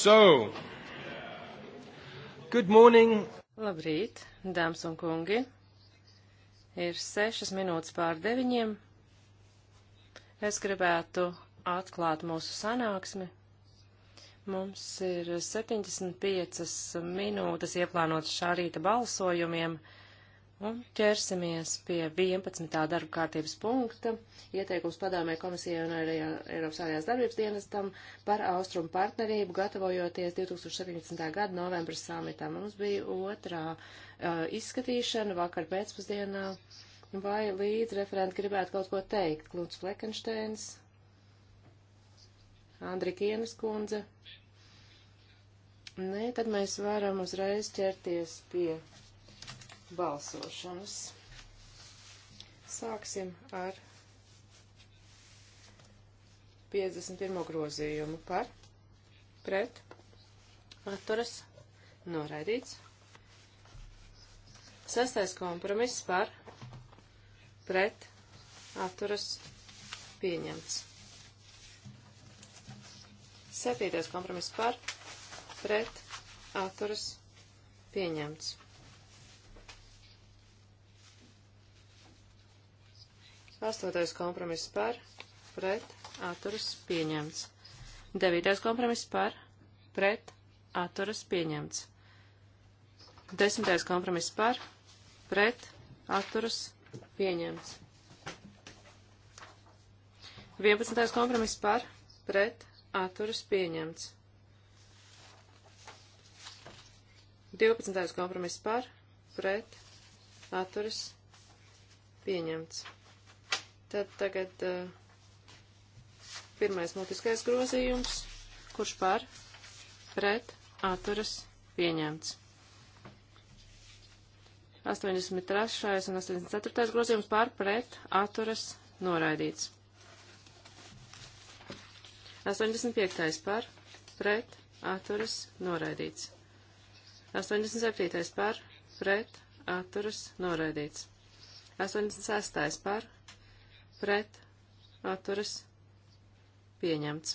So, good morning. Labrīt, dāmas un kungi. Ir sešas minūtes pār deviņiem. Es gribētu atklāt mūsu sanāksmi. Mums ir 75 minūtes ieplānotas šā rīta balsojumiem. Uh, Un ķersimies pie 11. darba kārtības punkta - ieteikums padomē komisijai un arī Eiropas ārējās darbības dienestam par austrumu partnerību, gatavojoties 2017. gada novembra samitā. Mums bija otrā uh, izskatīšana vakar pēcpusdienā. Vai līdz referenti gribētu kaut ko teikt? Klūds Flekensteins, Andri Kienas kundze. Nē, tad mēs varam uzreiz ķerties pie balsošanas. Sāksim ar 51. grozījumu par pret atturas noraidīts. Sestais kompromiss par pret atturas pieņemts. Septītais kompromiss par pret atturas pieņemts. Astotais kompromiss par, pret, atturas pieņemts. Devītais kompromiss par, pret, atturas pieņemts. Desmitais kompromiss par, pret, atturas pieņemts. Vienpadsmitais kompromiss par, pret, atturas pieņemts. Divpadsmitais kompromiss par, pret, atturas pieņemts. Tad tagad eh, pirmais mutiskais grozījums, kurš par pret atturas pieņemts. 83. un 84. grozījums pār pret atturas noraidīts. 85. par pret atturas noraidīts. 87. par pret atturas noraidīts. 86. par pret atturas pieņemts.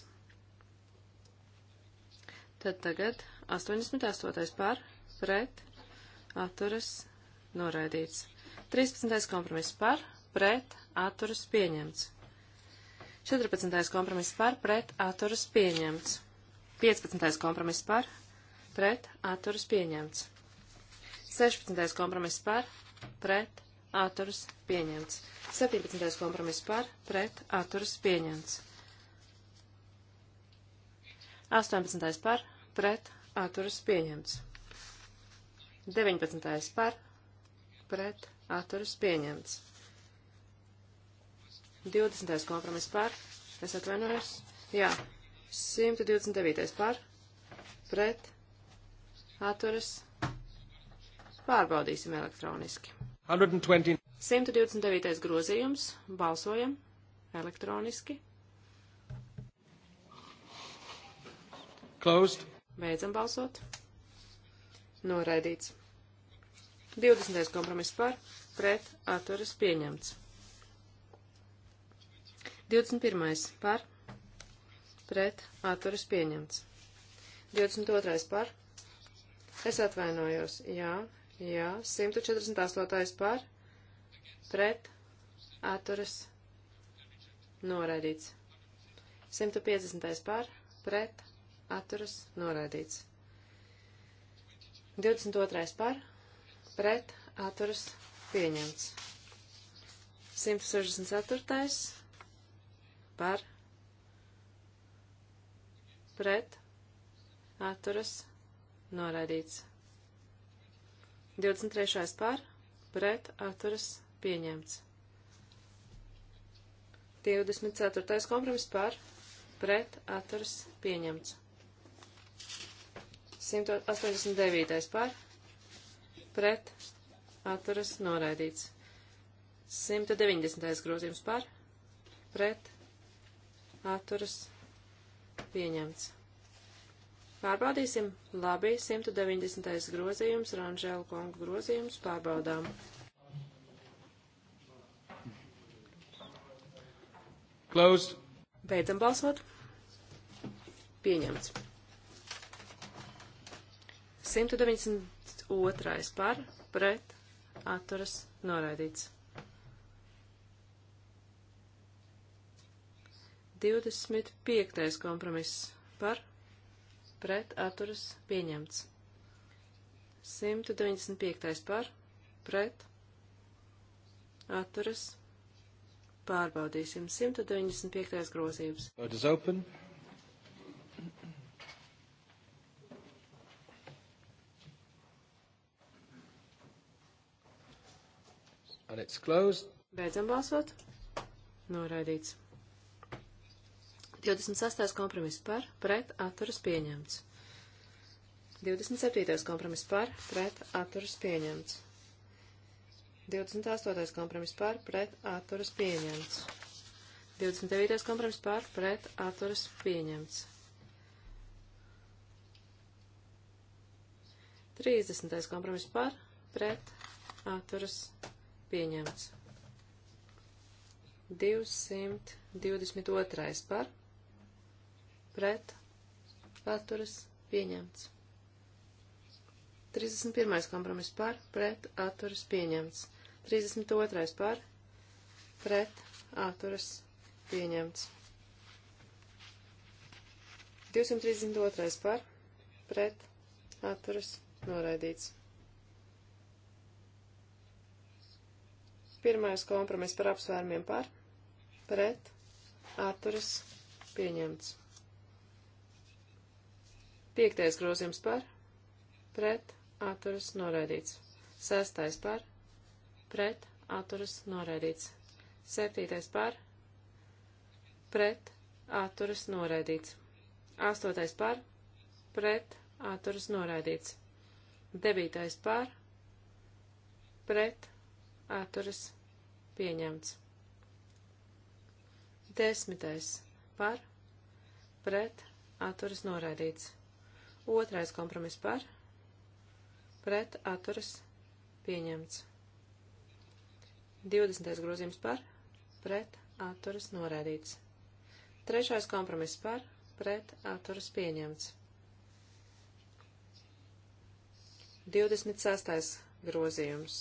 Tad tagad 88. par pret atturas noraidīts. 13. kompromiss par pret atturas pieņemts. 14. kompromiss par pret atturas pieņemts. 15. kompromiss par pret atturas pieņemts. 16. kompromiss par pret atturas pieņemts. 17. kompromiss par, pret, atturas pieņemts. 18. par, pret, atturas pieņemts. 19. par, pret, atturas pieņemts. 20. kompromiss par, es atvainojos, jā, 129. par, pret, atturas, pārbaudīsim elektroniski. 129. 129. grozījums. Balsojam elektroniski. Closed. Beidzam balsot. Noraidīts. 20. kompromiss par, pret, atturas pieņemts. 21. par, pret, atturas pieņemts. 22. par, es atvainojos, jā, Jā, 148. par, pret, atturas, noraidīts. 150. par, pret, atturas, noraidīts. 22. par, pret, atturas, pieņemts. 164. par, pret, atturas, noraidīts. 23. par, pret, atturas, pieņemts. 24. kompromiss par, pret, atturas, pieņemts. 189. par, pret, atturas, noraidīts. 190. grozījums par, pret, atturas, pieņemts. Pārbaudīsim. Labi, 190. grozījums, Ranžēla kunga grozījums, pārbaudām. Closed. Beidzam balsot. Pieņemts. 192. par, pret, atturas, noraidīts. 25. kompromiss par, pret atturas pieņemts. 195. par pret atturas pārbaudīsim. 195. grozījums. Vote is open. And it's closed. Beidzam balsot. Noraidīts. 26. kompromiss par, pret, atturas pieņemts. 27. kompromiss par, pret, atturas pieņemts. 28. kompromiss par, pret, atturas pieņemts. 29. kompromiss par, pret, atturas pieņemts. 30. kompromiss par, pret, atturas pieņemts. 222. par, pret, atturas, pieņemts. 31. kompromiss par, pret, atturas, pieņemts. 32. par, pret, atturas, pieņemts. 232. par, pret, atturas, noraidīts. Pirmais kompromiss par apsvērumiem par, pret, atturas, pieņemts. Piektais grozījums par, pret, atturas noraidīts. Sestais par, pret, atturas noraidīts. Septītais par, pret, atturas noraidīts. Astotais par, pret, atturas noraidīts. Devītais par, pret, atturas pieņemts. Desmitais par, pret, atturas noraidīts. Otrais kompromiss par, pret atturas pieņemts. 20. grozījums par, pret atturas norēdīts. Trešais kompromiss par, pret atturas pieņemts. 26. grozījums.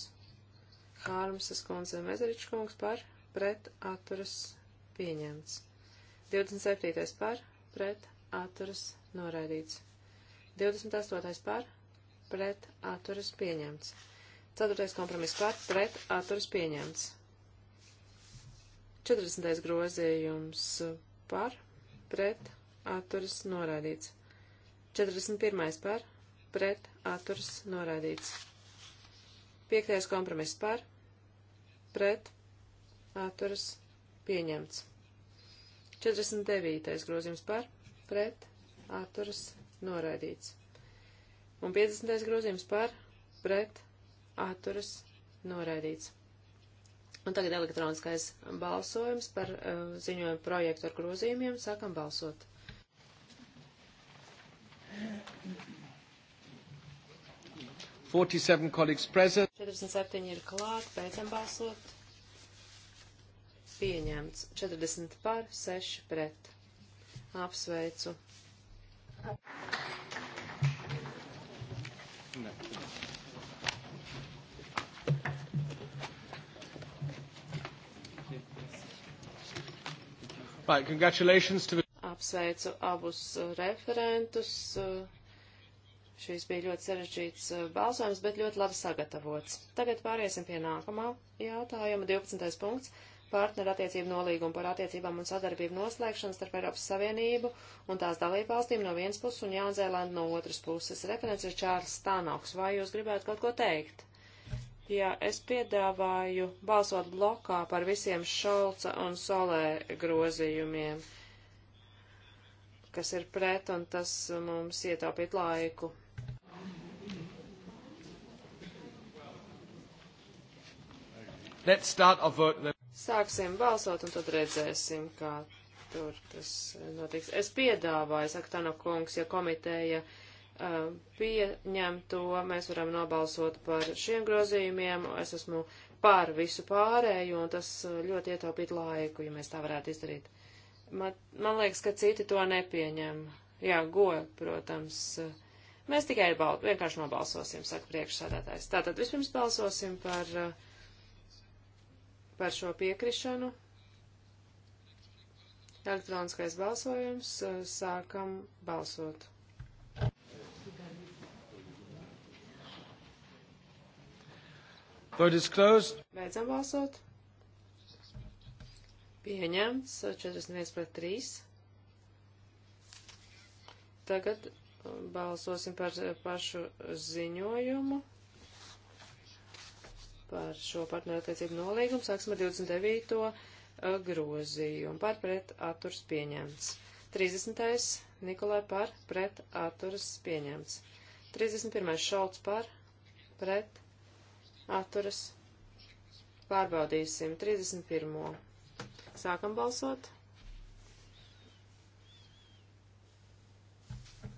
Hārmsas kundze Mezeričs kungs par, pret atturas pieņemts. 27. par, pret atturas noraidīts. 28. par, pret, atturas pieņemts. 4. kompromiss par, pret, atturas pieņemts. 40. grozījums par, pret, atturas noraidīts. 41. par, pret, atturas noraidīts. 5. kompromiss par, pret, atturas pieņemts. 49. grozījums par, pret, atturas noraidīts noraidīts. Un 50. grozījums par, pret, atturas, noraidīts. Un tagad elektroniskais balsojums par uh, ziņojumu projektu ar grozījumiem. Sākam balsot. Forty-seven colleagues present. 47 ir klāt, beidzam balsot pieņemts 40 par 6 pret. Apsveicu Right, congratulations to the... Apsveicu abus uh, referentus. Uh, šis bija ļoti sarežģīts uh, balsojums, bet ļoti labi sagatavots. Tagad pāriesim pie nākamā jautājuma, 12. punkts partnerattiecību nolīgumu par attiecībām un sadarbību noslēgšanu starp Eiropas Savienību un tās dalībvalstīm no vienas puses un Jaunzēlanda no otras puses. Referents ir Čārls Stanoks. Vai jūs gribētu kaut ko teikt? Jā, es piedāvāju balsot blokā par visiem Šolca un Solē grozījumiem, kas ir pret, un tas mums ietaupīt laiku. Let's start a vote. Sāksim balsot un tad redzēsim, kā tur tas notiks. Es piedāvāju, saka Tano kungs, ja komiteja uh, pieņem to, mēs varam nobalsot par šiem grozījumiem. Es esmu pār visu pārēju, un tas uh, ļoti ietaupītu laiku, ja mēs tā varētu izdarīt. Man, man liekas, ka citi to nepieņem. Jā, go, protams. Mēs tikai bal, vienkārši nobalsosim, saka priekšsādātājs. Tātad vispirms balsosim par uh, par šo piekrišanu. Elektroniskais balsojums. Sākam balsot. Vote is closed. Beidzam balsot. Pieņemts 41 pret 3. Tagad balsosim par pašu ziņojumu par šo partnerattiecību nolīgumu. Sāksim ar 29. Uh, grozījumu. Par pret atturs pieņemts. 30. Nikolai par pret atturas pieņemts. 31. Šalts par pret atturas pārbaudīsim. 31. Sākam balsot.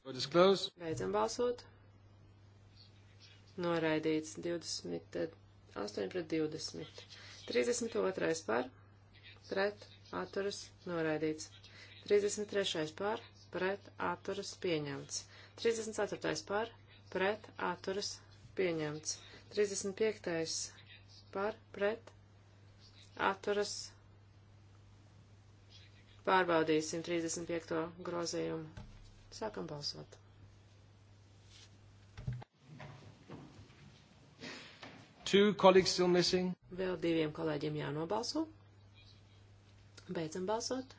Beidzam balsot. Noraidīts 20. 8 pret 20. 32. par, pret, atturas, noraidīts. 33. par, pret, atturas, pieņemts. 34. par, pret, atturas, pieņemts. 35. par, pret, atturas, pārbaudīsim 35. grozījumu. Sākam balsot. Two colleagues still missing. Vēl diviem kolēģiem jānobalso. Beidzam balsot.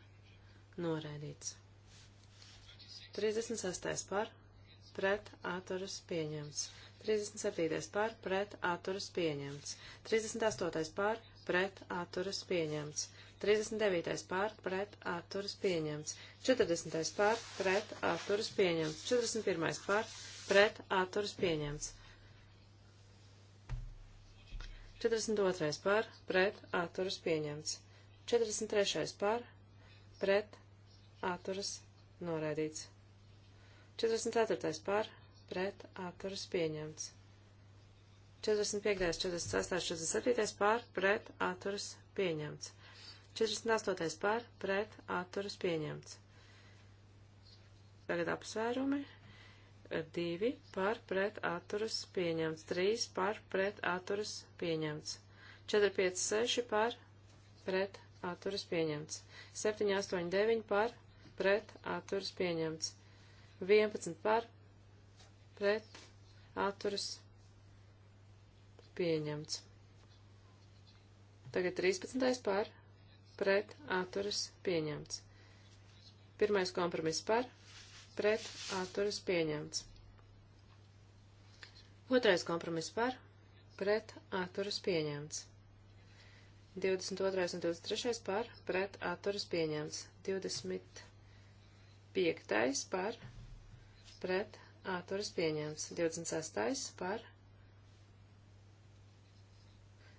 Noraidīts. 36. par pret atturas pieņemts. 37. par pret atturas pieņemts. 38. par pret atturas pieņemts. 39. pār pret atturas pieņemts, 40. pār pret atturas pieņemts, 41. pār pret atturas pieņemts, 42. par, pret, atturas pieņemts. 43. par, pret, atturas noraidīts. 44. par, pret, atturas pieņemts. 45., 46., 47. par, pret, atturas pieņemts. 48. par, pret, atturas pieņemts. Tagad apsvērumi. 2 par pret atturas pieņemts, 3 par pret atturas pieņemts, 4, 5, 6 par pret atturas pieņemts, 7, 8, 9 par pret atturas pieņemts, 11 par pret atturas pieņemts. Tagad 13. par pret atturas pieņemts. Pirmais kompromiss par pret atturas pieņemts. Otrais kompromiss par pret atturas pieņemts. 22. un 23. par pret atturas pieņemts. 25. par pret atturas pieņemts. 26. par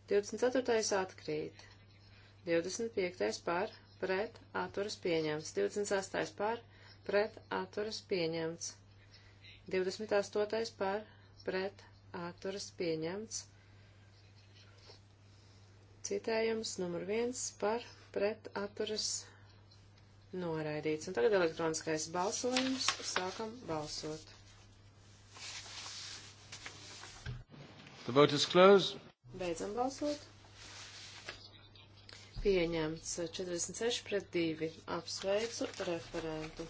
24. atkrīt. 25. par pret atturas pieņemts. 28. par pret pret atturas pieņemts. 28. par pret atturas pieņemts. Citējums numur 1 par pret atturas noraidīts. Un tagad elektroniskais balsojums. Sākam balsot. The vote is closed. Beidzam balsot. Pieņemts 46 pret 2. Apsveicu referentu.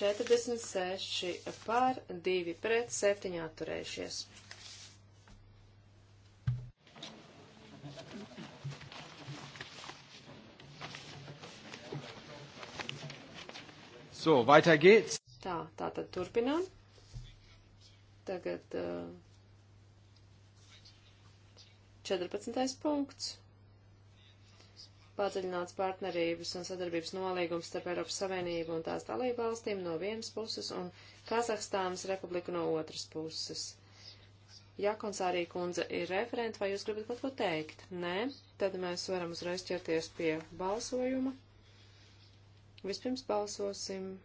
46 par 2 pret 7 atturējušies. So, weiter geht's. Tā, tā tad turpinām. Tagad uh, 14. punkts. Padziļināts partnerības un sadarbības nolīgums starp Eiropas Savienību un tās dalībvalstīm no vienas puses un Kazahstānas republiku no otras puses. Jakonsārī kundze ir referenta, vai jūs gribat kaut ko teikt? Nē, tad mēs varam uzreiz ķerties pie balsojuma. Vispirms balsosim.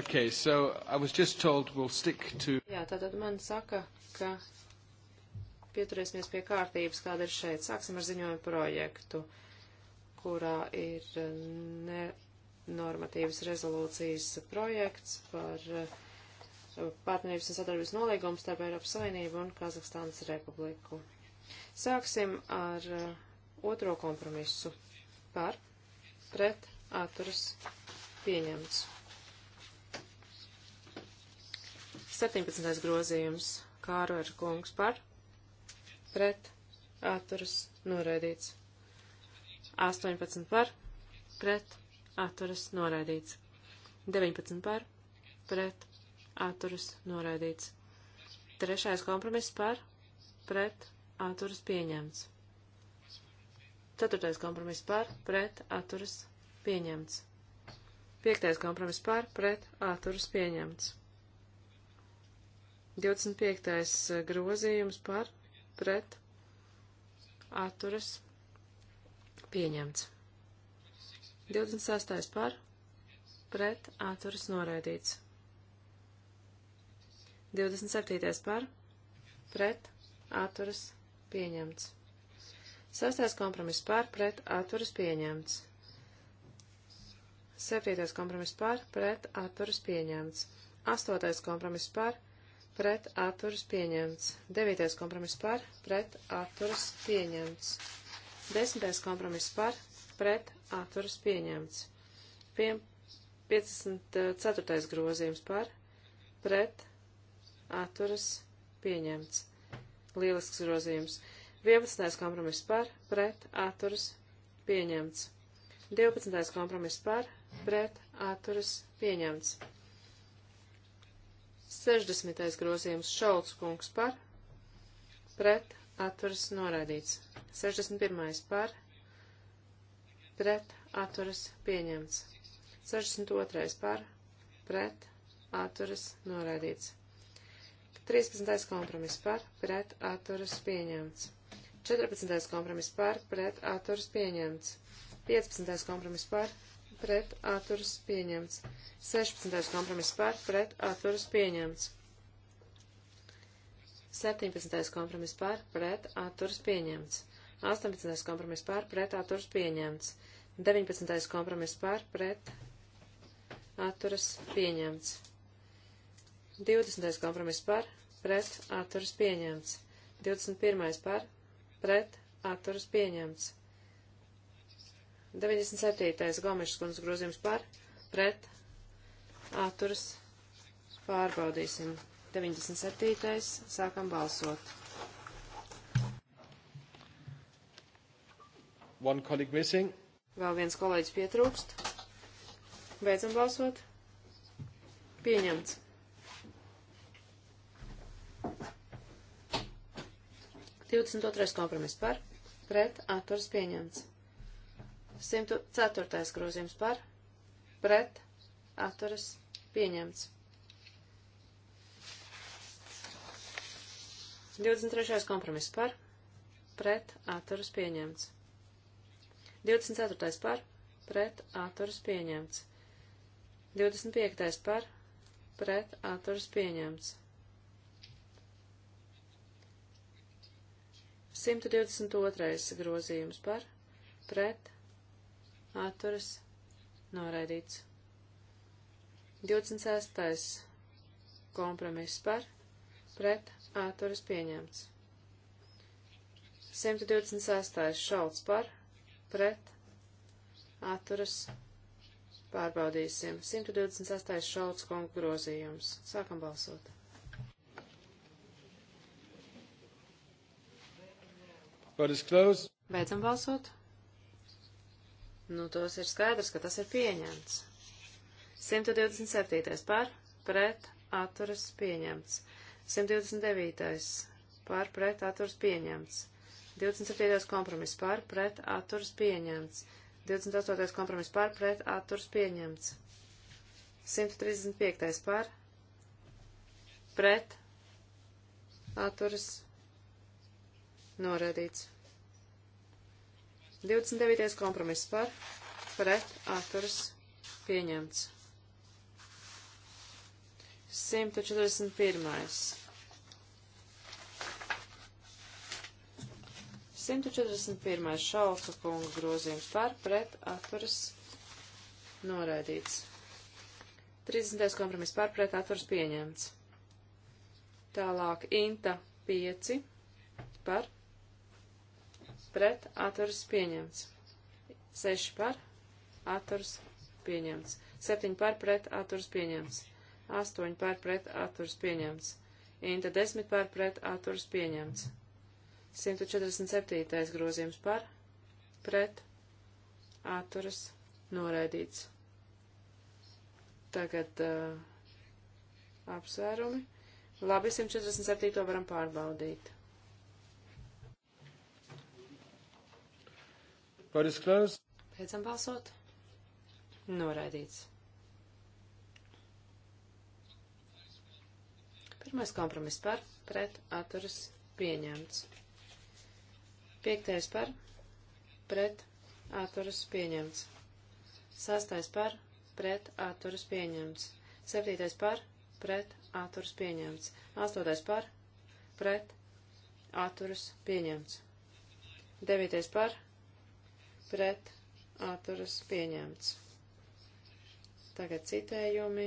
Okay, so I was just told we'll stick to... Jā, tātad man saka, ka pieturēsimies pie kārtības, kāda ir šeit. Sāksim ar ziņojumu projektu, kurā ir normatīvas rezolūcijas projekts par eh, partnerības un sadarbības nolīgumu starp Eiropas Savienību un Kazahstānas Republiku. Sāksim ar eh, otro kompromisu par pret atturas pieņemts. 17. grozījums Kārver kungs par, pret, atturas, noraidīts. 18 par, pret, atturas, noraidīts. 19 par, pret, atturas, noraidīts. Trešais kompromiss par, pret, atturas, pieņemts. Ceturtais kompromiss par, pret, atturas, pieņemts. Piektais kompromiss par, pret, atturas, pieņemts. 25. Eh, grozījums par pret atturas pieņemts. 26. par pret atturas noraidīts. 27. par pret atturas pieņemts. 6. kompromiss par pret atturas pieņemts. 7. kompromiss par pret atturas pieņemts. 8. kompromiss par pret pret atturas pieņemts. Devītais kompromiss par, pret atturas pieņemts. Desmitais kompromiss par, pret atturas pieņemts. Piem 54. grozījums par, pret atturas pieņemts. Lielisks grozījums. 11. kompromiss par, pret atturas pieņemts. 12. kompromiss par, pret atturas pieņemts. 60. grozījums Šalts kungs par, pret, atturas noraidīts. 61. par, pret, atturas pieņemts. 62. par, pret, atturas noraidīts. 13. kompromiss par, pret, atturas pieņemts. 14. kompromiss par, pret, atturas pieņemts. 15. kompromiss par, pret atturas pieņemts. 16. kompromiss par pret atturas pieņemts. 17. kompromiss par pret atturas pieņemts. 18. kompromiss par pret atturas pieņemts. 19. kompromiss par pret atturas pieņemts. 20. kompromiss par pret atturas pieņemts. 21. par pret atturas pieņemts. 97. Gomešas kundzes grozījums par, pret, atturas, pārbaudīsim. 97. sākam balsot. One colleague missing. Vēl viens kolēģis pietrūkst. Beidzam balsot. Pieņemts. Divdesmit otrais kompromiss par, pret, atturas pieņemts. 104. grozījums par, pret, atturas, pieņemts. 23. kompromiss par, pret, atturas, pieņemts. 24. par, pret, atturas, pieņemts. 25. par, pret, atturas, pieņemts. 122. grozījums par, pret, atturas noraidīts. 26. kompromiss par, pret, atturas pieņemts. 126. šauts par, pret, atturas pārbaudīsim. 128. šauts kongu grozījums. Sākam balsot. Beidzam balsot. Nu, tos ir skaidrs, ka tas ir pieņemts. 127. par, pret, atturas pieņemts. 129. par, pret, atturas pieņemts. 27. kompromiss par, pret, atturas pieņemts. 28. kompromiss par, pret, atturas pieņemts. 135. par, pret, atturas noraidīts. 29. kompromiss par, pret, atturas, pieņemts. 141. 141. šauka kunga grozījums par, pret, atturas, noraidīts. 30. kompromiss par, pret, atturas, pieņemts. Tālāk, inta 5 par, pret atturas pieņemts. 6 par atturas pieņemts. 7 par pret atturas pieņemts. 8 par pret atturas pieņemts. Inta 10 par pret atturas pieņemts. 147. grozījums par pret atturas noraidīts. Tagad uh, apsvērumi. Labi, 147. varam pārbaudīt. Vote is closed. Beidzam balsot. Noraidīts. Pirmais kompromiss par, pret, atturas, pieņemts. Piektais par, pret, atturas, pieņemts. Sastais par, pret, atturas, pieņemts. Septītais par, pret, atturas, pieņemts. Astotais par, pret, atturas, pieņemts. Devītais par, pret atturas pieņemts. Tagad citējumi,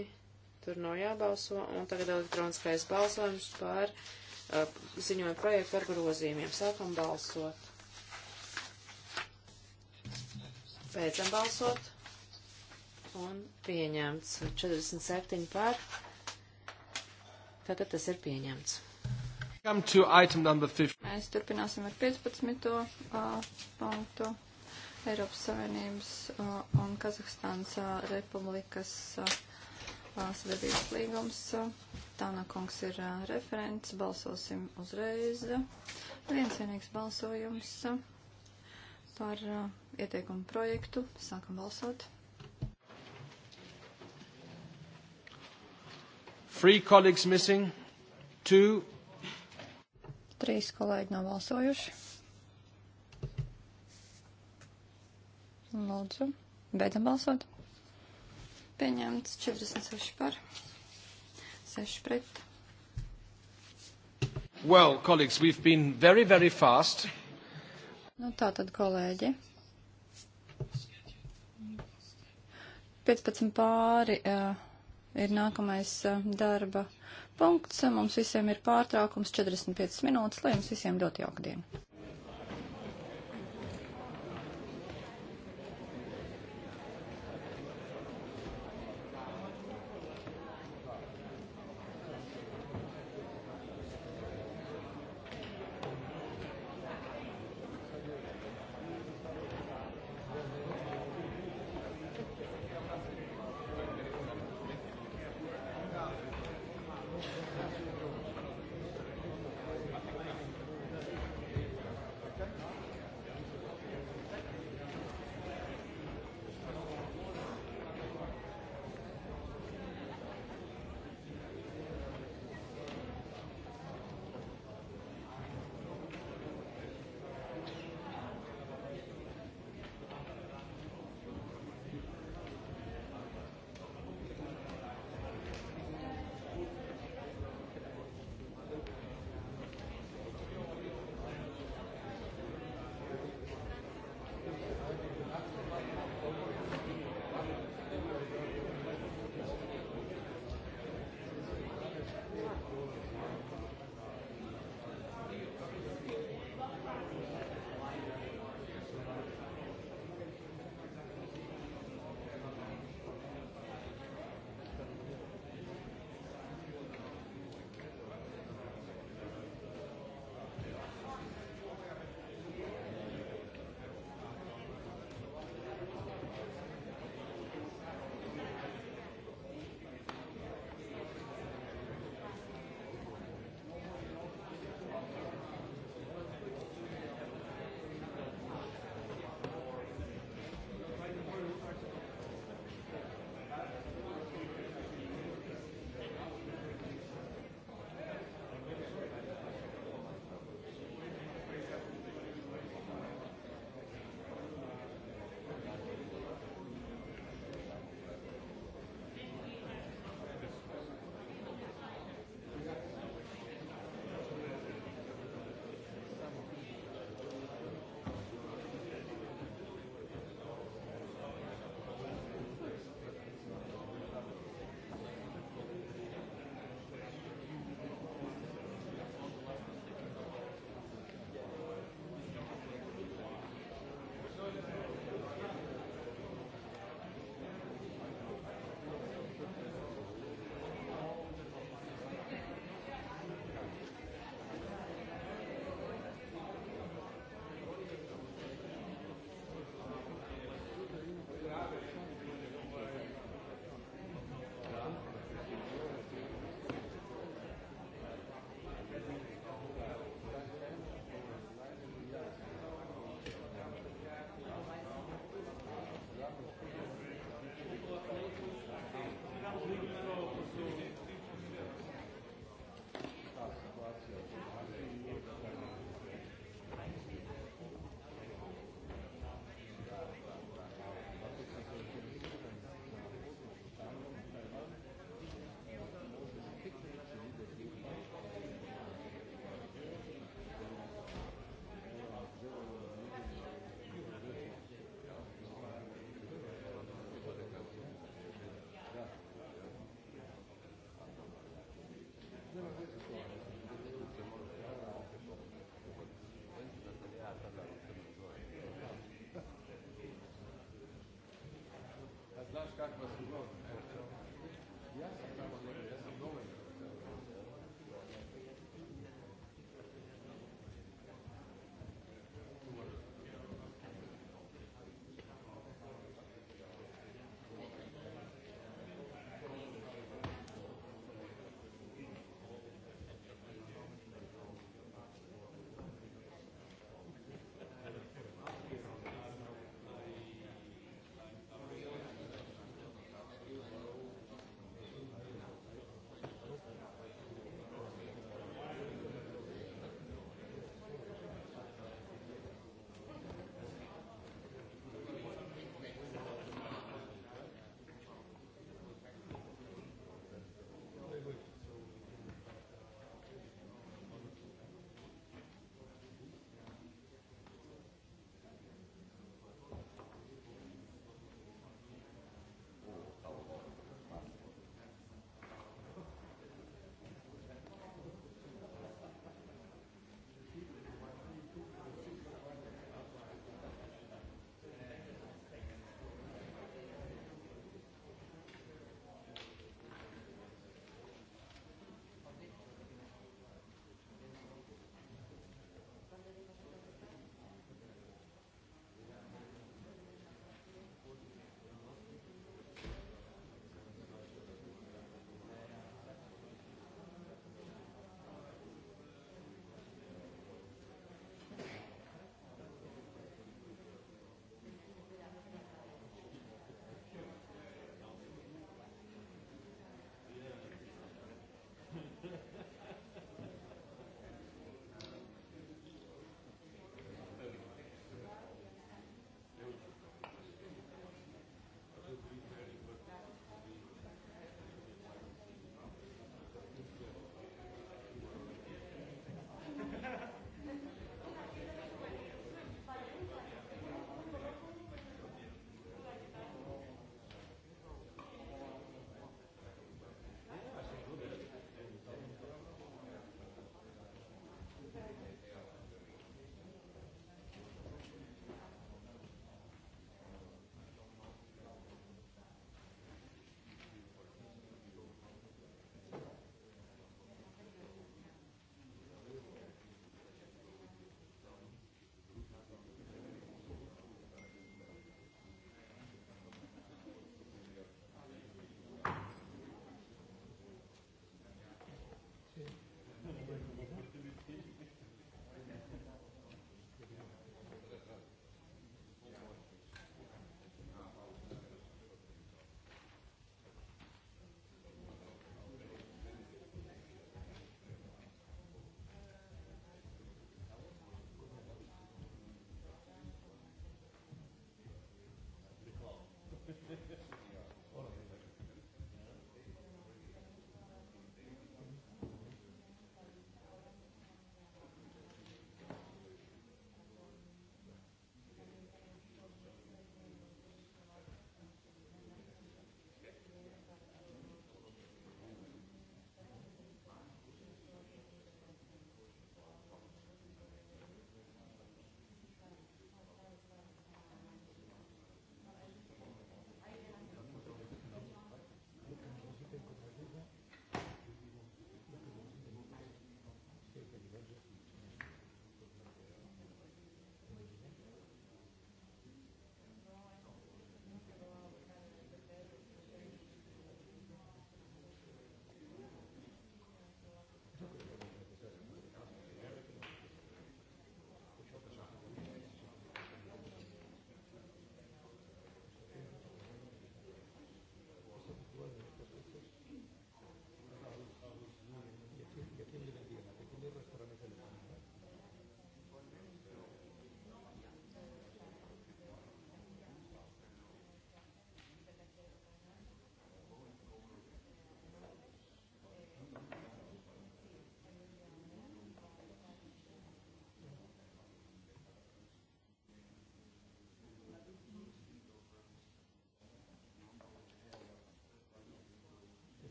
tur nav jābalso, un tagad elektroniskais balsojums par uh, ziņojumu projektu ar grozījumiem. Sākam balsot. Beidzam balsot. Un pieņemts 47 par. Tātad tas ir pieņemts. Mēs turpināsim ar 15. Uh, punktu. Eiropas Savienības uh, un Kazahstānas uh, republikas uh, sadarbības līgums. Tānakungs ir referents, balsosim uzreiz. Viens vienīgs balsojums par ieteikumu projektu. Sākam balsot. Three colleagues missing. Two. Trīs kolēģi nav balsojuši. Lūdzu, beidzam balsot. Pieņemts 46 par, 6 pret. Well, colleagues, we've been very, very fast. Nu, tā tad, kolēģi. 15 pāri uh, ir nākamais uh, darba punkts. Mums visiem ir pārtraukums 45 minūtes, lai jums visiem ļoti jauka diena.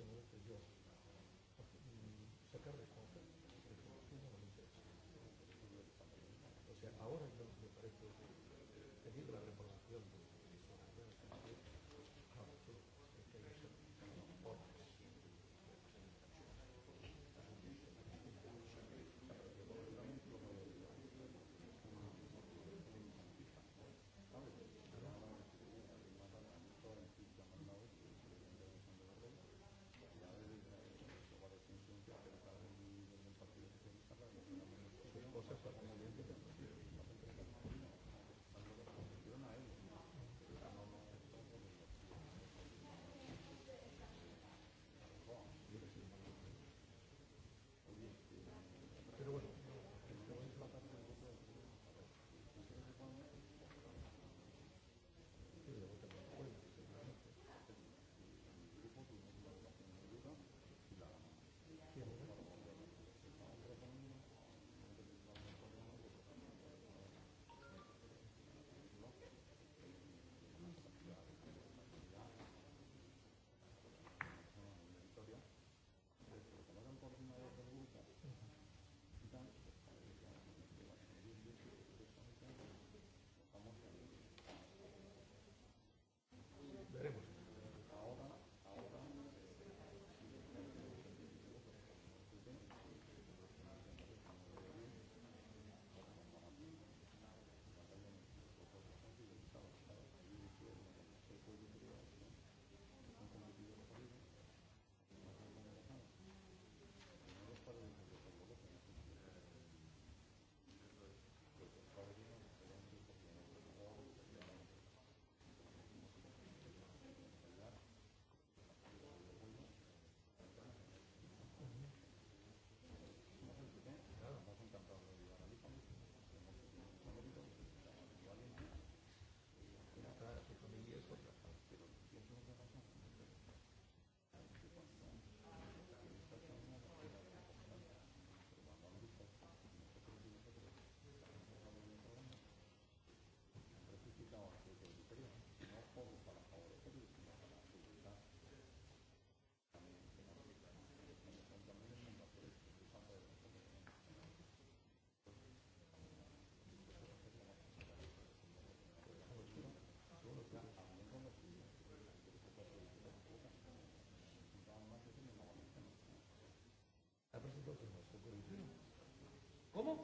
tengo que yo sacar de cosas que no me interesa. O sea, ahora yo me parece pedir la reprobación de ¿Cómo?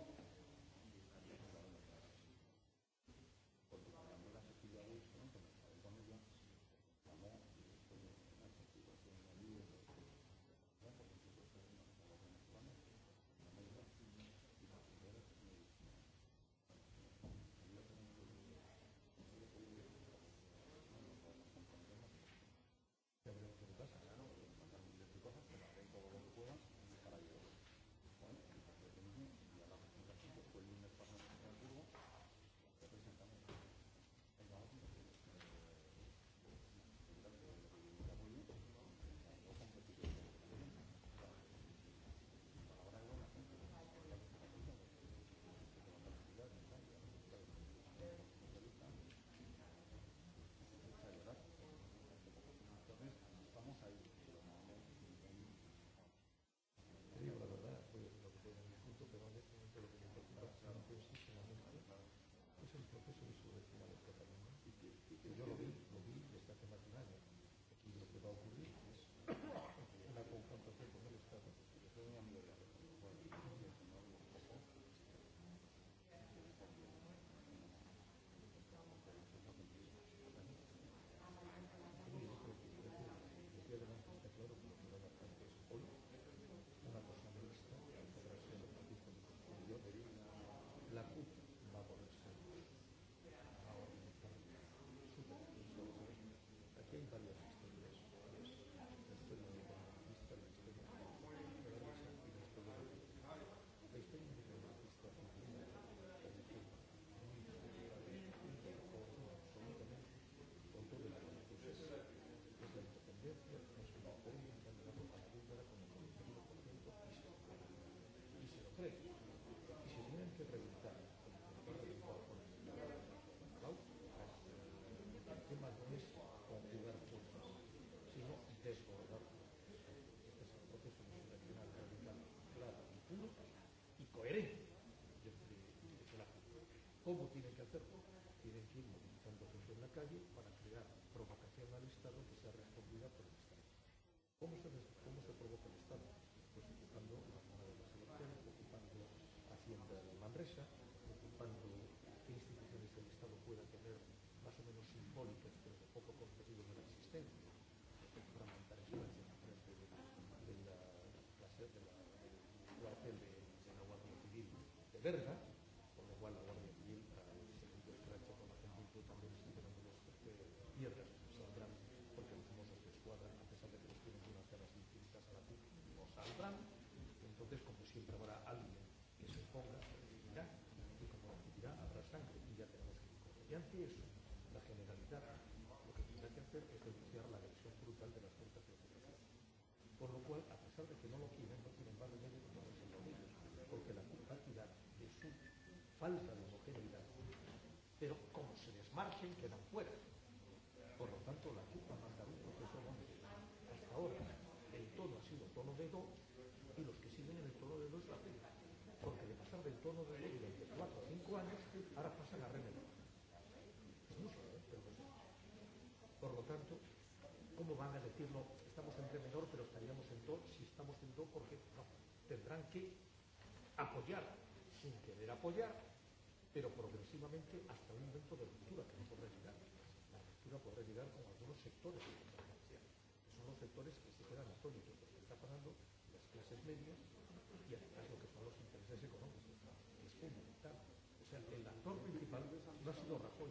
calle para crear provocación al Estado que sea respondida por el Estado. ¿Cómo se, cómo se provoca el Estado? Pues ocupando la zona de las elecciones, ocupando Hacienda de Manresa, ocupando qué instituciones del Estado pueda tener más o menos simbólicas, pero de poco contenido de la existencia, para montar estancias en frente de, de la clase de la, del cuartel de, de la Guardia Civil de Berga. Entonces, como siempre habrá alguien que se oponga, dirá, y como dirá, habrá sangre, y ya tenemos que ir con Y ante eso, la generalidad lo que tendrá que hacer es denunciar la agresión brutal de las fuerzas de ocupación. Por lo cual, a pesar de que no lo quieren, no tienen más remedio que ponerse en los porque la culpa es su falsa todo de ellos durante 4 o 5 años, ahora pasan a Remedy. Es mucho, ¿eh? Pero bueno. Por lo tanto, ¿cómo van a decirlo? Estamos en re menor, pero estaríamos en do, si estamos en do, porque no, tendrán que apoyar, sin querer apoyar, pero progresivamente hasta un momento de ruptura que no podrá llegar. La ruptura podrá llegar con algunos sectores de comercial, que son los sectores que se quedan atónitos, lo que está pasando las clases medias y además lo que son los intereses económicos. O sea, el actor principal no ha sido Rajoy,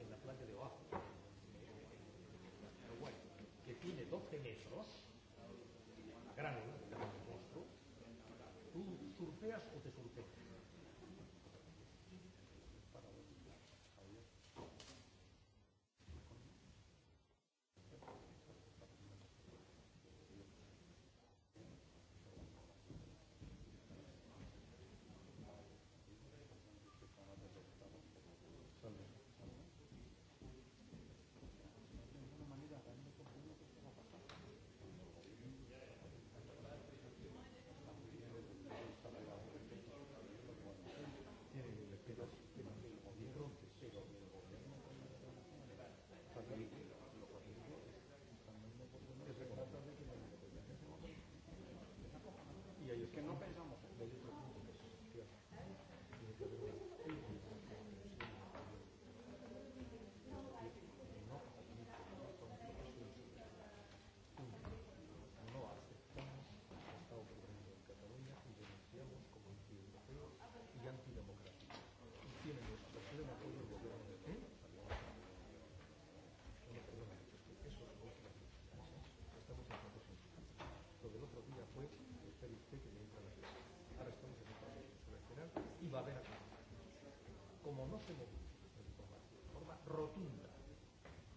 como no se movió la diplomacia de forma rotunda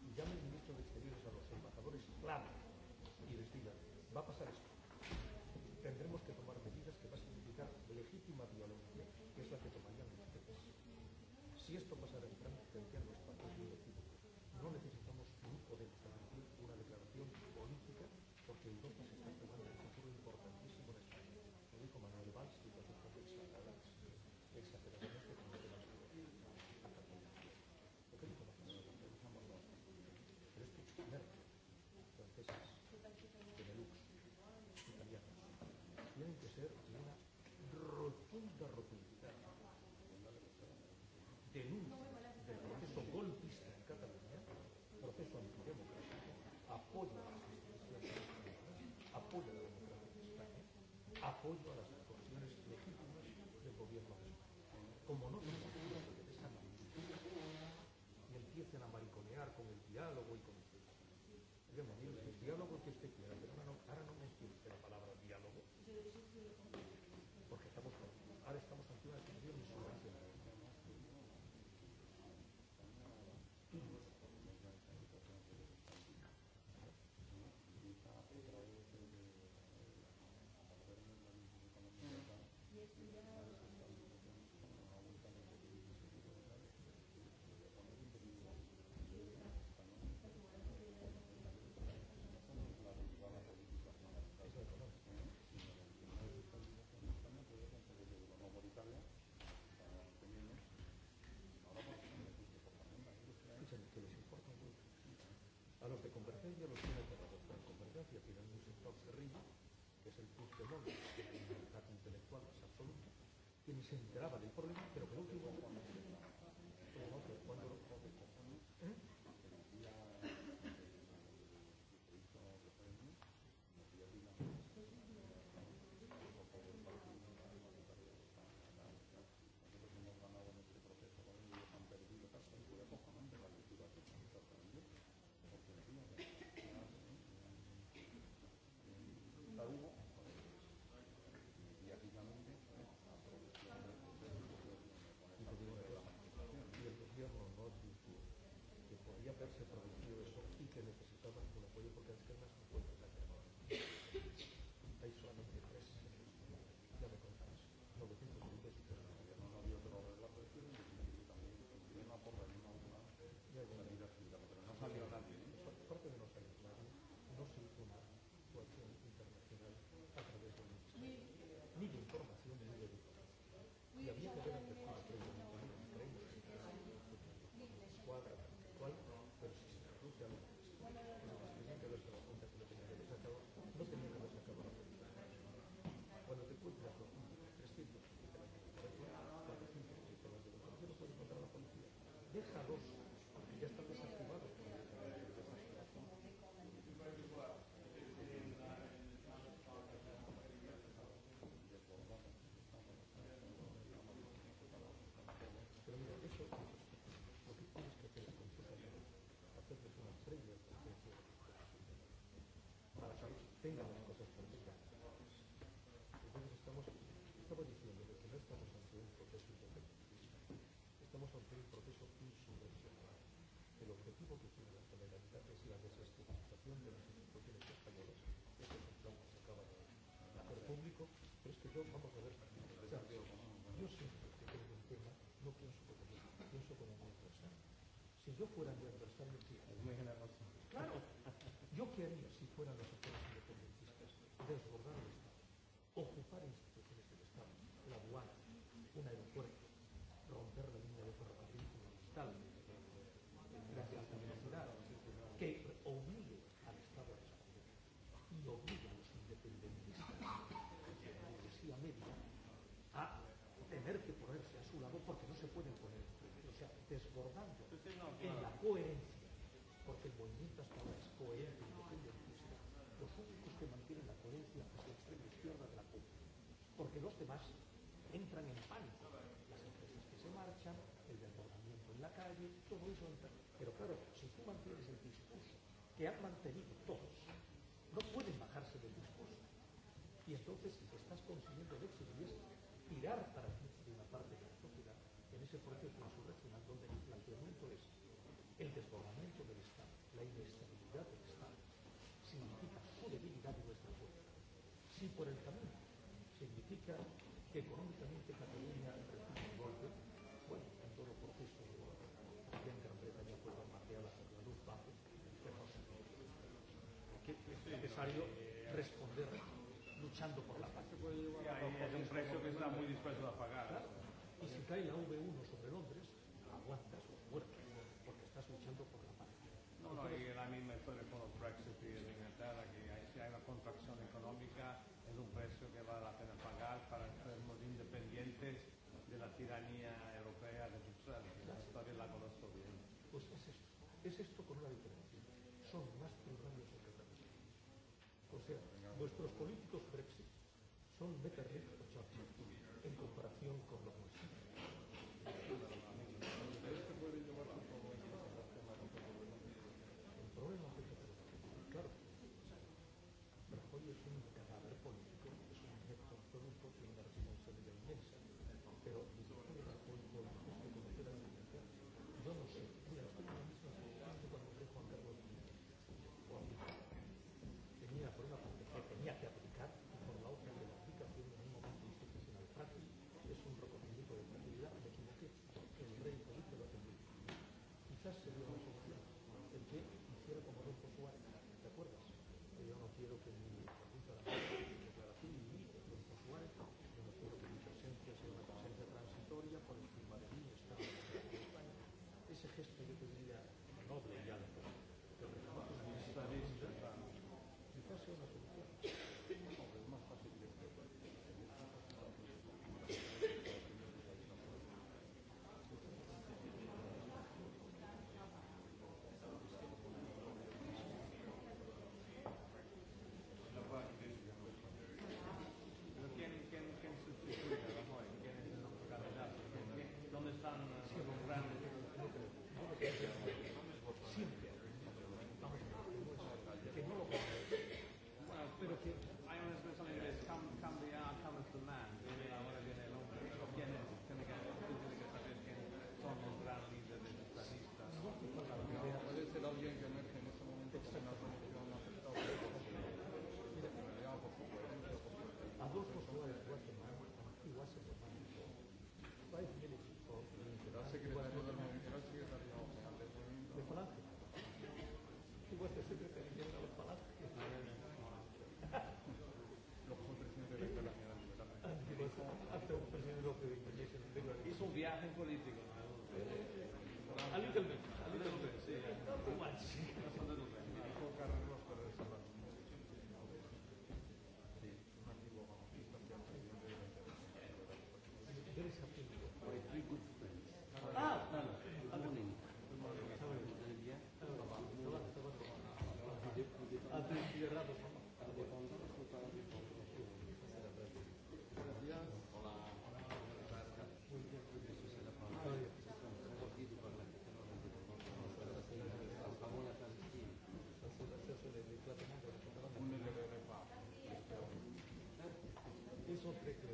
y llame el ministro de Exteriores a los embajadores clave y les diga, va a pasar esto. Tendremos que tomar medidas que va a significar legítima violencia, que es la que tomarían ustedes. Si esto pasara en Francia, tendrían los pasos de inequívocos. No necesitamos ni podemos emitir una declaración política porque Europa se está jugando un futuro importantísimo de España. Lo dijo Manuel Valls y lo dijo Luis Salvador. Exagerado. francesas, Benelux, italianas, tienen que ser de una rotunda rotundidad. Denuncia del proceso golpista en Cataluña, proceso antidemocrático, apoyo a las instituciones, apoyo a la democracia en España, apoyo a la que es el Puigdemont, la intelectual es absoluto, quien se enteraba del problema, pero que el último... ¿Eh? tengan las cosas perdidas. Entonces estamos, estamos diciendo de que no estamos ante un proceso independentista, estamos ante un proceso insubvencional. El objetivo que tiene la generalidad es la desestabilización de las instituciones españolas. Ese es el plan que se acaba de hacer público, pero es que yo, vamos a ver, o sea, yo siempre que tengo un tema no pienso como yo, pienso como un adversario. Si yo fuera mi adversario, ¿qué haría? Claro, yo qué haría si fueran los actores independientes desbordar el Estado, ocupar instituciones del Estado, la aduana, un aeropuerto, romper la línea de ferrocarril continental, las universidades, que obligue al Estado a responder y obligue a los independentistas y a la burguesía media a tener que ponerse a su lado porque no se pueden poner o sea, desbordando en la coherencia, porque el movimiento hasta ahora es coherente entran en pánico. Las empresas que se marchan, el desbordamiento en la calle, todo eso entra. Pero claro, si tú mantienes el discurso que han mantenido todos, no pueden bajarse del discurso. Y entonces estás consiguiendo el éxito y es tirar para ti de una parte de la sociedad en ese proceso insurreccional donde el planteamiento es el desbordamiento del Estado, la inestabilidad cae la V1 sobre Londres, aguantas o muertas, porque estás luchando por la paz. No, no, y la misma historia con los Brexit y en Inglaterra, que hay, si hay una contracción económica, es un precio que vale la pena pagar para sermos independientes de la tiranía europea de Bruselas. La historia la conozco bien. Pues es esto, es esto con una diferencia. Son más plurales que O sea, nuestros políticos Brexit son meterritos viaje político. A little bit, a little bit, sí. Too much. Thank you.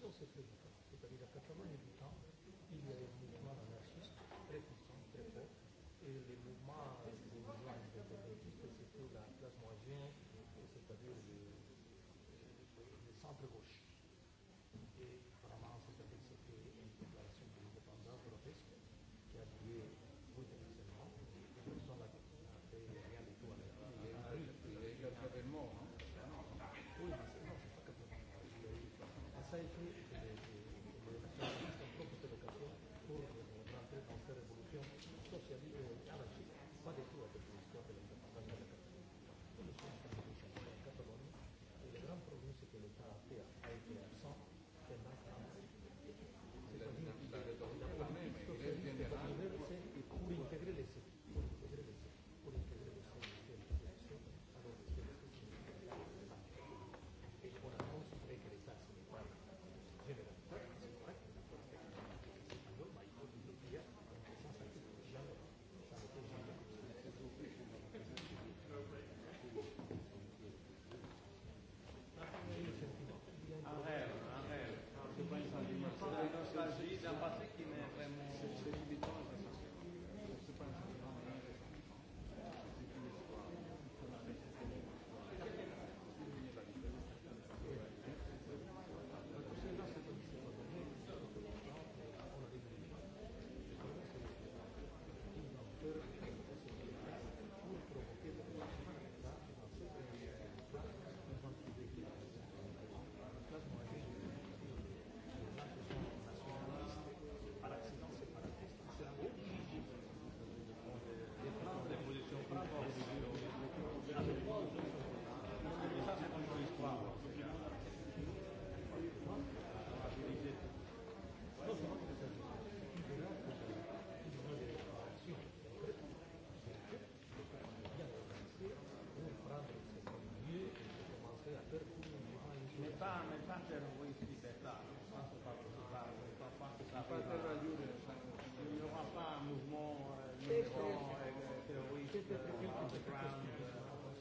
si on se fait du temps, c'est-à-dire qu'à Catalogne du temps, il y a des mouvements anarchistes très puissants, très forts, et les mouvements, les mouvements indépendantistes, c'était la classe moyenne, c'est-à-dire le, le centre-gauche. Et vraiment, c'est-à-dire que c'était une déclaration d'indépendance grotesque qui a duré brutalement, personne n'a fait rien du tout à l'époque. Il y a eu un événement, hein pas des tout à fait.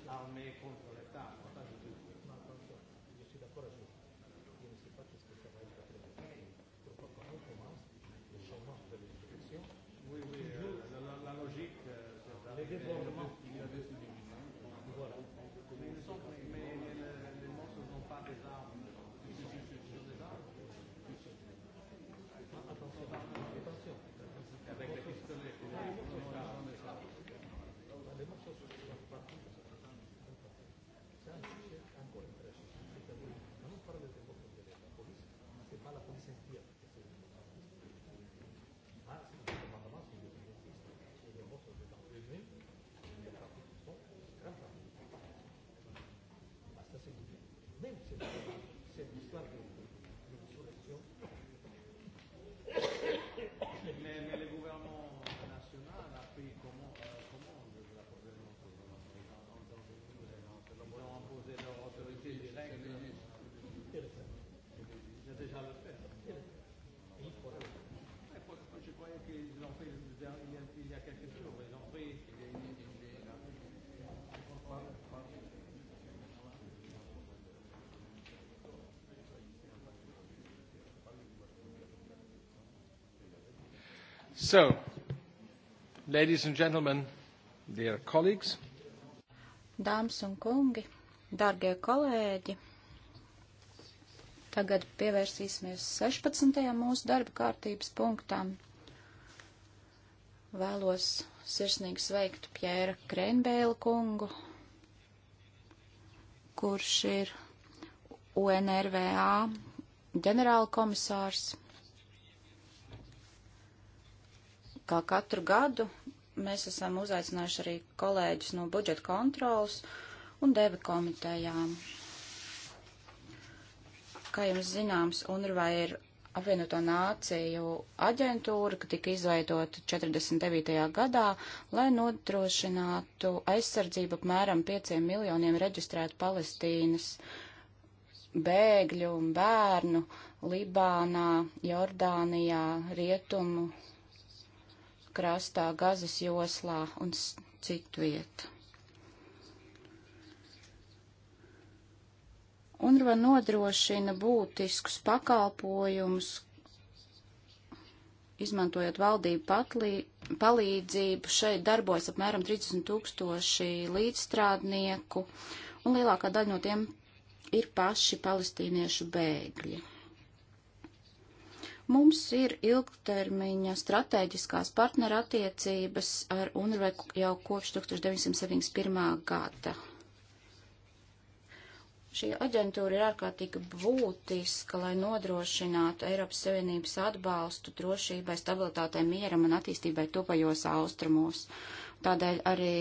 armee contro le tappe. Io sono d'accordo su io mi si faccio spostare la purtroppo non commence, le chômage de l'expression. Oui, oui, euh, la, la, la logique. Euh, les développements. So, ladies and gentlemen, dear colleagues. Dāmas un kungi, dārgie kolēģi, tagad pievērsīsimies 16. mūsu darba kārtības punktām. Vēlos sirsnīgi sveikt Pjēra Krenbēla kungu, kurš ir UNRVA ģenerāla komisārs kā katru gadu mēs esam uzaicinājuši arī kolēģus no budžeta kontrolas un deva komitejām. Kā jums zināms, UNRWA ir apvienoto nāciju aģentūra, ka tika izveidota 49. gadā, lai nodrošinātu aizsardzību apmēram 5 miljoniem reģistrētu Palestīnas bēgļu un bērnu Libānā, Jordānijā, Rietumu krastā, Gazas joslā un citu vietu. UNRWA nodrošina būtiskus pakalpojumus, izmantojot valdību patlī, palīdzību. Šeit darbojas apmēram 30 tūkstoši līdzstrādnieku, un lielākā daļa no tiem ir paši palestīniešu bēgļi. Mums ir ilgtermiņa strateģiskās partnerattiecības ar UNRWA jau kopš 1971. gada. Šī aģentūra ir ārkārtīgi būtiska, lai nodrošinātu Eiropas Savienības atbalstu drošībai, stabilitātei, mieram un attīstībai tupajos austrumos. Tādēļ arī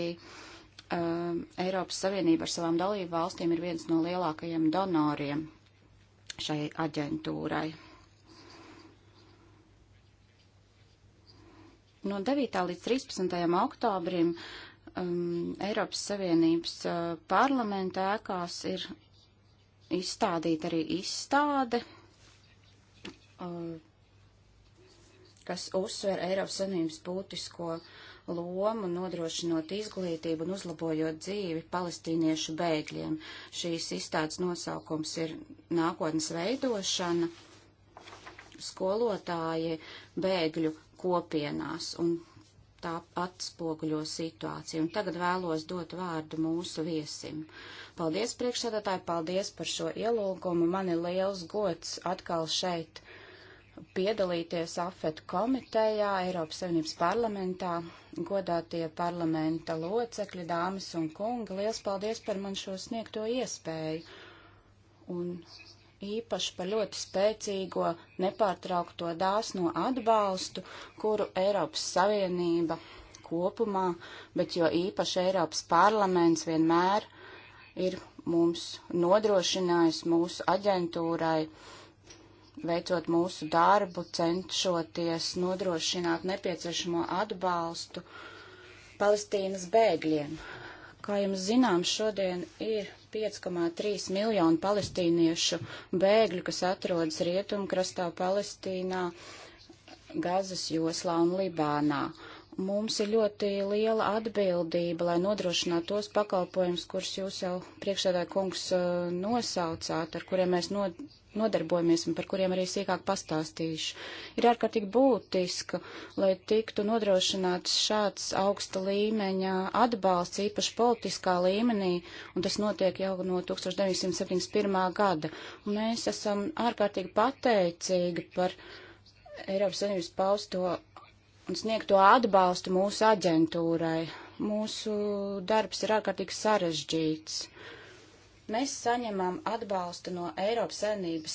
um, Eiropas Savienība ar savām dalību valstīm ir viens no lielākajiem donoriem šai aģentūrai. No 9. līdz 13. oktobrim um, Eiropas Savienības uh, parlamenta ēkās ir izstādīta arī izstāde, uh, kas uzsver Eiropas Savienības būtisko lomu, nodrošinot izglītību un uzlabojot dzīvi palestīniešu bēgļiem. Šīs izstādes nosaukums ir nākotnes veidošana skolotāji bēgļu kopienās, un tā atspoguļo situāciju. Un tagad vēlos dot vārdu mūsu viesim. Paldies priekšsēdētāji, paldies par šo ielūgumu. Man ir liels gods atkal šeit piedalīties AFET komitejā, Eiropas Savienības parlamentā, godātie parlamenta locekļi, dāmas un kungi. Liels paldies par man šo sniegto iespēju. Un īpaši par ļoti spēcīgo, nepārtraukto dāsno atbalstu, kuru Eiropas Savienība kopumā, bet jo īpaši Eiropas parlaments vienmēr ir mums nodrošinājis mūsu aģentūrai, veicot mūsu darbu, cenšoties nodrošināt nepieciešamo atbalstu Palestīnas bēgļiem. Kā jums zinām, šodien ir 5,3 miljonu palestīniešu bēgļu, kas atrodas rietumkrastā Palestīnā, Gazas joslā un Libānā. Mums ir ļoti liela atbildība, lai nodrošinātu tos pakalpojumus, kurus jūs jau priekšādā kungs eh, nosaucāt, ar kuriem mēs no, nodarbojamies un par kuriem arī sīkāk pastāstīšu. Ir ārkārtīgi būtiska, lai tiktu nodrošināts šāds augsta līmeņa atbalsts, īpaši politiskā līmenī, un tas notiek jau no 1971. gada. Un mēs esam ārkārtīgi pateicīgi par Eiropas Savienības pausto un sniegto atbalstu mūsu aģentūrai. Mūsu darbs ir ārkārtīgi sarežģīts. Uh, Mēs saņemam atbalstu no Eiropas saimnības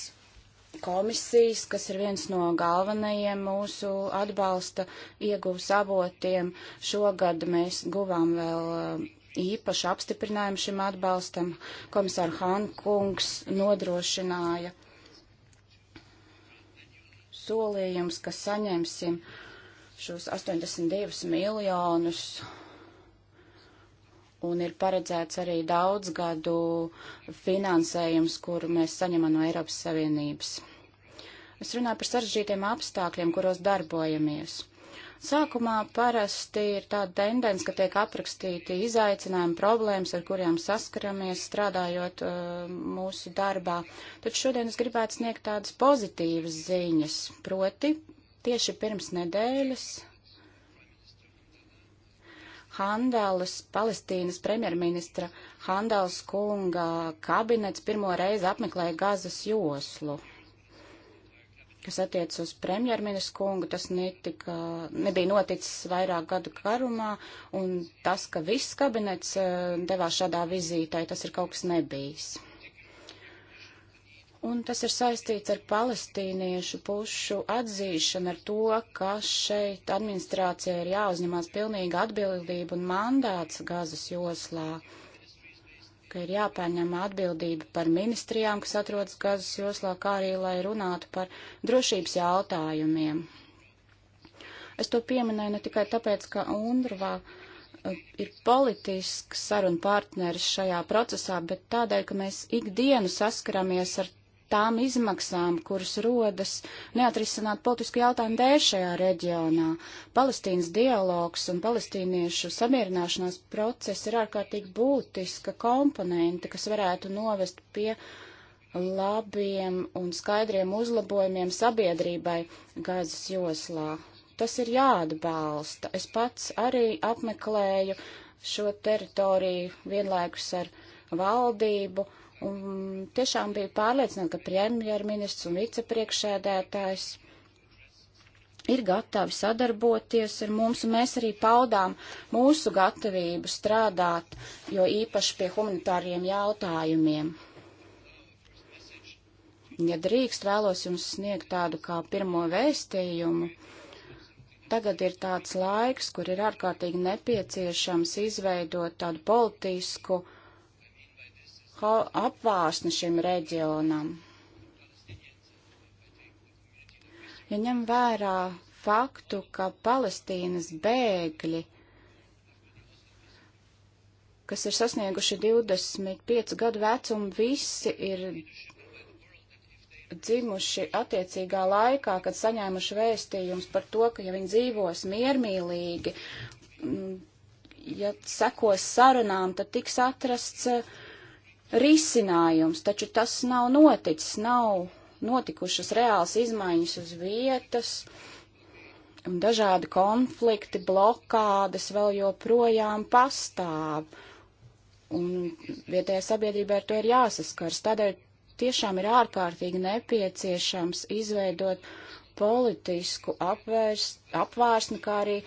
komisijas, kas ir viens no galvenajiem mūsu atbalsta ieguvs avotiem. Šogad mēs guvām vēl uh, īpašu apstiprinājumu šim atbalstam. Komisāra Hankungs nodrošināja solījums, ka saņemsim šos 82 miljonus un ir paredzēts arī daudz gadu finansējums, kur mēs saņemam no Eiropas Savienības. Es runāju par sarežģītiem apstākļiem, kuros darbojamies. Sākumā parasti ir tāda tendence, ka tiek aprakstīti izaicinājumi, problēmas, ar kurām saskaramies strādājot uh, mūsu darbā. Taču šodien es gribētu sniegt tādas pozitīvas ziņas. Proti, tieši pirms nedēļas Handālas, Palestīnas premjerministra Handāls kunga kabinets pirmo reizi apmeklēja gazas joslu. Kas attiec uz premjerministru kungu, tas netika, nebija noticis vairāk gadu garumā, un tas, ka viss kabinets eh, devās šādā vizītē, tas ir kaut kas nebijis. Un tas ir saistīts ar palestīniešu pušu atzīšanu, ar to, ka šeit administrācija ir jāuzņemās pilnīga atbildība un mandāts gazas joslā, ka ir jāpērņem atbildība par ministrijām, kas atrodas gazas joslā, kā arī lai runātu par drošības jautājumiem. Es to pieminēju ne tikai tāpēc, ka UNRVA eh, ir politisks sarunu partneris šajā procesā, bet tādēļ, ka mēs ikdienu saskaramies ar tām izmaksām, kuras rodas neatrisināt politisku jautājumu dēļ šajā reģionā. Palestīnas dialogs un palestīniešu samierināšanās process ir ārkārtīgi būtiska komponente, kas varētu novest pie labiem un skaidriem uzlabojumiem sabiedrībai Gazas joslā. Tas ir jāatbalsta. Es pats arī apmeklēju šo teritoriju vienlaikus ar valdību. Uh, Un tiešām bija pārliecināta, ka premjerministrs un vicepriekšēdētājs ir gatavi sadarboties ar mums, un mēs arī paudām mūsu gatavību strādāt, jo īpaši pie humanitāriem jautājumiem. Ja drīkst, vēlos jums sniegt tādu kā pirmo vēstījumu. Tagad ir tāds laiks, kur ir ārkārtīgi nepieciešams izveidot tādu politisku uh, apvārsni šim reģionam. Ja ņem vērā faktu, ka Palestīnas bēgļi, kas ir sasnieguši 25 gadu vecumu, visi ir dzimuši attiecīgā laikā, kad saņēmuši vēstījums par to, ka ja viņi dzīvos miermīlīgi, mm, ja sekos sarunām, tad tiks atrasts uh, risinājums, taču tas nav noticis, nav notikušas reāls izmaiņas uz vietas, un dažādi konflikti, blokādes vēl joprojām pastāv, un vietējā sabiedrība ar to ir jāsaskars. Tādēļ tiešām ir ārkārtīgi nepieciešams izveidot politisku apvērs, apvārsni, kā arī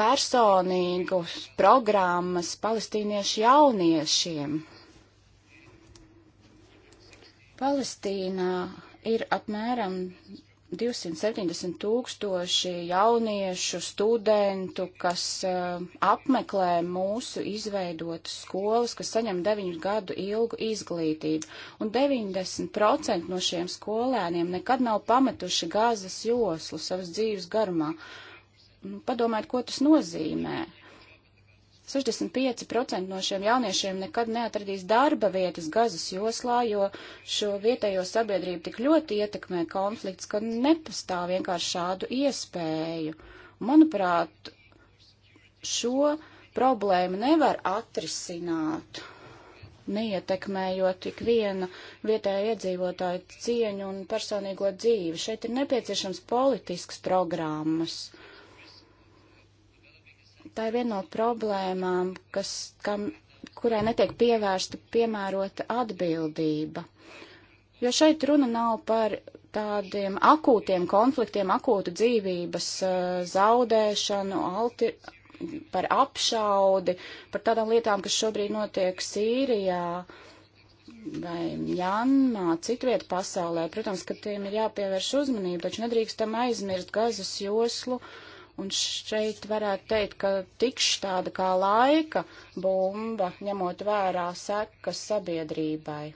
personīgu programmas palestīniešu jauniešiem. Palestīnā ir apmēram 270 tūkstoši jauniešu, studentu, kas uh, apmeklē mūsu izveidotas skolas, kas saņem 9 gadu ilgu izglītību. Un 90% no šiem skolēniem nekad nav pametuši gāzes joslu savas dzīves garumā. Nu, padomājiet, ko tas nozīmē. 65% no šiem jauniešiem nekad neatradīs darba vietas gazas joslā, jo šo vietējo sabiedrību tik ļoti ietekmē konflikts, ka nepastāv vienkārši šādu iespēju. Manuprāt, šo problēmu nevar atrisināt, neietekmējot tik viena vietēja iedzīvotāja cieņu un personīgo dzīvi. Šeit ir nepieciešams politisks programmas tā ir viena no problēmām, kas, kam, kurai netiek pievērsta piemērota atbildība. Jo šeit runa nav par tādiem akūtiem konfliktiem, akūtu dzīvības eh, zaudēšanu, alti, par apšaudi, par tādām lietām, kas šobrīd notiek Sīrijā vai Janmā, citviet pasaulē. Protams, ka tiem ir jāpievērš uzmanība, taču nedrīkstam aizmirst gazas joslu. Uh, Un šeit varētu teikt, ka tikš tāda kā laika bumba, ņemot vērā sekas sabiedrībai.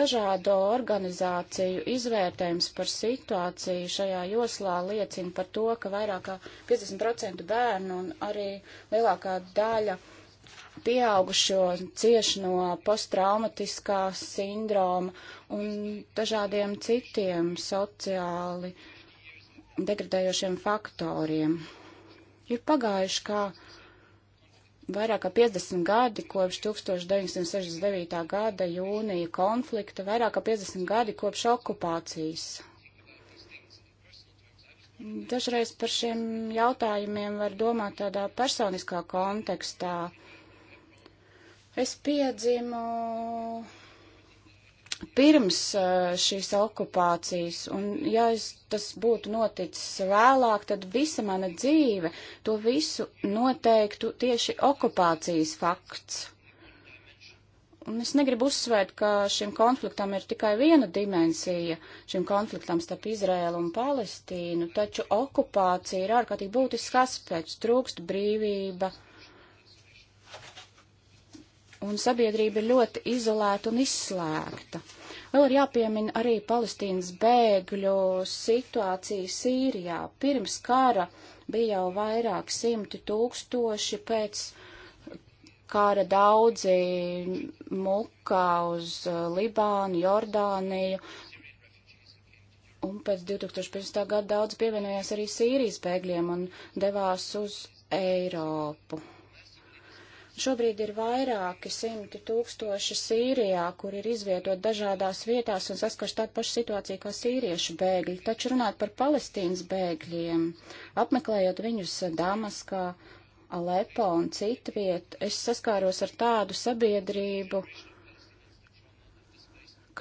Dažādo organizāciju izvērtējums par situāciju šajā joslā liecina par to, ka vairāk kā 50% bērnu un arī lielākā daļa pieaugušo cieši no posttraumatiskā sindroma un dažādiem citiem sociāli uh, degradējošiem faktoriem. Ir pagājuši kā vairāk kā 50 gadi kopš 1969. gada jūnija konflikta, vairāk kā 50 gadi kopš okupācijas. Dažreiz par šiem jautājumiem var domāt tādā personiskā kontekstā. Es piedzimu pirms eh, šīs okupācijas, un ja es, tas būtu noticis vēlāk, tad visa mana dzīve to visu noteiktu tieši okupācijas fakts. Un es negribu uzsvērt, ka šim konfliktam ir tikai viena dimensija, šim konfliktam starp Izrēlu un Palestīnu, taču okupācija ir ārkārtīgi būtisks aspekts, trūkst brīvība, uh, un sabiedrība ir ļoti izolēta un izslēgta. Vēl ir jāpiemina arī Palestīnas bēgļu situācija Sīrijā. Pirms kara bija jau vairāk simti tūkstoši, pēc kara daudzi muka uz uh, Libānu, Jordāniju, un pēc 2015. gada daudz pievienojās arī Sīrijas bēgļiem un devās uz Eiropu. Šobrīd ir vairāki simti tūkstoši Sīrijā, kur ir izvietot dažādās vietās un saskars tādu pašu situāciju kā sīriešu bēgļi. Taču runāt par palestīnas bēgļiem, apmeklējot viņus Damaskā, Alepo un citviet, es saskāros ar tādu sabiedrību,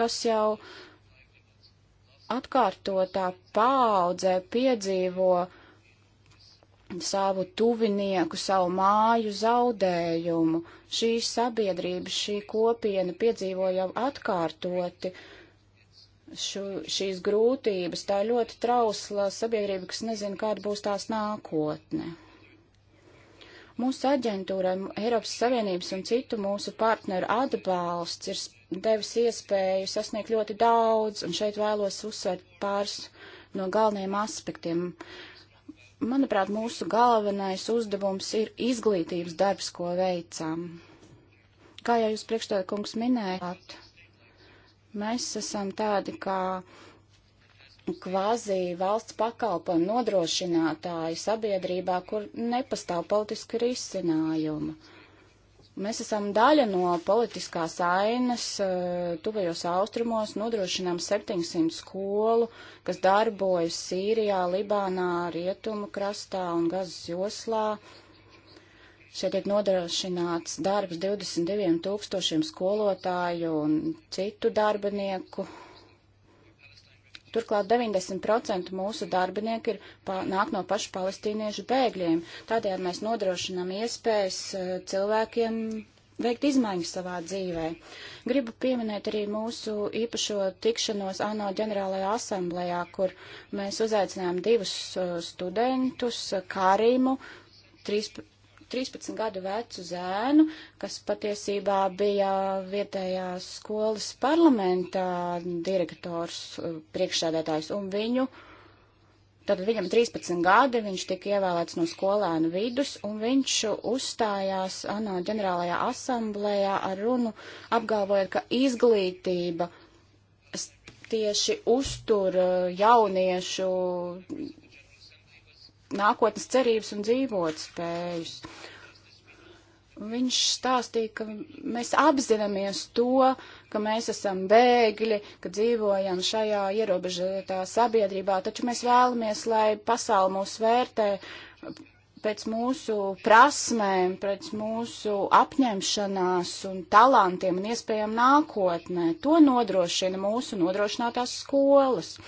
kas jau atkārtotā paaudzē piedzīvo savu tuvinieku, savu māju zaudējumu. Šī sabiedrība, šī kopiena piedzīvo jau atkārtoti šu, šīs grūtības. Tā ir ļoti trausla sabiedrība, kas nezina, kāda būs tās nākotne. Mūsu aģentūrai, Eiropas Savienības un citu mūsu partneru atbalsts ir devis iespēju sasniegt ļoti daudz, un šeit vēlos uzsvērt pāris no galvenajiem aspektiem. Uh, Manuprāt, mūsu galvenais uzdevums ir izglītības darbs, ko veicam. Kā jau jūs priekšstādā kungs minējāt, mēs esam tādi kā kvāzī valsts pakalpojumu nodrošinātāji sabiedrībā, kur nepastāv politiska risinājuma. Mēs esam daļa no politiskās ainas, eh, tuvajos austrumos nodrošinām 700 skolu, kas darbojas Sīrijā, Libānā, Rietumu krastā un Gazas joslā. Šeit tiek nodrošināts darbs 22 tūkstošiem skolotāju un citu darbinieku Turklāt 90% mūsu darbinieku ir, pa, nāk no pašu palestīniešu bēgļiem. Tādējādi mēs nodrošinām iespējas eh, cilvēkiem veikt izmaiņas savā dzīvē. Gribu pieminēt arī mūsu īpašo tikšanos ANO ģenerālajā asamblējā, kur mēs uzaicinājām divus eh, studentus, Karimu, 13 13 gadu vecu zēnu, kas patiesībā bija vietējās skolas parlamentā direktors, uh, priekšsēdētājs, un viņu, tad viņam 13 gadi, viņš tika ievēlēts no skolēnu vidus, un viņš uzstājās ANO ģenerālajā asamblējā ar runu, apgalvojot, ka izglītība tieši uztur uh, jauniešu nākotnes cerības un dzīvot spējus. Viņš stāstīja, ka mēs apzināmies to, ka mēs esam bēgļi, ka dzīvojam šajā ierobežotā sabiedrībā, taču mēs vēlamies, lai pasauli mūs vērtē pēc mūsu prasmēm, pēc mūsu apņemšanās un talantiem un iespējām nākotnē. To nodrošina mūsu nodrošinātās skolas. Uh,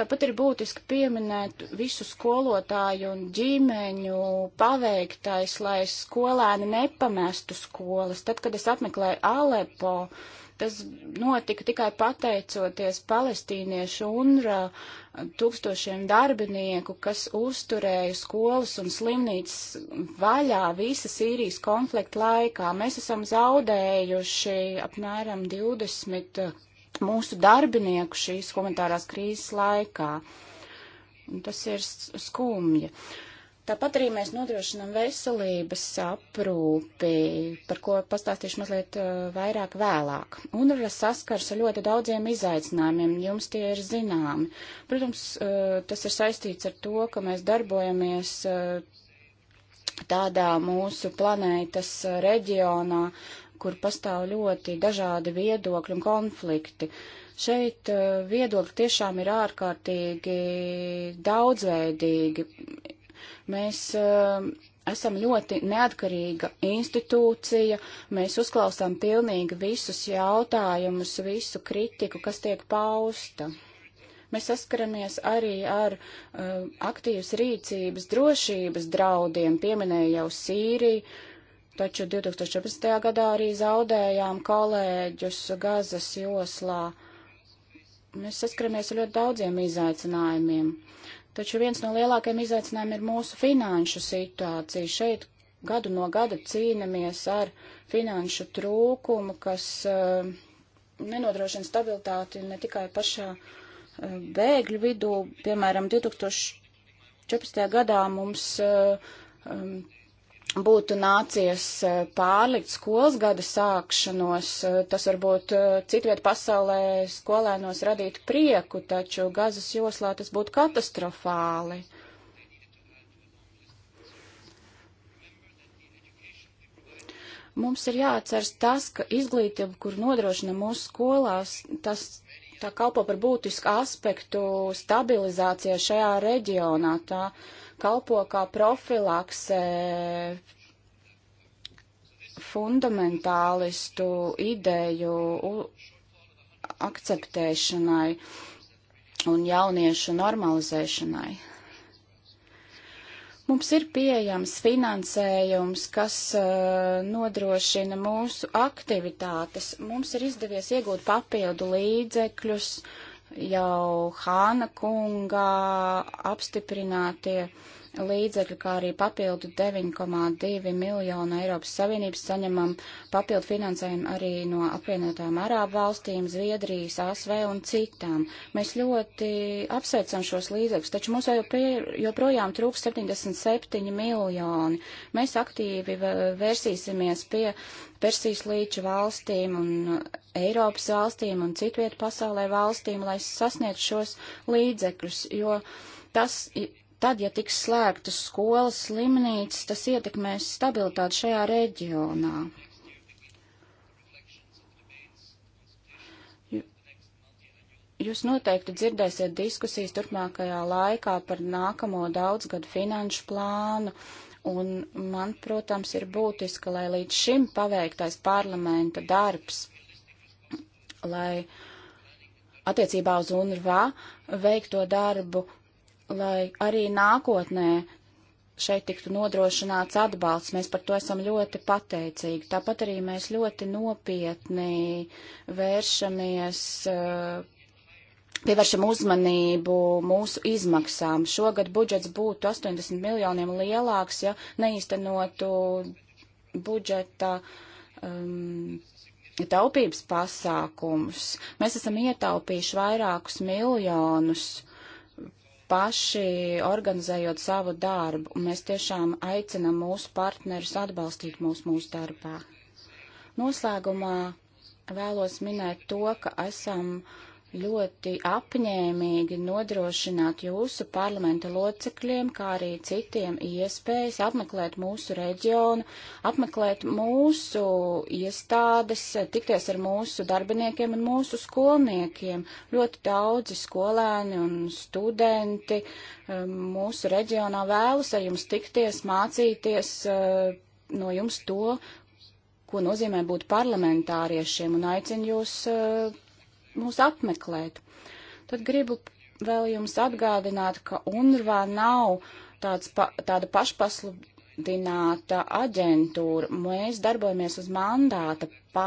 Tāpat ir būtiski pieminēt visu skolotāju un ģimeņu paveiktais, lai skolēni nepamestu skolas. Tad, kad es apmeklēju Alepo, tas notika tikai pateicoties palestīniešu unra uh, tūkstošiem darbinieku, kas uzturēja skolas un slimnīcas vaļā visa Sīrijas konflikta laikā. Mēs esam zaudējuši apmēram 20 mūsu darbinieku šīs humanitārās krīzes laikā. Un tas ir skumji. Tāpat arī mēs nodrošinām veselības aprūpi, par ko pastāstīšu mazliet uh, vairāk vēlāk. UNRWA saskars ar ļoti daudziem izaicinājumiem, jums tie ir zināmi. Protams, uh, tas ir saistīts ar to, ka mēs darbojamies uh, tādā mūsu planētas reģionā, kur pastāv ļoti dažādi viedokļi un konflikti. Šeit eh, viedokļi tiešām ir ārkārtīgi daudzveidīgi. Mēs eh, esam ļoti neatkarīga institūcija, mēs uzklausām pilnīgi visus jautājumus, visu kritiku, kas tiek pausta. Mēs saskaramies arī ar uh, aktīvas rīcības drošības draudiem, pieminēja jau Sīriju, uh, taču 2014. gadā arī zaudējām kolēģus Gazas joslā. Mēs saskaramies ar ļoti daudziem izaicinājumiem. Taču viens no lielākajiem izaicinājumiem ir mūsu finanšu situācija. Šeit gadu no gada cīnamies ar finanšu trūkumu, kas uh, nenodrošina stabilitāti ne tikai pašā uh, bēgļu vidū. Piemēram, 2014. gadā mums uh, um, būtu nācies e, pārlikt skolas gada sākšanos, e, tas varbūt e, citviet pasaulē skolēnos radītu prieku, taču gazas joslā tas būtu katastrofāli. Mums ir jāatceras tas, ka izglītība, kur nodrošina mūsu skolās, tas tā kalpo par būtisku aspektu stabilizācijā šajā reģionā. Tā, uh, kalpo kā profilakse fundamentālistu ideju akceptēšanai un jauniešu normalizēšanai. Mums ir pieejams finansējums, kas uh, nodrošina mūsu aktivitātes. Mums ir izdevies iegūt papildu līdzekļus uh, jau Hāna kunga apstiprinātie līdzekļu, kā arī papildu 9,2 miljonu Eiropas Savienības saņemam papildu finansējumu arī no apvienotām Arābu valstīm, Zviedrijas, ASV un citām. Mēs ļoti apsveicam šos līdzekļus, taču mums joprojām trūks 77 miljoni. Mēs aktīvi vērsīsimies pie Persijas līča valstīm un Eiropas valstīm un citvietu pasaulē valstīm, lai sasniegtu šos līdzekļus, jo tas tad, ja tiks slēgtas skolas, slimnīcas, tas ietekmēs stabilitāti šajā reģionā. Jūs noteikti dzirdēsiet diskusijas turpmākajā laikā par nākamo daudzgadu finanšu plānu, un man, protams, ir būtiski, lai līdz šim paveiktais parlamenta darbs, lai attiecībā uz UNRVA veikto darbu lai arī nākotnē šeit tiktu nodrošināts atbalsts. Mēs par to esam ļoti pateicīgi. Tāpat arī mēs ļoti nopietni vēršamies, eh, pievēršam uzmanību mūsu izmaksām. Šogad budžets būtu 80 miljoniem lielāks, ja neīstenotu budžeta. Um, Taupības pasākums. Mēs esam ietaupījuši vairākus miljonus uh, paši organizējot savu darbu, un mēs tiešām aicinam mūsu partnerus atbalstīt mūs mūsu darbā. Noslēgumā vēlos minēt to, ka esam uh, ļoti apņēmīgi nodrošināt jūsu parlamenta locekļiem, kā arī citiem iespējas apmeklēt mūsu reģionu, apmeklēt mūsu iestādes, tikties ar mūsu darbiniekiem un mūsu skolniekiem. Ļoti daudzi skolēni un studenti um, mūsu reģionā vēlas ar jums tikties, mācīties uh, no jums to, ko nozīmē būt parlamentāriešiem un aicinu jūs uh, mūs apmeklēt. Tad gribu vēl jums atgādināt, ka UNRVA nav tāds pa, tāda pašpasludināta aģentūra. Mēs darbojamies uz mandāta pa,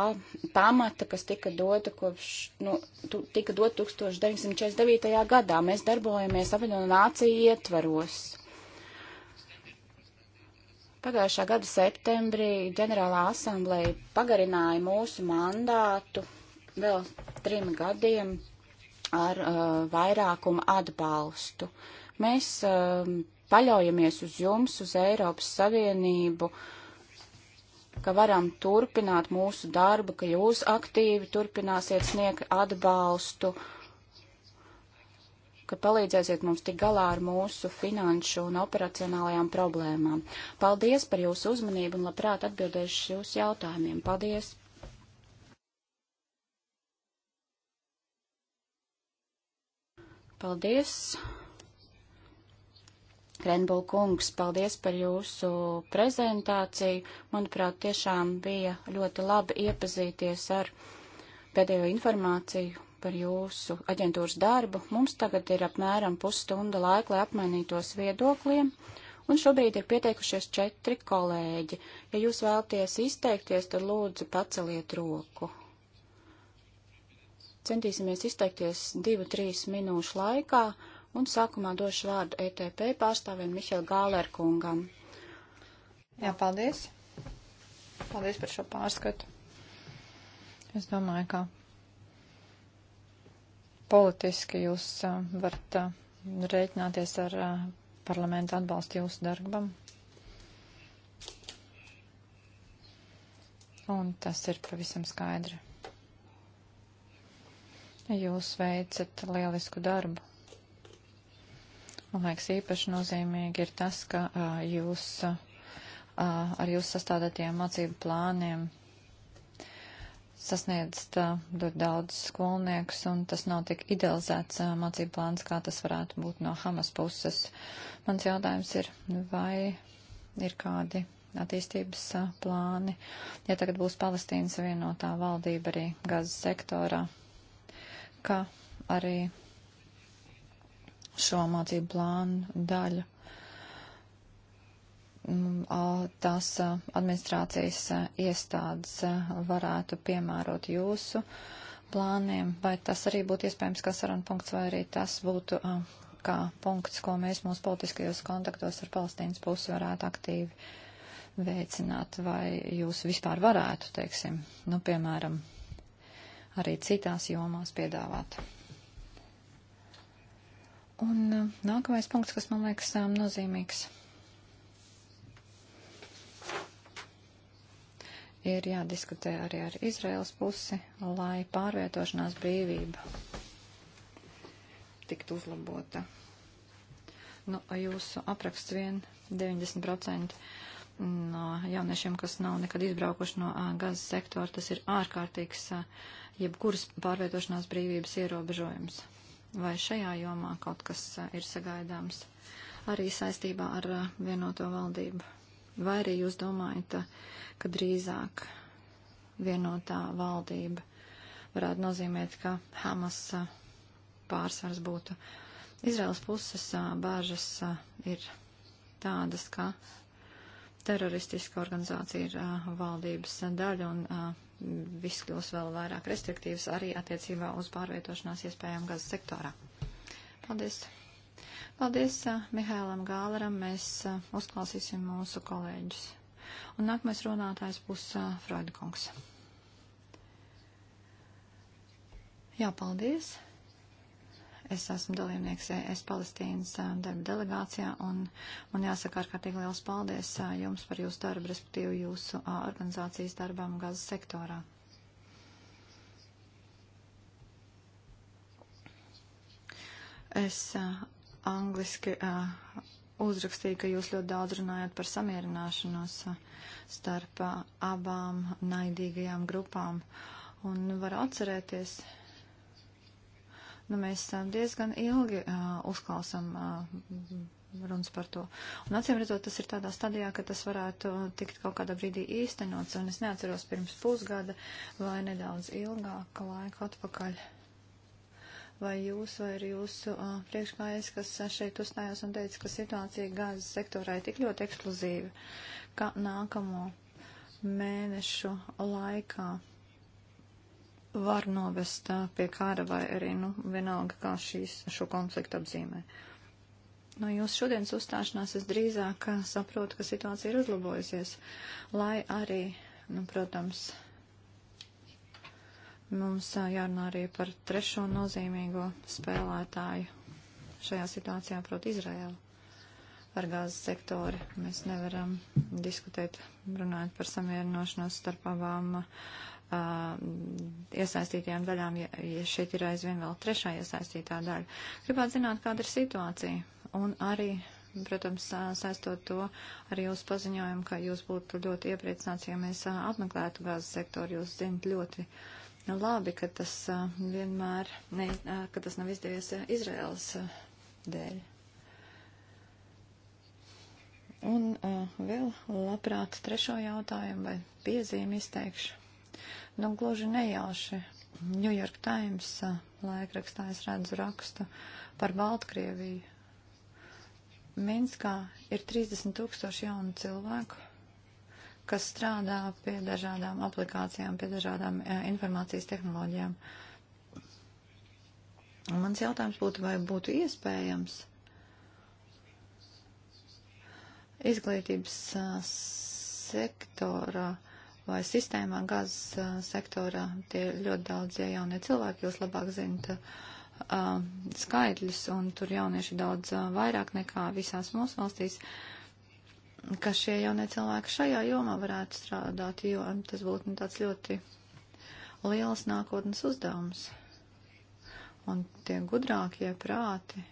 pamata, kas tika dota kopš, nu, tu, tika dota 1949. gadā. Mēs darbojamies apvienu nāciju ietvaros. Pagājušā gada septembrī ģenerālā asamblēja pagarināja mūsu mandātu vēl trim gadiem ar uh, vairākumu atbalstu. Mēs uh, paļaujamies uz jums, uz Eiropas Savienību, ka varam turpināt mūsu darbu, ka jūs aktīvi turpināsiet sniegt atbalstu, ka palīdzēsiet mums tik galā ar mūsu finanšu un operacionālajām problēmām. Paldies par jūsu uzmanību un labprāt atbildēšu jūsu jautājumiem. Paldies! Paldies! Krenbul kungs, paldies par jūsu prezentāciju. Manuprāt, tiešām bija ļoti labi iepazīties ar pēdējo informāciju par jūsu aģentūras darbu. Mums tagad ir apmēram pusstunda laika, lai apmainītos viedokliem. Un šobrīd ir pieteikušies četri kolēģi. Ja jūs vēlties izteikties, tad lūdzu paceliet roku. Centīsimies izteikties divu, trīs minūšu laikā, un sākumā došu vārdu ETP pārstāvēm Mihail Gāler kungam. Jā, paldies. Paldies par šo pārskatu. Es domāju, ka politiski jūs varat rēķināties ar parlamentu atbalstu jūsu darbam, Un tas ir pavisam skaidri. Jūs veicat lielisku darbu. Man liekas, īpaši nozīmīgi ir tas, ka a, jūs a, ar jūs sastādātiem mācību plāniem sasniedzat ļoti daudz skolniekus, un tas nav tik idealizēts a, mācību plāns, kā tas varētu būt no Hamas puses. Mans jautājums ir, vai ir kādi attīstības a, plāni, ja tagad būs Palestīnas vienotā valdība arī gazas sektorā, ka arī šo mācību plānu daļu mm, tās administrācijas iestādes varētu piemērot jūsu plāniem, vai tas arī būtu iespējams kā saruna punkts, vai arī tas būtu kā punkts, ko mēs mūsu politiskajos kontaktos ar Palestīnas pusi varētu aktīvi veicināt, vai jūs vispār varētu, teiksim, nu, piemēram, arī citās jomās piedāvāt. Un uh, nākamais punkts, kas man liekas um, nozīmīgs, ir jādiskutē arī ar Izraels pusi, lai pārvietošanās brīvība tiktu uzlabota. Nu, jūsu apraksts vien 90% no jauniešiem, kas nav nekad izbraukuši no gazas sektora, tas ir ārkārtīgs jebkuras pārvietošanās brīvības ierobežojums. Vai šajā jomā kaut kas ir sagaidāms arī saistībā ar vienoto valdību? Vai arī jūs domājat, ka drīzāk vienotā valdība varētu nozīmēt, ka Hamas pārsvars būtu Izraels puses bāžas ir tādas, ka teroristiska organizācija ir uh, valdības daļa un uh, viss kļūs vēl vairāk restriktīvs arī attiecībā uz pārvietošanās iespējām gazas sektorā. Paldies! Paldies uh, Mihēlam Gāleram, mēs uh, uzklausīsim mūsu kolēģus. Un nākamais runātājs būs uh, Freudkungs. Jā, paldies! Es esmu dalībnieks ES Palestīnas darba delegācijā un man jāsaka ārkārtīgi liels paldies jums par jūsu darbu, respektīvi jūsu organizācijas darbām gazas sektorā. Es angliski uzrakstīju, ka jūs ļoti daudz runājat par samierināšanos starp abām naidīgajām grupām un var atcerēties Nu, mēs diezgan ilgi uzklausam runas par to. Un acīm redzot, tas ir tādā stadijā, ka tas varētu tikt kaut kādā brīdī īstenots, un es neatceros pirms pusgada vai nedaudz ilgāka laika atpakaļ vai jūs, vai arī jūsu uh, priekšgājējs, kas šeit uzstājās un teica, ka situācija gāzes sektorā ir tik ļoti eksplozīva, ka nākamo mēnešu laikā var novest uh, pie kara vai arī, nu, vienalga, kā šīs, šo konfliktu apzīmē. No jūsu šodienas uzstāšanās es drīzāk uh, saprotu, ka situācija ir uzlabojusies, lai arī, nu, protams, mums uh, jārunā arī par trešo nozīmīgo spēlētāju šajā situācijā, proti Izraēlu ar gāzes sektori. Mēs nevaram diskutēt, runājot par samierinošanos starp abām Um, iesaistītajām daļām, ja, ja šeit ir aizvien vēl trešā iesaistītā daļa. Gribētu zināt, kāda ir situācija un arī, protams, saistot to ar jūsu paziņojumu, ka jūs būtu ļoti iepriecināts, ja mēs apmeklētu gāzes sektoru, jūs zinat ļoti labi, ka tas vienmēr, ne, ka tas nav izdevies Izraels dēļ. Un uh, vēl labprāt trešo jautājumu vai piezīmi izteikšu. Nu, gluži nejauši New York Times laikrakstā es redzu rakstu par Baltkrieviju. Minskā ir 30 tūkstoši jaunu cilvēku, kas strādā pie dažādām aplikācijām, pie dažādām jā, informācijas tehnoloģijām. Un mans jautājums būtu, vai būtu iespējams izglītības sektorā vai sistēmā gāzes uh, sektorā. Tie ļoti daudzie jaunie cilvēki, jūs labāk zinat uh, skaitļus, un tur jaunieši daudz uh, vairāk nekā visās mūsu valstīs, ka šie jaunie cilvēki šajā jomā varētu strādāt, jo tas būtu nu, tāds ļoti liels nākotnes uzdevums. Un tie gudrākie prāti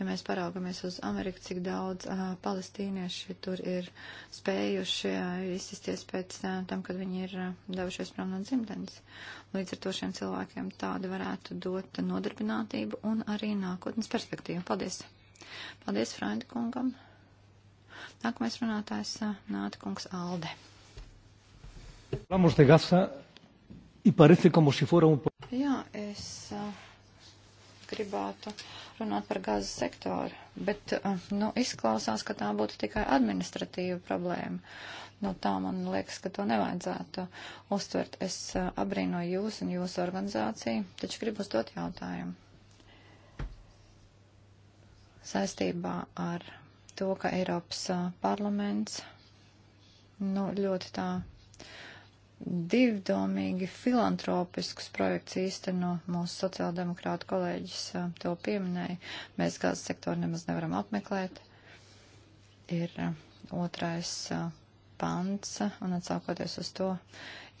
Ja mēs paraugamies uz Ameriku, cik daudz uh, palestīnieši tur ir spējuši uh, izsisties pēc uh, tam, kad viņi ir uh, devušies prom no dzimtenes. Līdz ar to šiem cilvēkiem tāda varētu dot nodarbinātību un arī nākotnes perspektīvu. Paldies! Paldies Frāņa kungam! Nākamais runātājs Nāta kungs Alde. Jā, es gribētu runāt par gāzes sektoru, bet eh, nu, izklausās, ka tā būtu tikai administratīva problēma. Nu, tā man liekas, ka to nevajadzētu uztvert. Es eh, abrīnoju jūs un jūsu organizāciju, taču gribu uzdot jautājumu saistībā ar to, ka Eiropas eh, parlaments nu, ļoti tā divdomīgi filantropiskus projekts īsteno. Mūsu sociāldemokrāta kolēģis to pieminēja. Mēs gāzes sektoru nemaz nevaram apmeklēt. Ir otrais pants, un atsākoties uz to,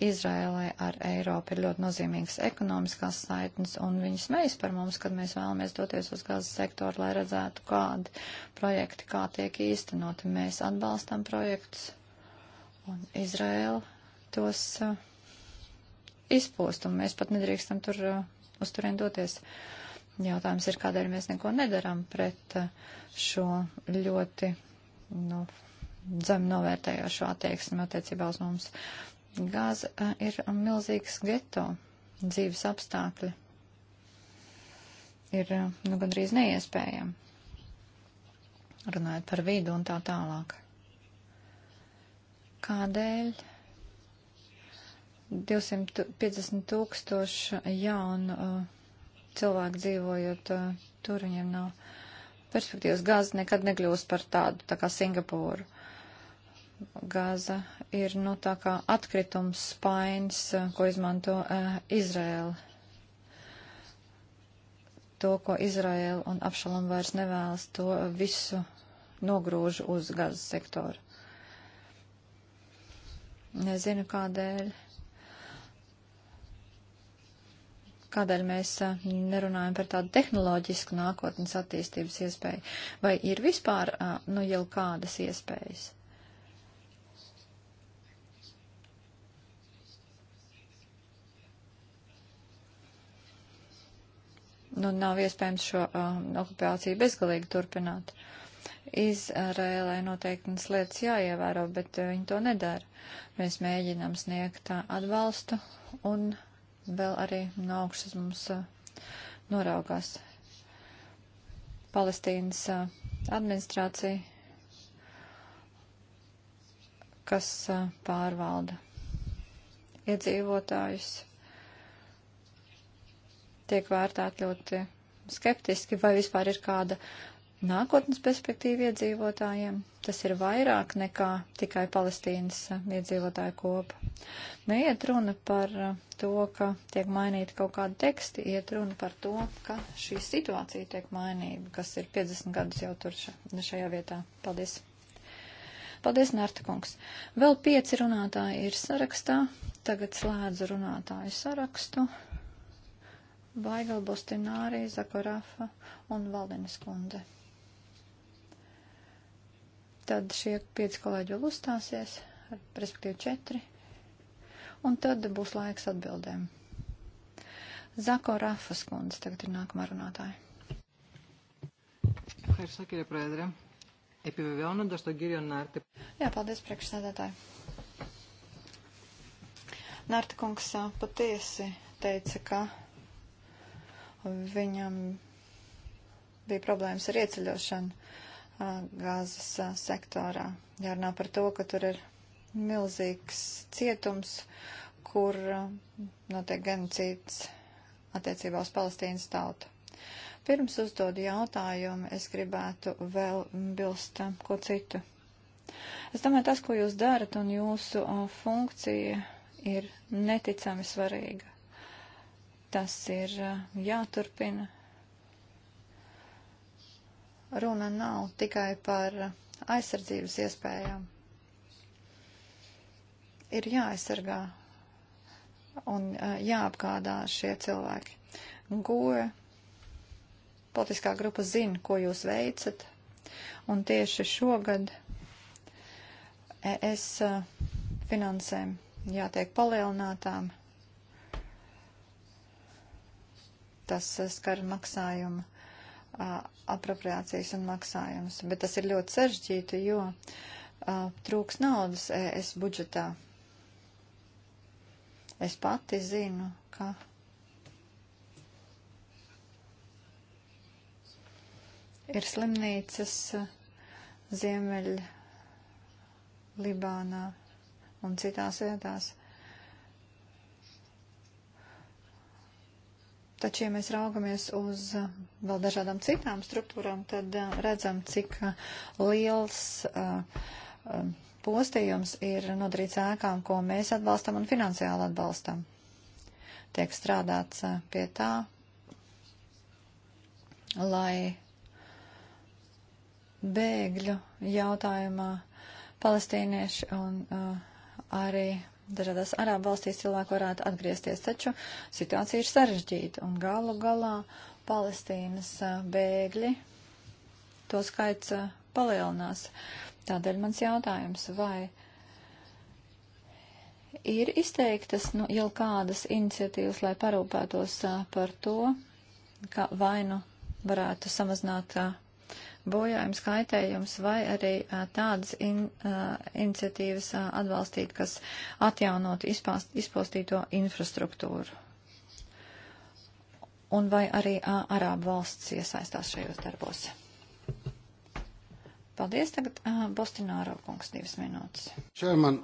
Izrēlē ar Eiropu ir ļoti nozīmīgas ekonomiskās saitnes, un viņi smejas par mums, kad mēs vēlamies doties uz gazas sektoru, lai redzētu, kādi projekti, kā tiek īstenoti. Mēs atbalstam projektus, un Izrēla tos uh, eh, izpūst, un mēs pat nedrīkstam tur uh, uz turien doties. Jautājums ir, kādēļ mēs neko nedaram pret uh, šo ļoti nu, zem novērtējošo attieksmi attiecībā uz mums. Gāze uh, ir milzīgs geto dzīves apstākļi. Ir uh, nu, gandrīz neiespējami. Runājot par vidu un tā tālāk. Kādēļ 250 tūkstoši jaunu uh, cilvēku dzīvojot uh, tur, viņiem nav perspektīvas. Gāze nekad nekļūst par tādu, tā kā Singapūru. Gāza ir, nu, tā kā atkritums spainis, uh, ko izmanto uh, Izraēla. To, ko Izraēla un Apšalam vairs nevēlas, to visu nogrūž uz gazas sektoru. Nezinu kādēļ Kādēļ mēs nerunājam par tādu tehnoloģisku nākotnes attīstības iespēju? Vai ir vispār, nu, jau kādas iespējas? Nu, nav iespējams šo um, okupāciju bezgalīgi turpināt. Uh, Izrēlē noteiktas lietas jāievēro, bet viņi to nedara. Mēs mēģinām sniegt atbalstu un vēl arī no augšas mums uh, noraugās. Palestīnas uh, administrācija, kas uh, pārvalda iedzīvotājus, tiek vērtēti ļoti skeptiski, vai vispār ir kāda uh, nākotnes perspektīvu iedzīvotājiem. Tas ir vairāk nekā tikai Palestīnas iedzīvotāju kopa. Neiet nu, runa par to, ka tiek mainīti kaut kādi teksti, iet runa par to, ka šī situācija tiek mainīta, kas ir 50 gadus jau tur nu, šajā vietā. Paldies! Paldies, Nārta kungs! Vēl pieci runātāji ir sarakstā. Tagad slēdzu runātāju sarakstu. Vaigal Bostinārī, Zakorafa un Valdenes kundze tad šie pieci kolēģi vēl uzstāsies, respektīvi četri, un tad būs laiks atbildēm. Zako Rafas kundze tagad ir nākamā runātāja. Ευχαριστώ κύριε Πρόεδρε. Επιβεβαιώνοντας τον κύριο Νάρτη. Jā, paldies priekšsēdētāji. Nārta kungs patiesi teica, ka viņam bija problēmas ar ieceļošanu gāzes sektorā. Jārunā par to, ka tur ir milzīgs cietums, kur notiek genocīds attiecībā uz Palestīnas tautu. Pirms uzdodu jautājumu, es gribētu vēl bilst ko citu. Es domāju, tas, ko jūs darat un jūsu funkcija ir neticami svarīga. Tas ir jāturpina, runa nav tikai par aizsardzības iespējām. Ir jāaizsargā un jāapgādā šie cilvēki. Goja politiskā grupa zina, ko jūs veicat, un tieši šogad es finansēm jātiek palielinātām. Tas skar maksājumu apropriācijas un maksājumus. Bet tas ir ļoti sarežģīti, jo uh, trūks naudas ES budžetā. Es pati zinu, ka ir slimnīcas Ziemeļ Libānā un citās vietās Taču, ja mēs raugamies uz uh, vēl dažādām citām struktūrām, tad uh, redzam, cik uh, liels um, postījums ir nodarīts ēkām, ko mēs atbalstam un finansiāli atbalstam. Tiek strādāts pie tā, lai bēgļu jautājumā palestīnieši un uh, arī dažādās arābu valstīs cilvēki varētu atgriezties, taču situācija ir sarežģīta un galu galā Palestīnas bēgļi to skaits palielinās. Tādēļ mans jautājums, vai ir izteiktas nu, jau kādas iniciatīvas, lai parūpētos par to, ka vainu varētu samazināt bojājums, kaitējums vai arī tādas in, iniciatīvas atbalstīt, kas atjaunot izpāst, izpostīto infrastruktūru. Un vai arī Arābu valsts iesaistās šajos darbos. Paldies, tagad Bostināro kungs divas minūtes. Čerman.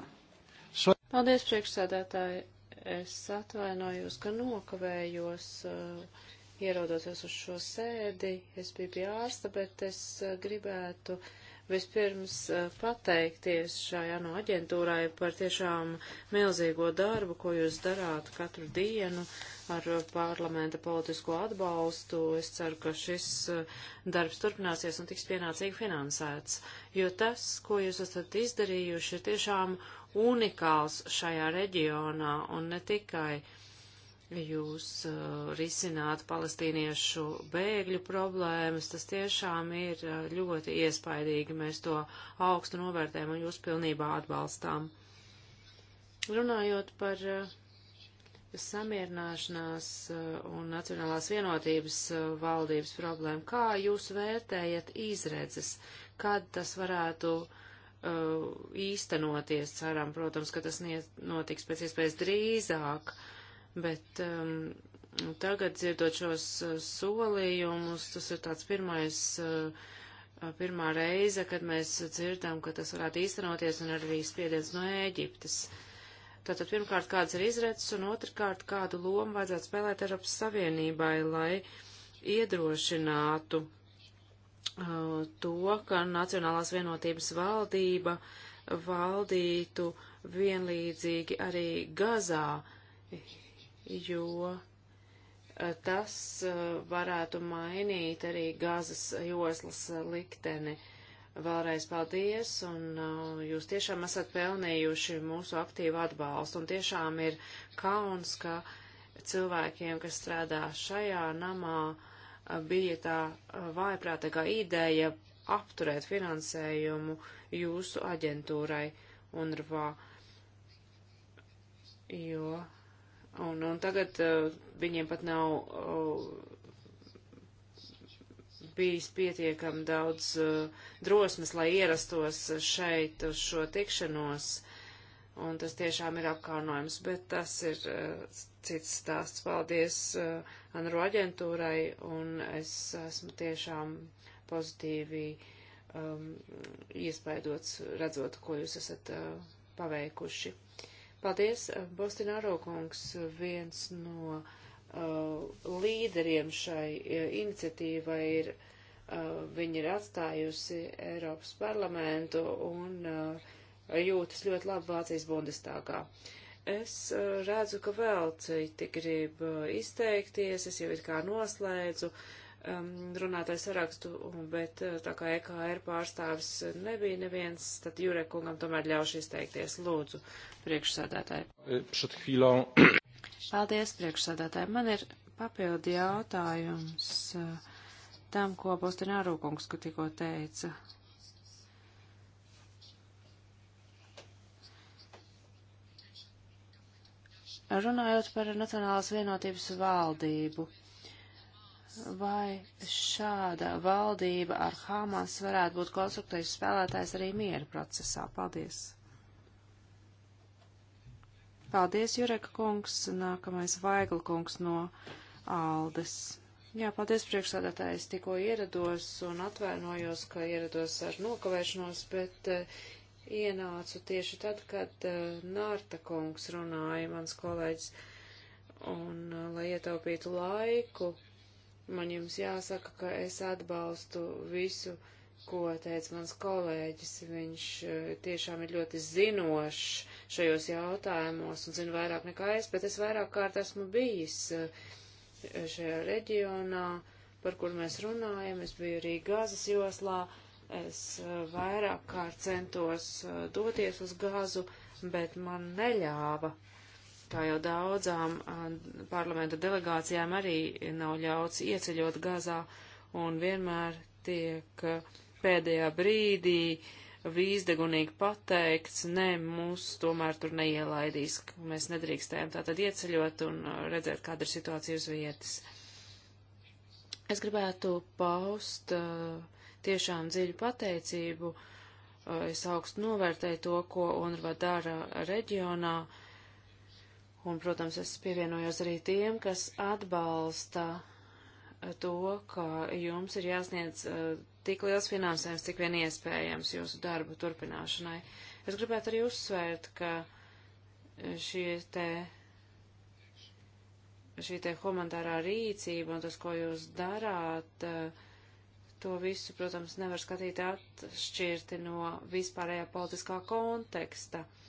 Paldies, priekšsēdētāji. Es atvainojos, ka nokavējos. Uh, ierodoties uz šo sēdi. Es biju pie ārsta, bet es eh, gribētu vispirms eh, pateikties šai ANO aģentūrai par tiešām milzīgo darbu, ko jūs darāt katru dienu ar parlamenta politisko atbalstu. Es ceru, ka šis eh, darbs turpināsies un tiks pienācīgi finansēts, jo tas, ko jūs esat izdarījuši, ir tiešām unikāls šajā reģionā un ne tikai uh, jūs uh, risināt palestīniešu bēgļu problēmas. Tas tiešām ir uh, ļoti iespaidīgi. Mēs to augstu novērtējam un jūs pilnībā atbalstām. Runājot par uh, samierināšanās uh, un nacionālās vienotības uh, valdības problēmu, kā jūs vērtējat izredzes, kad tas varētu uh, īstenoties, ceram, protams, ka tas notiks pēc iespējas drīzāk, uh, bet um, tagad dzirdot šos uh, solījumus, tas ir tāds pirmais, uh, uh, pirmā reize, kad mēs dzirdam, ka tas varētu īstenoties un arī spiediens no Ēģiptes. Tātad pirmkārt, kādas ir izredzes, un otrkārt, kādu lomu vajadzētu spēlēt Eiropas Savienībai, lai iedrošinātu uh, to, ka Nacionālās vienotības valdība valdītu vienlīdzīgi arī Gazā, jo eh, tas eh, varētu mainīt arī gazas joslas eh, likteni. Vēlreiz paldies, un jūs tiešām esat pelnījuši mūsu aktīvu atbalstu, un tiešām ir kauns, ka cilvēkiem, kas strādā šajā namā, bija tā vājprātīgā ideja apturēt finansējumu jūsu aģentūrai UNRVA, jo Un, un tagad uh, viņiem pat nav uh, bijis pietiekami daudz uh, drosmes, lai ierastos šeit uz šo tikšanos. Un tas tiešām ir apkaunojums, bet tas ir uh, cits stāsts. Paldies uh, Anru aģentūrai, un es esmu tiešām pozitīvi um, iespaidots, redzot, ko jūs esat uh, paveikuši. Uh, Paldies, Bostināro kungs, viens no uh, līderiem šai uh, iniciatīvai ir, uh, viņa ir atstājusi Eiropas parlamentu un uh, jūtas ļoti labi Vācijas bundestāgā. Es uh, redzu, ka vēl citi grib uh, izteikties, es jau it kā noslēdzu. Uh, um, runātais sarakstu, bet uh, tā kā EKR pārstāvis uh, nebija neviens, tad Jurekungam tomēr ļaušu izteikties. Lūdzu, priekšsādātāji. Eh, Paldies, priekšsādātāji. Man ir papildi jautājums uh, tam, ko Bostonāru kungs tikko teica. Runājot par Nacionālās vienotības valdību, uh, vai šāda valdība ar Hamas varētu būt konstruktīvs spēlētājs arī miera procesā. Paldies! Paldies, Jureka kungs, nākamais Vaigla kungs no Aldes. Jā, paldies priekšsādātājs, tikko ierados un atvainojos, ka ierados ar nokavēšanos, bet uh, ienācu tieši tad, kad uh, Nārta kungs runāja, mans kolēģis, un, uh, lai ietaupītu laiku, man jums jāsaka, ka es atbalstu visu, ko teica mans kolēģis. Viņš eh, tiešām ir ļoti zinošs šajos jautājumos un zina vairāk nekā es, bet es vairāk kārt esmu bijis eh, šajā reģionā, par kur mēs runājam. Es biju arī Gāzes joslā. Es eh, vairāk kārt centos doties uz gāzu, bet man neļāva kā jau daudzām parlamenta delegācijām arī nav ļauts ieceļot Gazā un vienmēr tiek pēdējā brīdī vīzdegunīgi pateikts, nē, mūs tomēr tur neielaidīs, mēs nedrīkstējam tātad ieceļot un redzēt, kāda ir situācija uz vietas. Es gribētu paust tiešām dziļu pateicību, es augstu novērtēju to, ko UNRWA dara reģionā, uh, Un, protams, es pievienojos arī tiem, kas atbalsta eh, to, ka jums ir jāsniedz uh, tik liels finansējums, cik vien iespējams jūsu darbu turpināšanai. Es gribētu arī uzsvērt, ka eh, šie te, šī te humanitārā rīcība un tas, ko jūs darāt, uh, to visu, protams, nevar skatīt atšķirti no vispārējā politiskā konteksta. Uh,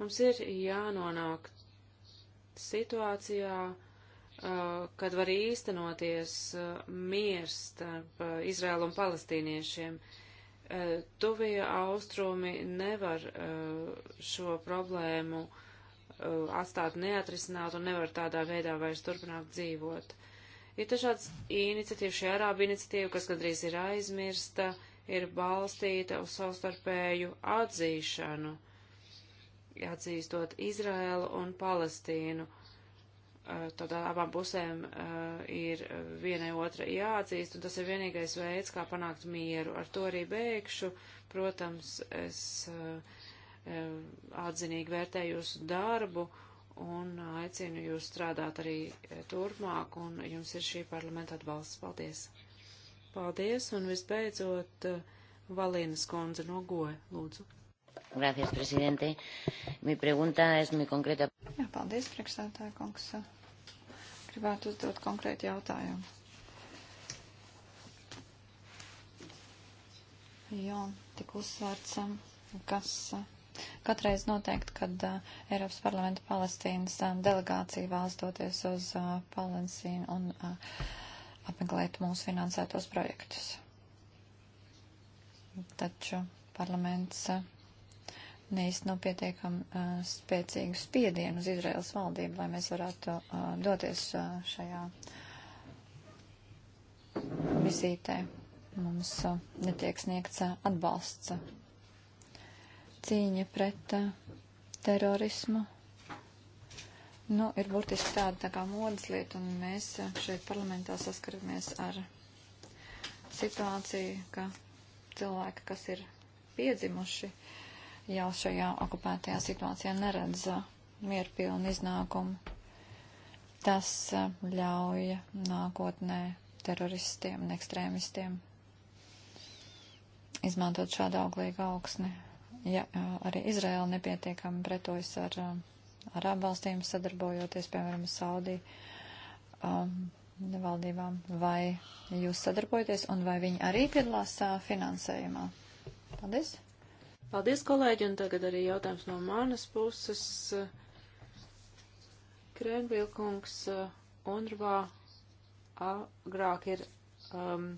Mums ir jānonāk situācijā, kad var īstenoties miers starp Izrēlu un palestīniešiem. Tuvie austrumi nevar šo problēmu atstāt neatrisināt un nevar tādā veidā vairs turpināt dzīvot. Ir dažādas iniciatīvas, šī arāba iniciatīva, kas gandrīz ir aizmirsta, ir balstīta uz savstarpēju atzīšanu. Uh, atzīstot Izraēlu un Palestīnu. Eh, tad abām pusēm eh, ir vienai otra jāatzīst, un tas ir vienīgais veids, kā panākt mieru. Ar to arī beigšu. Protams, es eh, atzinīgi vērtēju jūsu darbu un aicinu jūs strādāt arī turpmāk, un jums ir šī parlamenta atbalsts. Paldies! Paldies, un visbeidzot, Valīnas kundze no Goja, lūdzu. Gracias, prezidente. Mi pregunta es muy konkrēta. Jā, paldies, priekšstādātāja kungs. Gribētu uzdot konkrētu jautājumu. Jā, tik uzsvērts, kas katreiz noteikti, kad Eiropas parlamenta Palestīnas delegācija vēlas doties uz Palestīnu un apmeklēt mūsu finansētos projektus. Taču parlaments nīst nu pietiekam uh, spēcīgu spiedienu uz Izraels valdību, lai mēs varētu uh, doties uh, šajā vizītē. Mums uh, netiek sniegts uh, atbalsts. Cīņa pret uh, terorismu. Nu, ir burtiski tāda tā kā modas lieta, un mēs uh, šeit parlamentā saskaramies ar situāciju, ka cilvēki, kas ir piedzimuši, uh, jau šajā okupētajā situācijā neredz uh, mieru pilnu iznākumu. Tas uh, ļauj nākotnē teroristiem un ekstrēmistiem izmantot šādu auglīgu augsni. Ja uh, arī Izraela nepietiekami pretojas ar Arābu valstīm sadarbojoties, piemēram, Saudiju um, valdībām, vai jūs sadarbojaties un vai viņi arī piedalās uh, finansējumā? Paldies! Paldies, kolēģi, un tagad arī jautājums no manas puses. Krēnvilkungs eh, UNRVā agrāk ir um,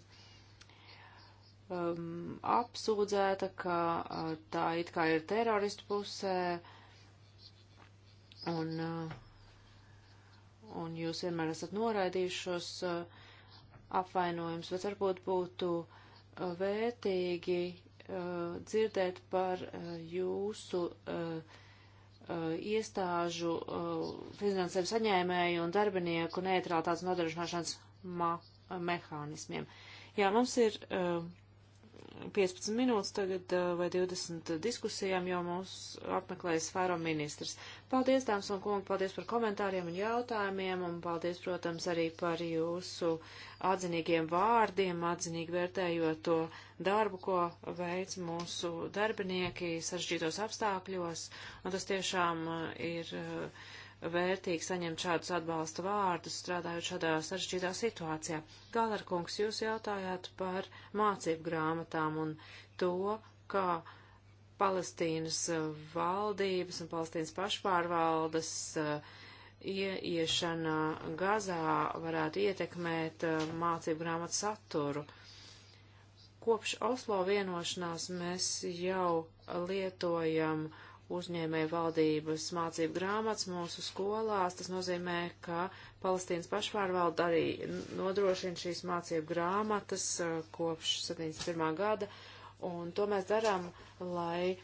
um, apsūdzēta, ka uh, tā it kā ir teroristu pusē, un, uh, un jūs vienmēr esat noraidījuši šos uh, apvainojumus, bet varbūt būtu uh, vērtīgi Eh, dzirdēt par eh, jūsu eh, iestāžu finansējumu saņēmēju un darbinieku neitrālitātes nodrošināšanas mehānismiem. Jā, mums ir uh, 15 minūtes tagad vai 20 diskusijām, jo mūs apmeklējas Fāro ministrs. Paldies, dāmas un kungi, paldies par komentāriem un jautājumiem, un paldies, protams, arī par jūsu atzinīgiem vārdiem, atzinīgi vērtējot to darbu, ko veic mūsu darbinieki sažģītos apstākļos, un tas tiešām ir. Uh, vērtīgi saņemt šādus atbalsta vārdus, strādājot šādā sarežģītā situācijā. Galerkungs, jūs jautājāt par mācību grāmatām un to, kā Palestīnas uh, valdības un Palestīnas pašpārvaldes uh, ieiešana Gazā varētu ietekmēt uh, mācību grāmatu saturu kopš Oslo vienošanās mēs jau lietojam uzņēmēja valdības mācību grāmatas mūsu skolās. Tas nozīmē, ka Palestīnas pašvārvalda arī nodrošina šīs mācību grāmatas uh, kopš 71. gada, un to mēs darām, lai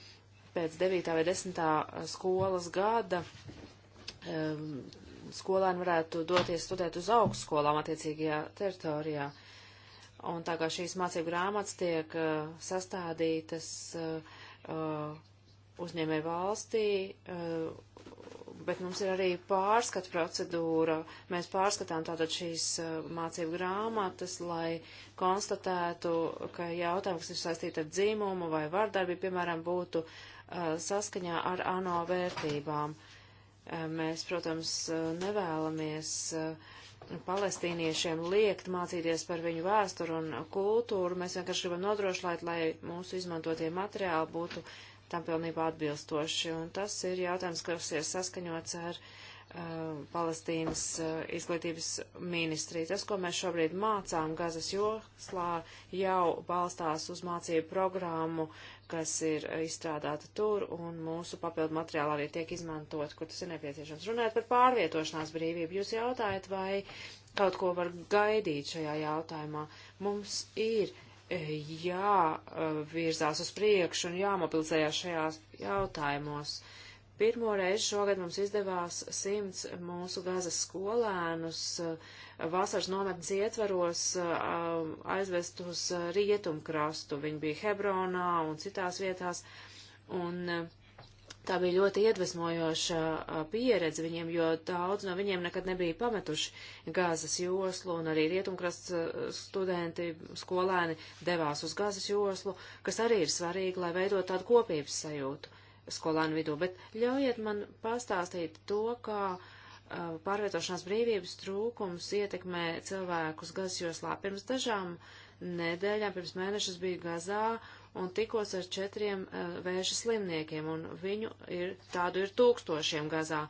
pēc 9. vai 10. Uh, skolas gada um, skolēni varētu doties studēt uz augstskolām attiecīgajā teritorijā. Un tā kā šīs mācību grāmatas tiek uh, sastādītas uh, uh, uzņēmē valstī, eh, bet mums ir arī pārskata procedūra. Mēs pārskatām tātad šīs eh, mācību grāmatas, lai konstatētu, ka jautājumi, kas ir saistīti ar dzīmumu vai vardarbību, piemēram, būtu eh, saskaņā ar ANO vērtībām. Mēs, protams, nevēlamies palestīniešiem liekt mācīties par viņu vēsturu un kultūru. Mēs vienkārši gribam nodrošināt, lai mūsu izmantotie materiāli būtu tam pilnībā atbilstoši. Un tas ir jautājums, kas ir saskaņots ar uh, Palestīnas uh, izglītības ministriju. Tas, ko mēs šobrīd mācām Gazas joslā, jau balstās uz mācību programmu, kas ir izstrādāta tur, un mūsu papildu materiāli arī tiek izmantot, kur tas ir nepieciešams. Runājot par pārvietošanās brīvību, jūs jautājat, vai kaut ko var gaidīt šajā jautājumā. Mums ir uh, jāvirzās eh, uz priekšu un jāmobilizējās šajās jautājumos. Pirmo reizi šogad mums izdevās simts mūsu gazas skolēnus eh, vasaras nometnes ietvaros eh, aizvest uz rietumkrastu. Viņi bija Hebronā un citās vietās. Un Tā bija ļoti iedvesmojoša pieredze viņiem, jo daudz no viņiem nekad nebija pametuši gāzes joslu, un arī rietumkrasts studenti, skolēni devās uz gāzes joslu, kas arī ir svarīgi, lai veidot tādu kopības sajūtu skolēnu vidū. Bet ļaujiet man pastāstīt to, kā pārvietošanās brīvības trūkums ietekmē cilvēkus gāzes joslā. Pirms dažām nedēļām, pirms mēnešus biju Gazā un tikos ar četriem uh, vēža slimniekiem, un viņu ir, tādu ir tūkstošiem gazā,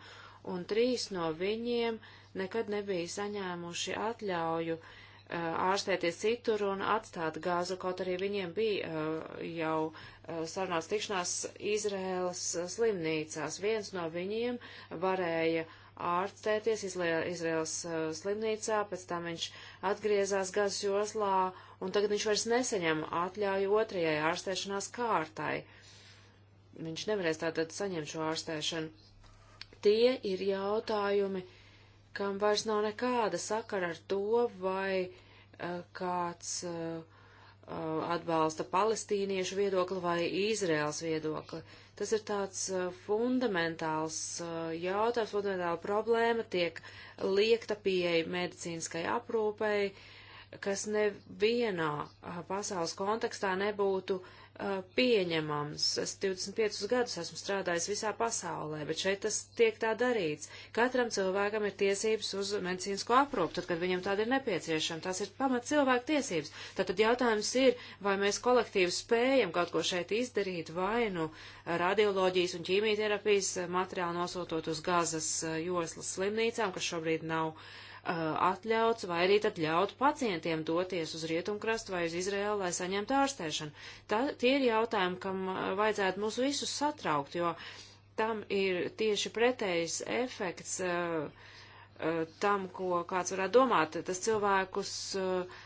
un trīs no viņiem nekad nebija saņēmuši atļauju uh, ārstēties citur un atstāt gāzu, kaut arī viņiem bija uh, jau uh, sarunās tikšanās Izrēlas slimnīcās. Viens no viņiem varēja ārstēties Izrēlas slimnīcā, pēc tam viņš atgriezās gāzes joslā un tagad viņš vairs nesaņem atļauju otrajai ārstēšanās kārtai. Viņš nevarēs tātad saņemt šo ārstēšanu. Tie ir jautājumi, kam vairs nav nekāda sakara ar to, vai uh, kāds uh, atbalsta palestīniešu viedokli vai Izraels viedokli. Tas ir tāds uh, fundamentāls jautājums, fundamentāla problēma tiek liekta pieeja medicīniskai aprūpei, uh, kas nevienā pasaules kontekstā nebūtu uh, pieņemams. Es 25 gadus esmu strādājis visā pasaulē, bet šeit tas tiek tā darīts. Katram cilvēkam ir tiesības uz medicīnisko aprūpu, tad, kad viņam tāda ir nepieciešama. Tās ir pamat cilvēku tiesības. Tātad jautājums ir, vai mēs kolektīvi spējam kaut ko šeit izdarīt, vai nu radioloģijas un ķīmijterapijas materiālu nosūtot uz gazas joslas slimnīcām, kas šobrīd nav uh, Uh, atļauts, vai arī tad ļaut pacientiem doties uz rietumkrastu vai uz Izraelu, lai saņemtu ārstēšanu. Tā, tie ir jautājumi, kam uh, vajadzētu mūs visus satraukt, jo tam ir tieši pretējs efekts uh, uh, tam, ko kāds varētu domāt. Tas cilvēkus uh,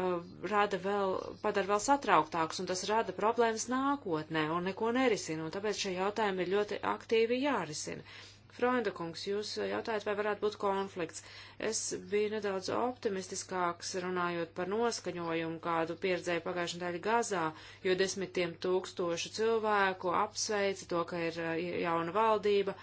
uh rada vēl, padara vēl satrauktāks, un tas rada problēmas nākotnē un neko nerisina, un tāpēc šie jautājumi ir ļoti aktīvi jārisina. Freunda kungs, jūs eh, jautājat, vai varētu būt konflikts. Es biju nedaudz optimistiskāks runājot par noskaņojumu, kādu pieredzēju pagājušajā daļā Gazā, jo desmitiem tūkstošu cilvēku apsveica to, ka ir eh, jauna valdība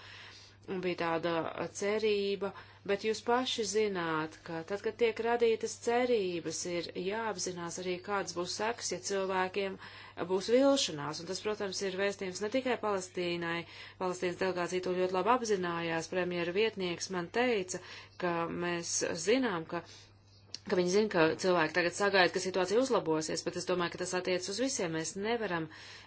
un bija tāda eh, cerība, bet jūs paši zināt, ka tad, kad tiek radītas cerības, ir jāapzinās arī, kāds būs seks, ja cilvēkiem uh, būs vilšanās. Un tas, protams, ir vēstījums ne tikai Palestīnai. Palestīnas delegācija to ļoti labi apzinājās. Premjera vietnieks man teica, ka mēs zinām, ka ka viņi zina, ka cilvēki tagad sagaida, ka situācija uzlabosies, bet es domāju, ka tas attiec uz visiem. Mēs nevaram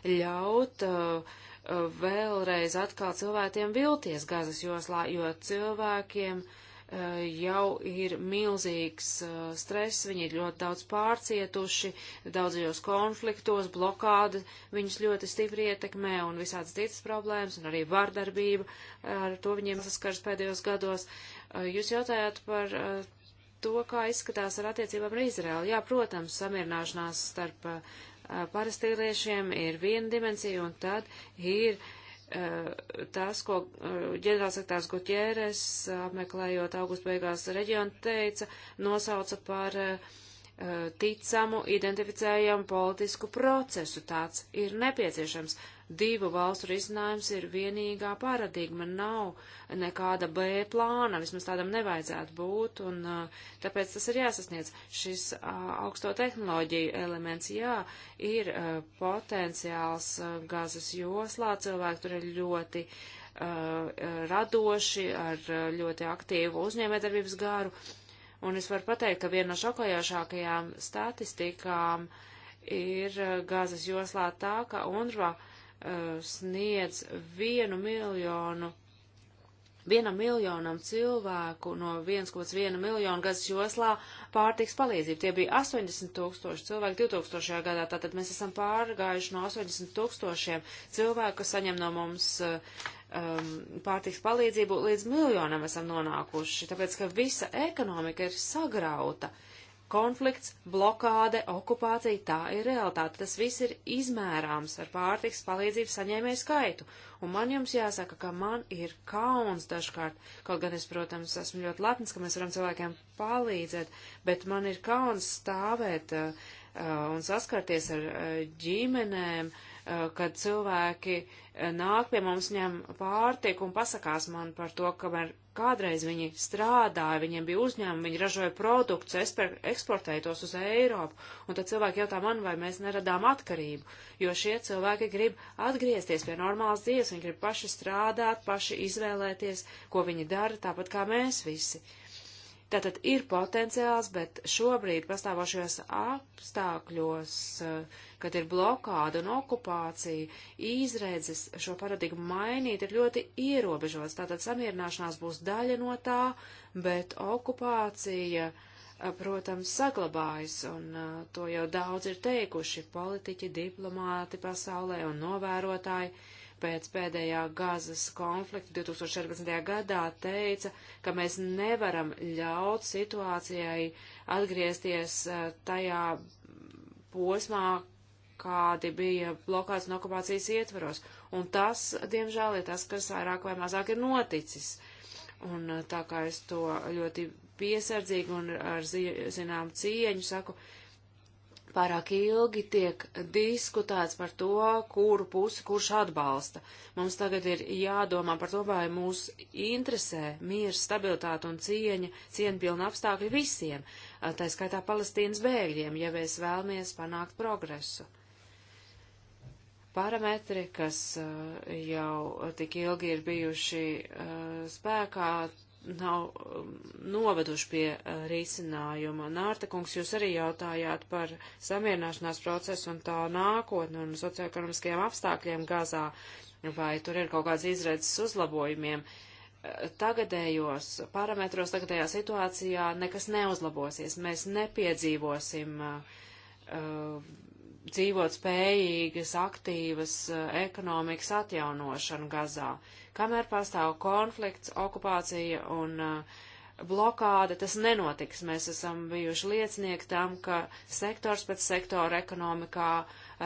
ļaut uh, uh vēlreiz atkal cilvēkiem vilties gazas joslā, jo cilvēkiem uh, Eh, jau ir milzīgs eh, stress, viņi ir ļoti daudz pārcietuši, daudzajos konfliktos, blokāda viņus ļoti stipri ietekmē un visādas citas problēmas, un arī vardarbība, eh, ar to viņiem saskars pēdējos gados. Jūs jautājāt par to, kā izskatās ar attiecībām ar Izraēlu. Jā, protams, samierināšanās starp parastīliešiem ir viena dimensija, un tad ir uh, Eh, tas, ko eh, ģenerālsektārs Gutjēres eh, apmeklējot augustu beigās reģionu teica, nosauca par ticamu, identificējamu politisku procesu. Tāds ir nepieciešams divu valstu risinājums ir vienīgā paradigma, nav nekāda B plāna, vismaz tādam nevajadzētu būt, un tāpēc tas ir jāsasniedz. Šis augsto tehnoloģiju elements, jā, ir potenciāls gazas joslā, cilvēki tur ir ļoti radoši, ar ļoti aktīvu uzņēmēdarbības garu. Un es varu pateikt, ka viena no šokojošākajām statistikām ir gāzes joslā tā, ka UNRWA Eh, sniedz vienu miljonu, vienam miljonam cilvēku no 1,1 miljonu gazas joslā pārtiks palīdzību. Tie bija 80 tūkstoši cilvēku 2000. gadā, tātad mēs esam pārgājuši no 80 tūkstošiem cilvēku, kas saņem no mums eh, um, pārtiks palīdzību, līdz miljonam esam nonākuši, tāpēc, ka visa ekonomika ir sagrauta. Uh, konflikts, blokāde, okupācija, tā ir realitāte. Tas viss ir izmērāms ar pārtiks palīdzību saņēmēju skaitu. Un man jums jāsaka, ka man ir kauns dažkārt, kaut gan es, protams, esmu ļoti lepns, ka mēs varam cilvēkiem palīdzēt, bet man ir kauns stāvēt uh, uh un saskarties ar uh, ģimenēm, uh, Eh, kad cilvēki eh, nāk pie mums, ņem pārtiku un pasakās man par to, kamēr kādreiz viņi strādāja, viņiem bija uzņēmumi, viņi ražoja produktus, eksportēja tos uz Eiropu, un tad cilvēki jautā man, vai mēs neradām atkarību, jo šie cilvēki grib atgriezties pie normālas dzīves, viņi grib paši strādāt, paši izvēlēties, ko viņi dara, tāpat kā mēs visi. Uh, Tātad ir potenciāls, bet šobrīd pastāvošajos apstākļos, eh, kad ir blokāda un okupācija, izredzes šo paradigmu mainīt ir ļoti ierobežots. Tātad samierināšanās būs daļa no tā, bet okupācija, eh, protams, saglabājas, un eh, to jau daudz ir teikuši politiķi, diplomāti pasaulē un novērotāji pēc pēdējā gazas konflikta 2014. gadā teica, ka mēs nevaram ļaut situācijai atgriezties eh, tajā posmā, kādi bija blokāts un okupācijas ietvaros. Un tas, diemžēl, ir tas, kas vairāk vai mazāk ir noticis. Un eh, tā kā es to ļoti piesardzīgi un ar zinām cieņu saku, uh, Pārāk ilgi tiek diskutēts par to, kuru pusi kurš atbalsta. Mums tagad ir jādomā par to, vai mūs interesē mieru, stabilitāte un cieņa, cieņpilna apstākļi visiem, tā skaitā palestīnas bēgļiem, ja mēs vēlamies panākt progresu. Parametri, kas jau tik ilgi ir bijuši spēkā, nav um, noveduši pie uh, risinājuma. Nārta kungs, jūs arī jautājāt par samierināšanās procesu un tā nākotni un socioekonomiskajiem apstākļiem Gazā, vai tur ir kaut kāds izredzes uzlabojumiem. Uh, tagadējos parametros, tagadējā situācijā nekas neuzlabosies. Mēs nepiedzīvosim uh, uh dzīvot spējīgas, aktīvas eh, ekonomikas atjaunošanu Gazā. Kamēr pastāv konflikts, okupācija un eh, blokāde, tas nenotiks. Mēs esam bijuši liecinieki tam, ka sektors pēc sektora ekonomikā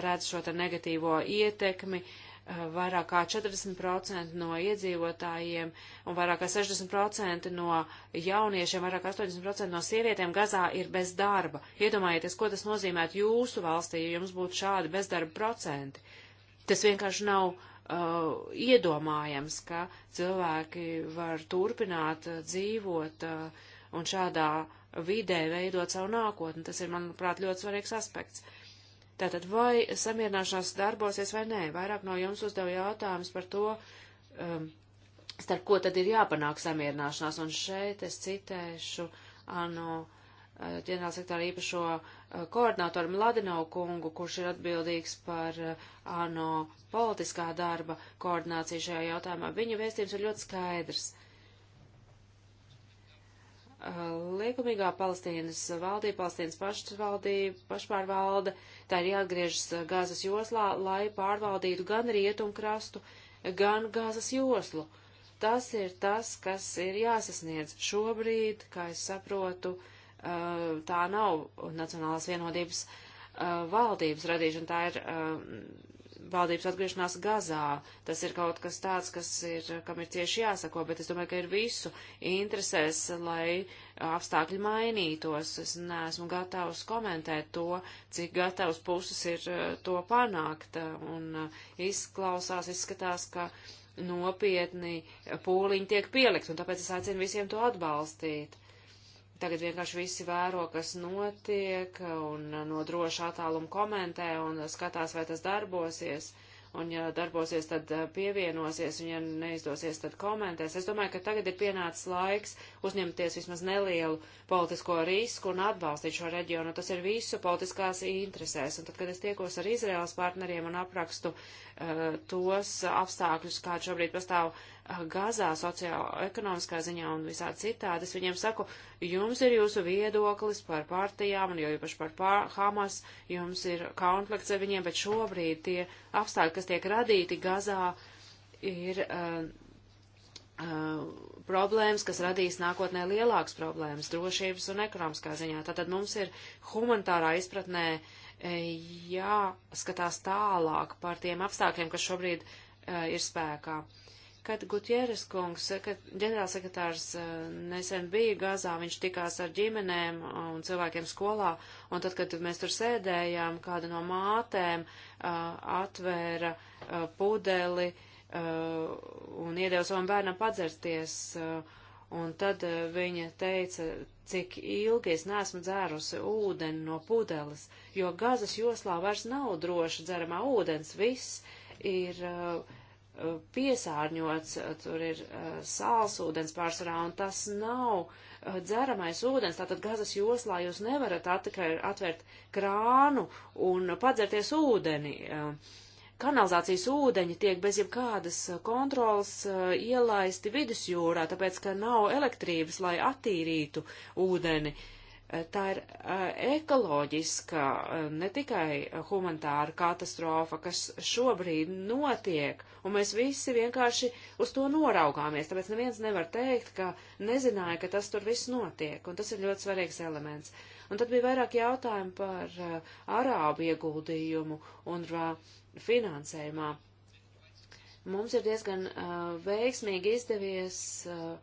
redz šo te negatīvo ietekmi, uh, Eh, vairāk kā 40% no iedzīvotājiem un vairāk kā 60% no jauniešiem, vairāk kā 80% no sievietēm Gazā ir bez darba. Iedomājieties, ko tas nozīmētu jūsu valstī, ja jums būtu šādi bezdarba procenti. Tas vienkārši nav uh, iedomājams, ka cilvēki var turpināt uh, dzīvot uh, un šādā vidē veidot savu nākotni. Tas ir, manuprāt, ļoti svarīgs aspekts. Uh, Tātad, vai samierināšanās darbosies vai nē? Vairāk no jums uzdeva jautājumus par to, um, starp ko tad ir jāpanāk samierināšanās. Un šeit es citēšu ANO uh, ģenerālsektāra īpašo uh, koordinātoru Mladinov kungu, kurš ir atbildīgs par uh, ANO politiskā darba koordināciju šajā jautājumā. Viņa vēstījums ir ļoti skaidrs. Uh, Liekumīgā Palestīnas valdība, Palestīnas pašvaldība, pašpārvalde, tā ir jāatgriežas Gāzes joslā, lai pārvaldītu gan rietumkrastu, gan Gāzes joslu. Tas ir tas, kas ir jāsasniedz šobrīd, kā es saprotu, tā nav Nacionālās vienotības valdības radīšana, tā ir valdības atgriešanās Gazā. Tas ir kaut kas tāds, kas ir, kam ir cieši jāsako, bet es domāju, ka ir visu interesēs, lai apstākļi mainītos. Es neesmu gatavs komentēt to, cik gatavs puses ir eh, to panākt. Un eh, izklausās, izskatās, ka nopietni pūliņi tiek pielikt, un tāpēc es aicinu visiem to atbalstīt tagad vienkārši visi vēro, kas notiek un uh, no droša attāluma komentē un skatās, vai tas darbosies. Un ja darbosies, tad uh, pievienosies, un ja neizdosies, tad komentēs. Es domāju, ka tagad ir pienācis laiks uzņemties vismaz nelielu politisko risku un atbalstīt šo reģionu. Tas ir visu politiskās interesēs. Un tad, kad es tiekos ar Izraels partneriem un aprakstu uh, tos apstākļus, kādi šobrīd pastāv Gazā sociālo-ekonomiskā ziņā un visā citādi. Es viņiem saku, jums ir jūsu viedoklis par partijām, un jau īpaši par pār, Hamas, jums ir konflikts ar viņiem, bet šobrīd tie apstākļi, kas tiek radīti Gazā, ir uh, uh, problēmas, kas radīs nākotnē lielākas problēmas drošības un ekonomiskā ziņā. Tātad mums ir humanitārā izpratnē eh, jāskatās tālāk par tiem apstākļiem, kas šobrīd uh, ir spēkā. Uh, Kad Gutjeres kungs, kad ģenerālsekretārs eh, nesen bija Gazā, viņš tikās ar ģimenēm un cilvēkiem skolā, un tad, kad mēs tur sēdējām, kāda no mātēm eh, atvēra eh, pudeli un iedeva savam bērnam padzerties. Un tad viņa teica, cik ilgi es neesmu dzērusi ūdeni no pudeles, jo gazas joslā vairs nav droši dzeramā ūdens, viss ir uh, piesārņots, tur ir eh, sāls ūdens pārsvarā, un tas nav eh, dzeramais ūdens. Tātad gazas joslā jūs nevarat atvērt krānu un padzerties ūdeni. Eh. Kanalizācijas ūdeņi tiek bez jebkādas kontrolas ielaisti vidusjūrā, tāpēc, ka nav elektrības, lai attīrītu ūdeni. Uh, tā ir ekoloģiska, ne tikai humanitāra katastrofa, kas šobrīd notiek, un mēs visi vienkārši uz to noraugāmies, tāpēc neviens nevar teikt, ka nezināja, ka tas tur viss notiek, un tas ir ļoti svarīgs elements. Un tad bija vairāk jautājumu par uh, arābu ieguldījumu un uh, finansējumā. Mums ir diezgan uh, veiksmīgi izdevies uh,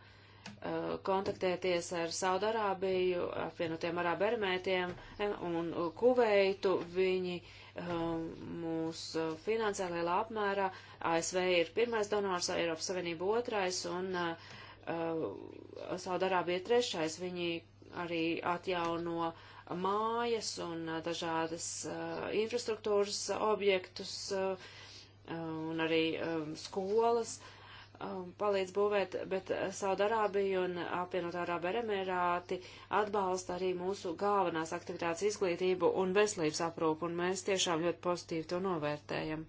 Uh, kontaktēties ar Saudarābiju, apvienotiem arābu ermētiem eh, un uh, Kuveitu. Viņi um, mūs uh, finansē lielā apmērā. ASV ir pirmais donors, Eiropas Savienība otrais un Saudarābija trešais. Viņi arī atjauno mājas un dažādas infrastruktūras objektus un arī um, skolas. Uh, Um, palīdz būvēt, bet Saudarābija un apvienotā Arāba Emirāti atbalsta arī mūsu galvenās aktivitātes izglītību un veselības aprūpu, un mēs tiešām ļoti pozitīvi to novērtējam.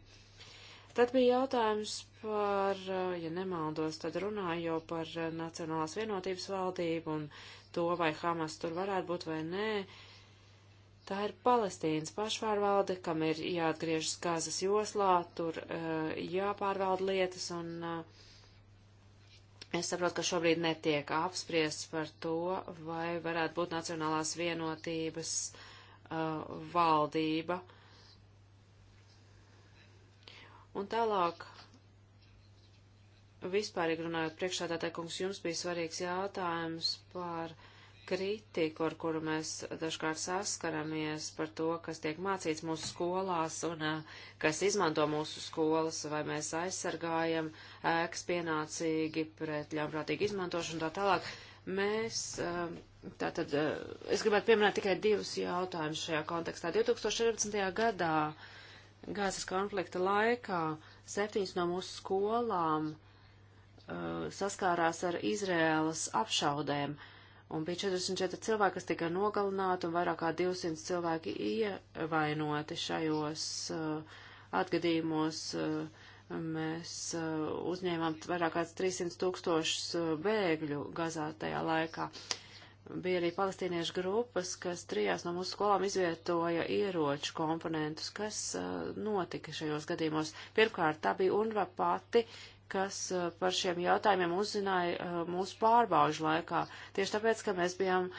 Tad bija jautājums par, uh, ja nemaldos, tad runāju par uh, Nacionālās vienotības valdību un to, vai Hamas tur varētu būt vai nē. Tā ir Palestīnas pašvārvalde, kam ir jāatgriežas Gazas joslā, tur uh, jāpārvalda lietas un uh, Es saprotu, ka šobrīd netiek apspriests par to, vai varētu būt Nacionālās vienotības uh, valdība. Un tālāk, vispārīgi runājot, priekšādātā kungs, jums bija svarīgs jautājums par uh, kritiku, ar kuru mēs dažkārt saskaramies par to, kas tiek mācīts mūsu skolās un kas izmanto mūsu skolas, vai mēs aizsargājam ēkas pienācīgi pret ļaunprātīgu izmantošanu tā tālāk. Mēs, tātad, es gribētu pieminēt tikai divus jautājumus šajā kontekstā. 2014. gadā, gāzes konflikta laikā, septiņas no mūsu skolām saskārās ar Izrēlas apšaudēm. Uh, un bija 44 cilvēki, kas tika nogalināti, un vairāk kā 200 cilvēki ievainoti šajos uh, atgadījumos. Uh, mēs uh, uzņēmām vairāk kā 300 tūkstošus uh, bēgļu Gazā tajā laikā. Bija arī palestīniešu grupas, kas trijās no mūsu skolām izvietoja ieroču komponentus, kas uh, notika šajos gadījumos. Pirmkārt, tā bija UNRWA pati, kas eh, par šiem jautājumiem uzzināja eh, mūsu pārbaužu laikā. Tieši tāpēc, ka mēs bijām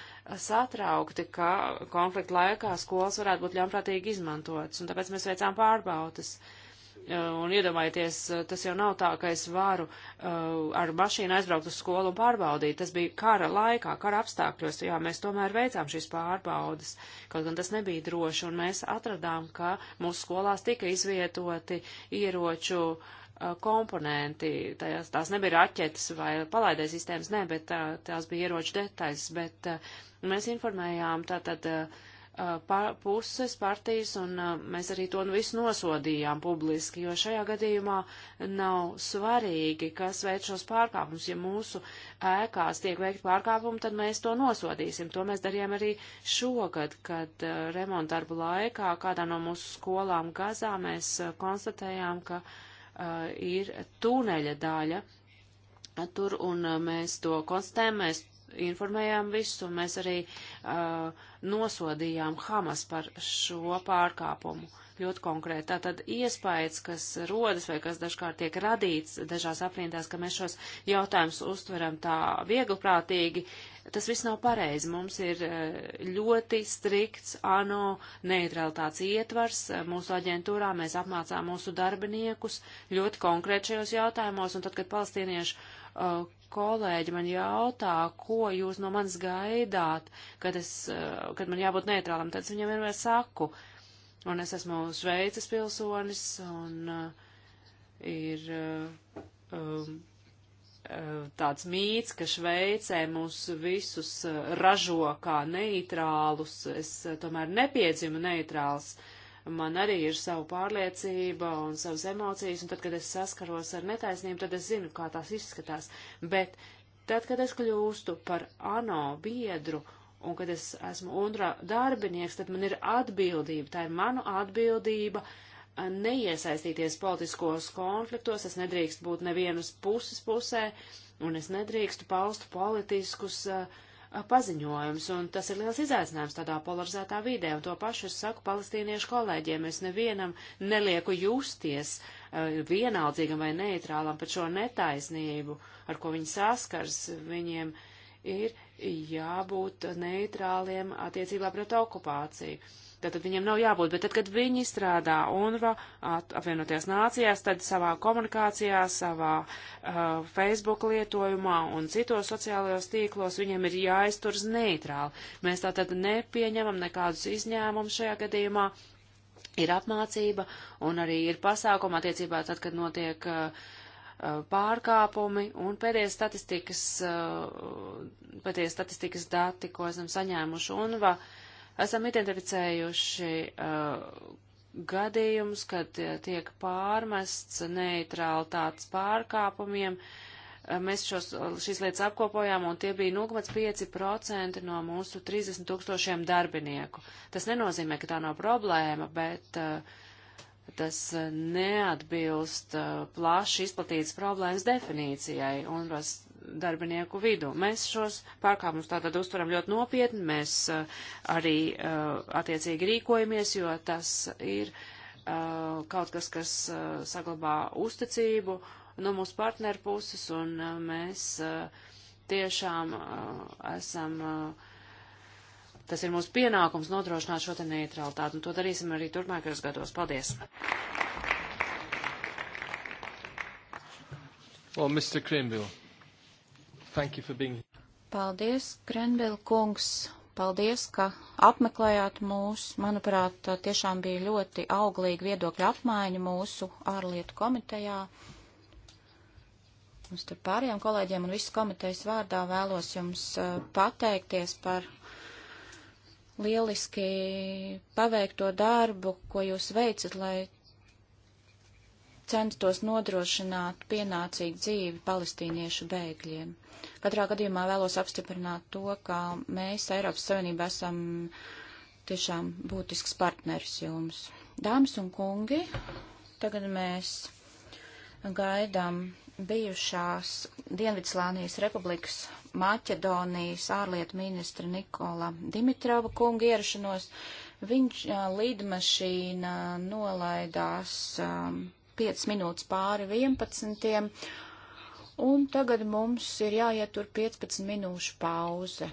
satraukti, ka konflikta laikā skolas varētu būt ļaunprātīgi izmantotas, un tāpēc mēs veicām pārbaudas. Eh, un iedomājieties, tas jau nav tā, ka es varu ar mašīnu aizbraukt uz skolu un pārbaudīt. Tas bija kara laikā, kara apstākļos, jā, mēs tomēr veicām šīs pārbaudas, kaut gan tas nebija droši, un mēs atradām, ka mūsu skolās tika izvietoti ieroču uh, Uh, komponenti. Tās, tās nebija raķetes vai palaidē sistēmas, nē, bet tā, uh, tās bija ieroču detaļas. Bet uh, mēs informējām tātad par, puses partijas, un mēs arī to nu visu nosodījām publiski, jo šajā gadījumā nav svarīgi, kas veic šos pārkāpumus. Ja mūsu ēkās tiek veikt pārkāpumi, tad mēs to nosodīsim. To mēs darījām arī šogad, kad remontdarbu laikā kādā no mūsu skolām Gazā mēs konstatējām, ka uh, Uh, ir tūneļa daļa tur, un uh, mēs to konstatējam, mēs informējām visus, un mēs arī uh, nosodījām Hamas par šo pārkāpumu ļoti konkrēti. Tātad iespējas, kas rodas vai kas dažkārt tiek radīts dažās aprindās, ka mēs šos jautājumus uztveram tā viegliprātīgi, uh, tas viss nav pareizi. Mums ir eh, ļoti strikts ANO neutralitātes ietvars. Mūsu aģentūrā mēs apmācām mūsu darbiniekus ļoti konkrēt šajos jautājumos, un tad, kad palestīniešu uh, kolēģi man jautā, ko jūs no manis gaidāt, kad, es, uh, kad man jābūt neutrālam, tad es viņam vienmēr saku. Un es esmu Šveices pilsonis, un uh, ir. Um, tāds mīts, ka Šveicē mūs visus uh, ražo kā neitrālus. Es uh, tomēr nepiedzimu neitrāls. Man arī ir sava pārliecība un savas emocijas, un tad, kad es saskaros ar netaisnību, tad es zinu, kā tās izskatās. Bet tad, kad es kļūstu par ANO biedru un kad es esmu UNRWA darbinieks, tad man ir atbildība, tā ir manu atbildība uh, neiesaistīties politiskos konfliktos, es nedrīkst būt nevienas puses pusē, un es nedrīkstu paust politiskus uh, uh, paziņojumus, un tas ir liels izaicinājums tādā polarizētā vidē, un to pašu es saku palestīniešu kolēģiem, es nevienam nelieku justies uh, vienaldzīgam vai neitrālam par šo netaisnību, ar ko viņi saskars, viņiem ir jābūt neitrāliem attiecībā pret okupāciju. Tātad viņiem nav jābūt, bet tad, kad viņi strādā UNVA apvienotajās nācijās, tad savā komunikācijā, savā uh, Facebook lietojumā un citos sociālajos tīklos viņiem ir jāizturas neitrāli. Mēs tātad nepieņemam nekādus izņēmumus šajā gadījumā. Ir apmācība un arī ir pasākuma attiecībā tad, kad notiek uh, uh pārkāpumi un pēdējie statistikas, uh, pēdējie statistikas dati, ko esam saņēmuši UNVA. Uh, Esam identificējuši uh, gadījumus, kad uh, tiek pārmests neutrālitātes pārkāpumiem. Uh, mēs šos, uh, šīs lietas apkopojām, un tie bija 0,5% no mūsu 30 tūkstošiem darbinieku. Tas nenozīmē, ka tā nav problēma, bet tas neatbilst plaši izplatītas problēmas definīcijai, un tas darbinieku vidū. Mēs šos pārkāpumus tātad uztveram ļoti nopietni, mēs uh, arī uh, attiecīgi rīkojamies, jo tas ir uh, kaut kas, kas saglabā uzticību no mūsu partneru puses, un mēs tiešām esam, tas ir mūsu pienākums nodrošināt šo te neutralitāti, un to darīsim arī turpmākajos gados. Paldies! Well, Mr. Cranville. Thank you for being here. Paldies, Grenville kungs. Paldies, ka apmeklējāt mūs. Manuprāt, tiešām bija ļoti auglīga viedokļa apmaiņa mūsu ārlietu komitejā. Mums tur pārējām kolēģiem un visu komitejas vārdā vēlos jums pateikties par lieliski paveikto darbu, ko jūs veicat, lai censtos nodrošināt pienācīgu dzīvi palestīniešu bēgļiem. Uh, Katrā gadījumā vēlos apstiprināt to, ka mēs Eiropas Savienībā esam tiešām būtisks partneris jums. Dāmas un kungi, tagad mēs gaidām bijušās Dienvidslānijas republikas Maķedonijas ārlietu ministra Nikola Dimitrava kunga ierašanos. Viņš lidmašīna nolaidās um, 5 minūtes pāri 11. Un tagad mums ir jāietur 15 minūšu pauze.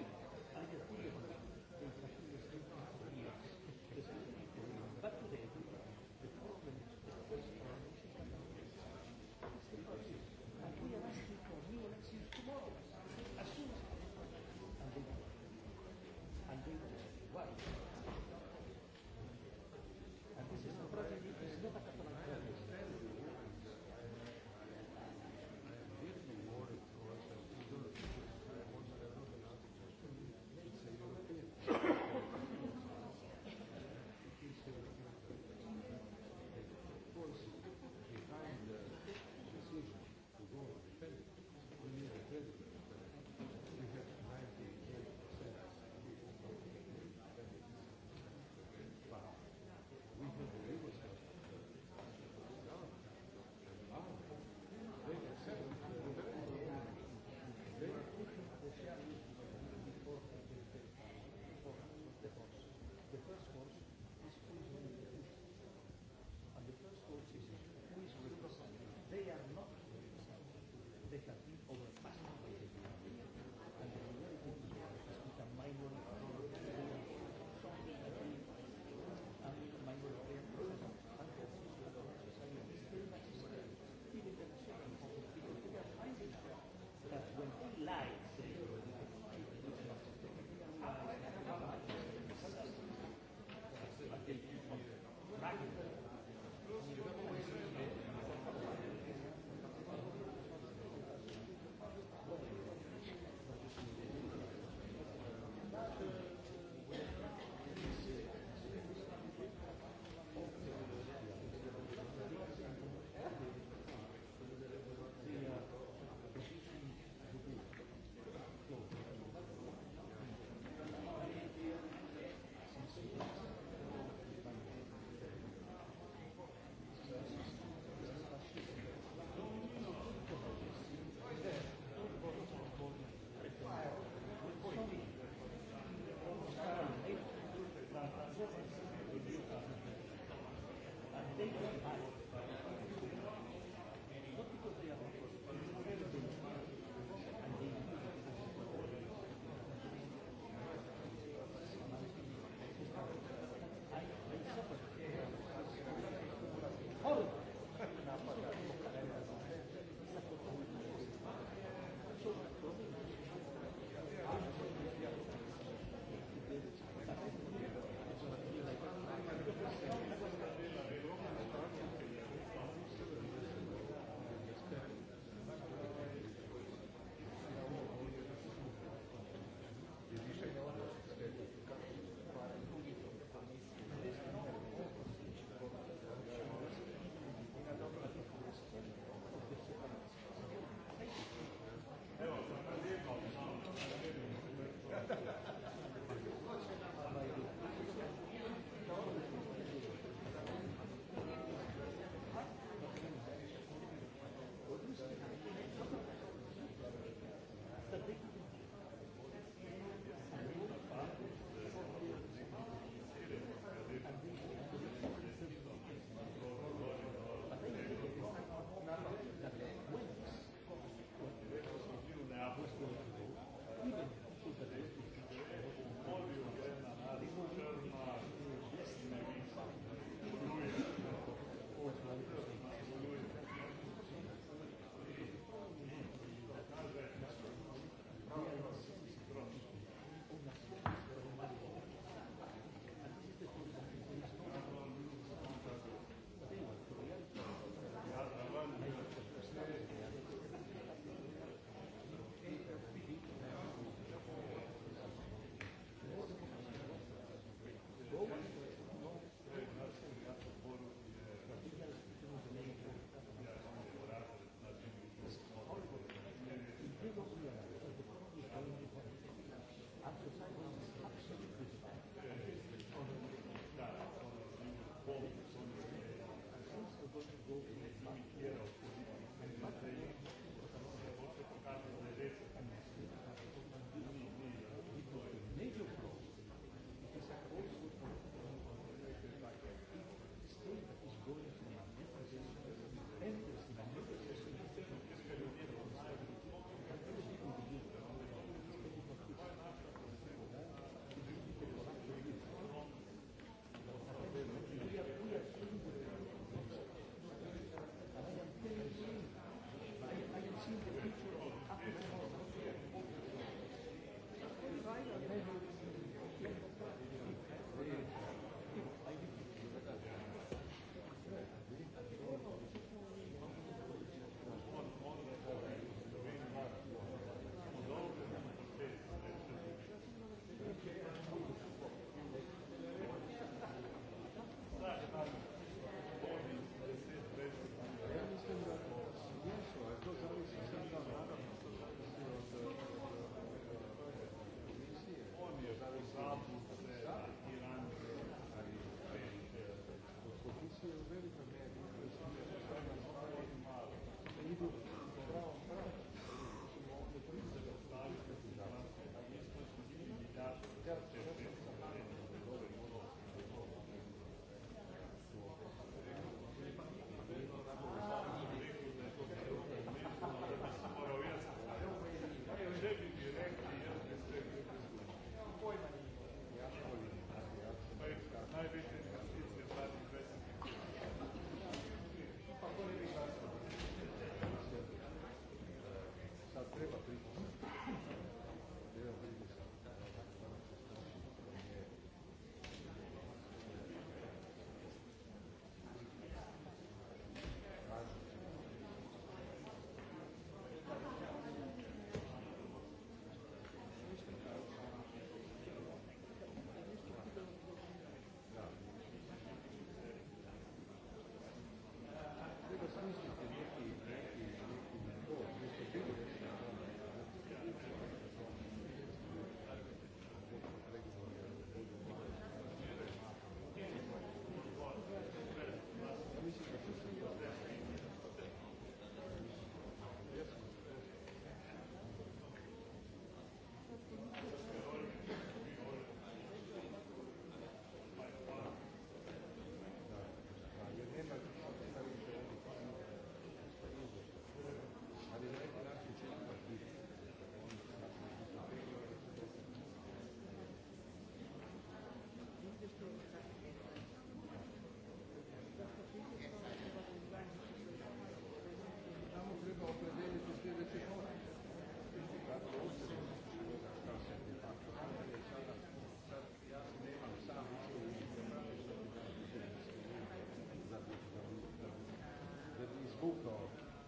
skupno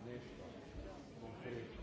nešto konkretno.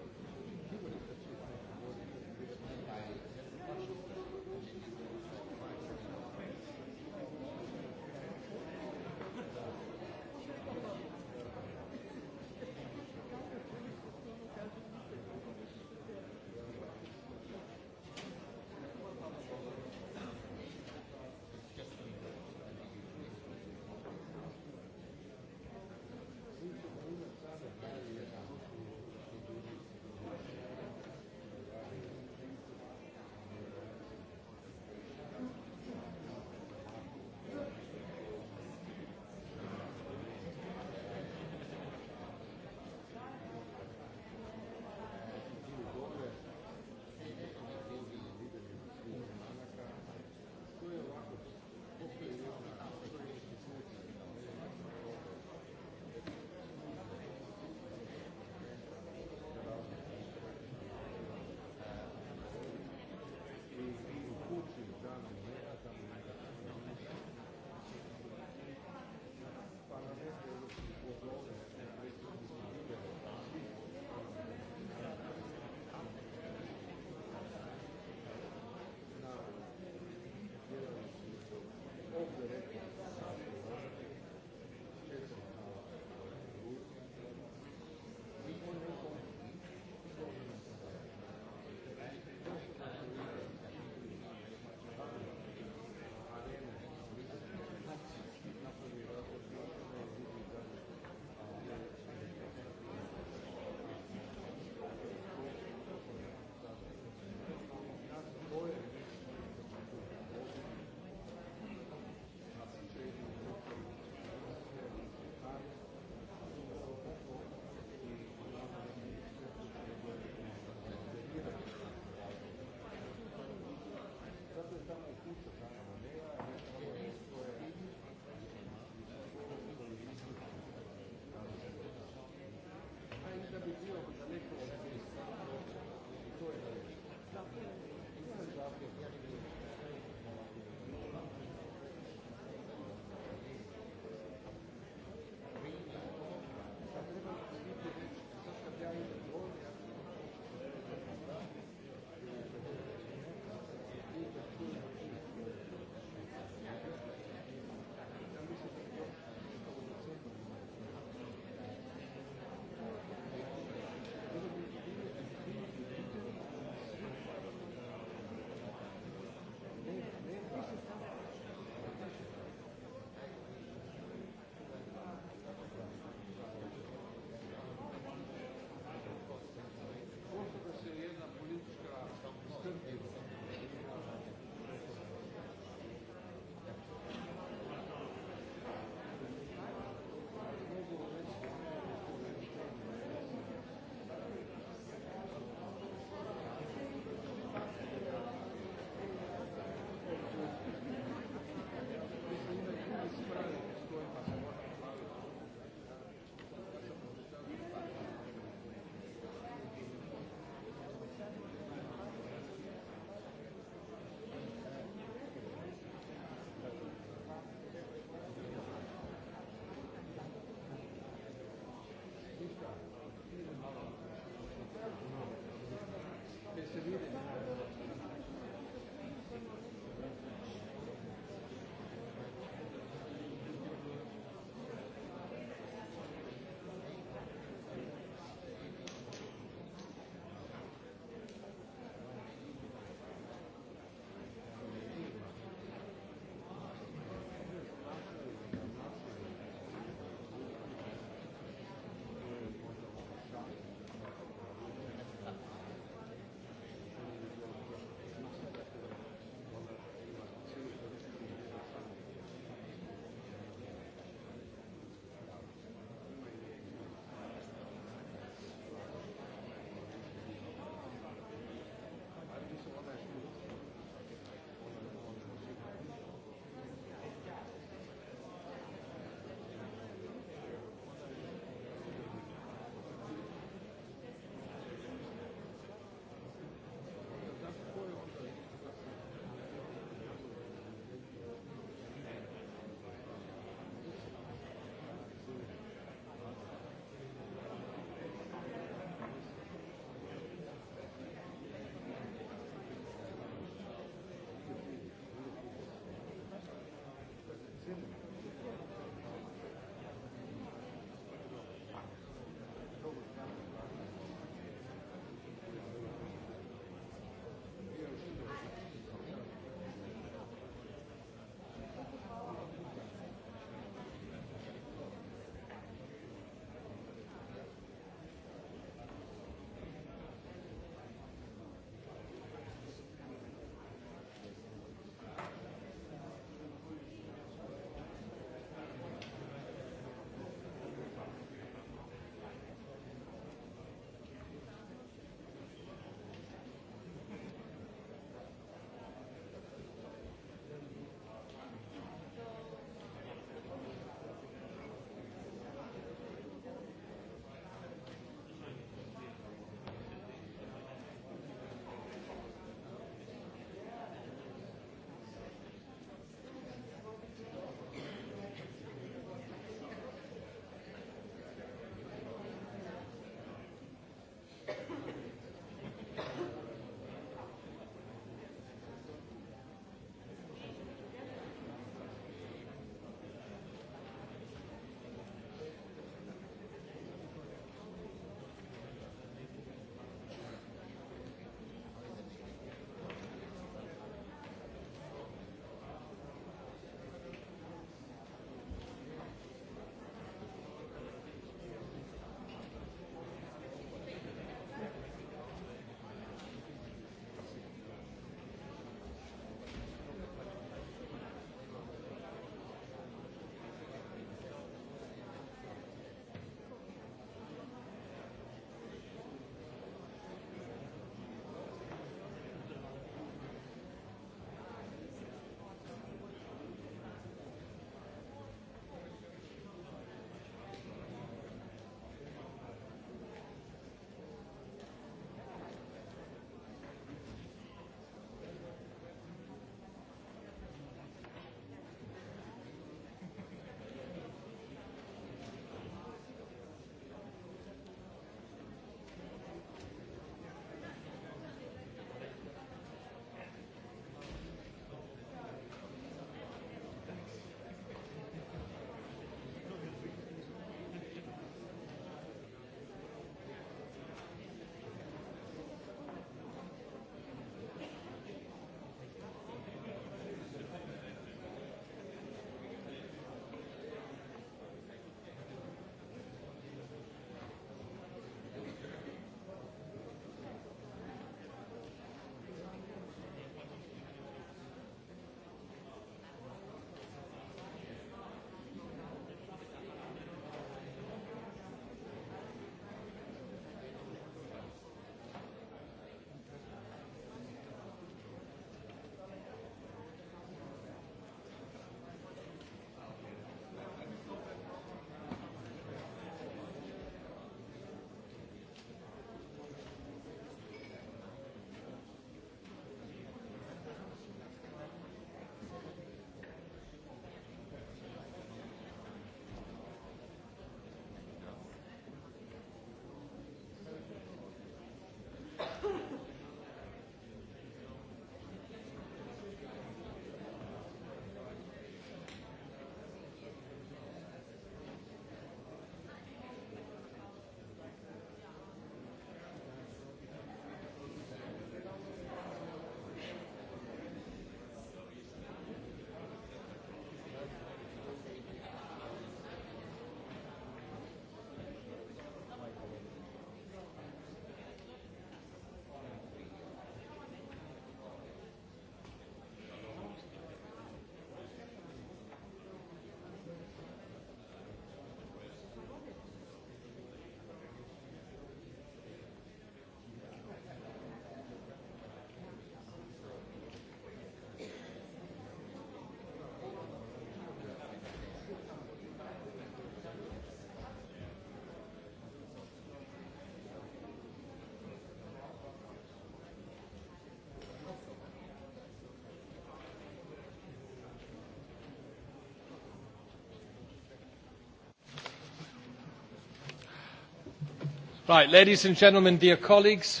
Right, ladies and gentlemen, dear colleagues,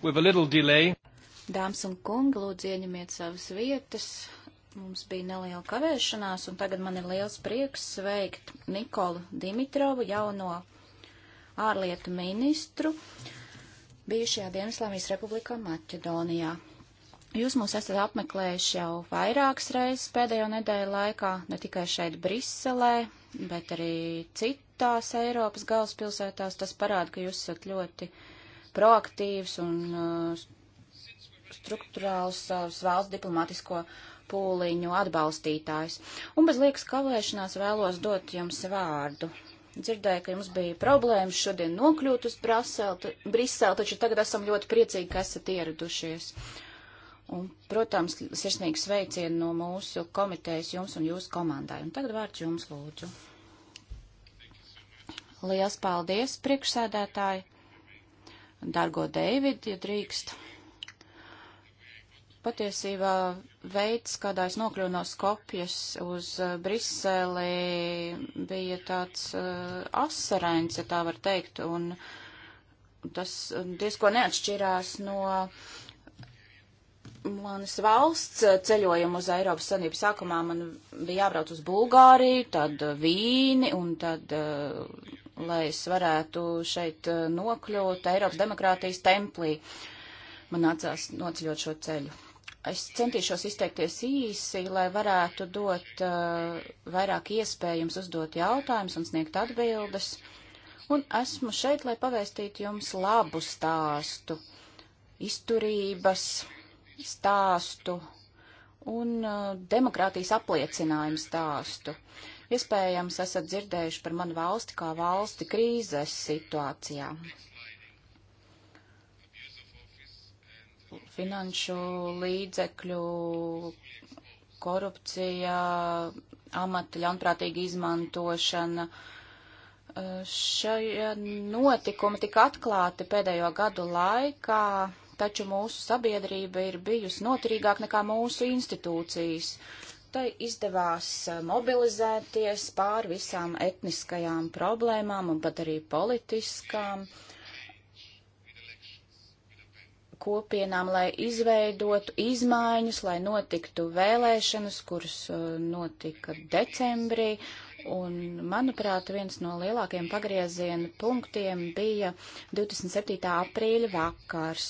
with a little delay. Dāmas un kungi, lūdzu ieņemiet savas vietas. Mums bija neliela kavēšanās, un tagad man ir liels prieks sveikt Nikolu Dimitrovu, jauno ārlietu ministru, bijušajā Dienaslāvijas republikā Maķedonijā. Jūs mūs esat apmeklējuši jau vairākas reizes pēdējo nedēļu laikā, ne tikai šeit Briselē, bet arī citu citās Eiropas galvaspilsētās. Tas parāda, ka jūs esat ļoti proaktīvs un uh, struktūrāls savas valsts diplomatisko pūliņu atbalstītājs. Un bez liekas kavēšanās vēlos dot jums vārdu. Dzirdēju, ka jums bija problēmas šodien nokļūt uz Braseli, Briseli, taču tagad esam ļoti priecīgi, ka esat ieradušies. Un, protams, sirsnīgi sveicienu no mūsu komitejas jums un jūsu komandai. Un tagad vārds jums lūdzu. Liels paldies, priekšsēdētāji! Dargo Deivid, ja drīkst. Patiesībā veids, kādā es nokļuvu no Skopjas uz eh, Briseli, bija tāds uh, asarēns, ja tā var teikt, un tas diezko neatšķirās no manas valsts eh, ceļojuma uz Eiropas Savienību. Sākumā man bija jābrauc uz Bulgāriju, tad Vīni un tad uh, lai es varētu šeit eh, nokļūt Eiropas demokrātijas templī. Man nācās nocļot šo ceļu. Es centīšos izteikties īsi, lai varētu dot uh, vairāk iespējams uzdot jautājumus un sniegt atbildes. Un esmu šeit, lai pavēstītu jums labu stāstu, izturības stāstu un uh, demokrātijas apliecinājumu stāstu. Uh, Iespējams, esat dzirdējuši par manu valsti kā valsti krīzes situācijā. Finanšu līdzekļu, korupcija, amata ļaunprātīga izmantošana. Šie notikumi tika atklāti pēdējo gadu laikā taču mūsu sabiedrība ir bijusi noturīgāka nekā mūsu institūcijas tai izdevās eh, mobilizēties pār visām etniskajām problēmām un pat arī politiskām kopienām, lai izveidotu izmaiņas, lai notiktu vēlēšanas, kuras eh, notika decembrī. Un, manuprāt, viens no lielākiem pagrieziena punktiem bija 27. aprīļa vakars,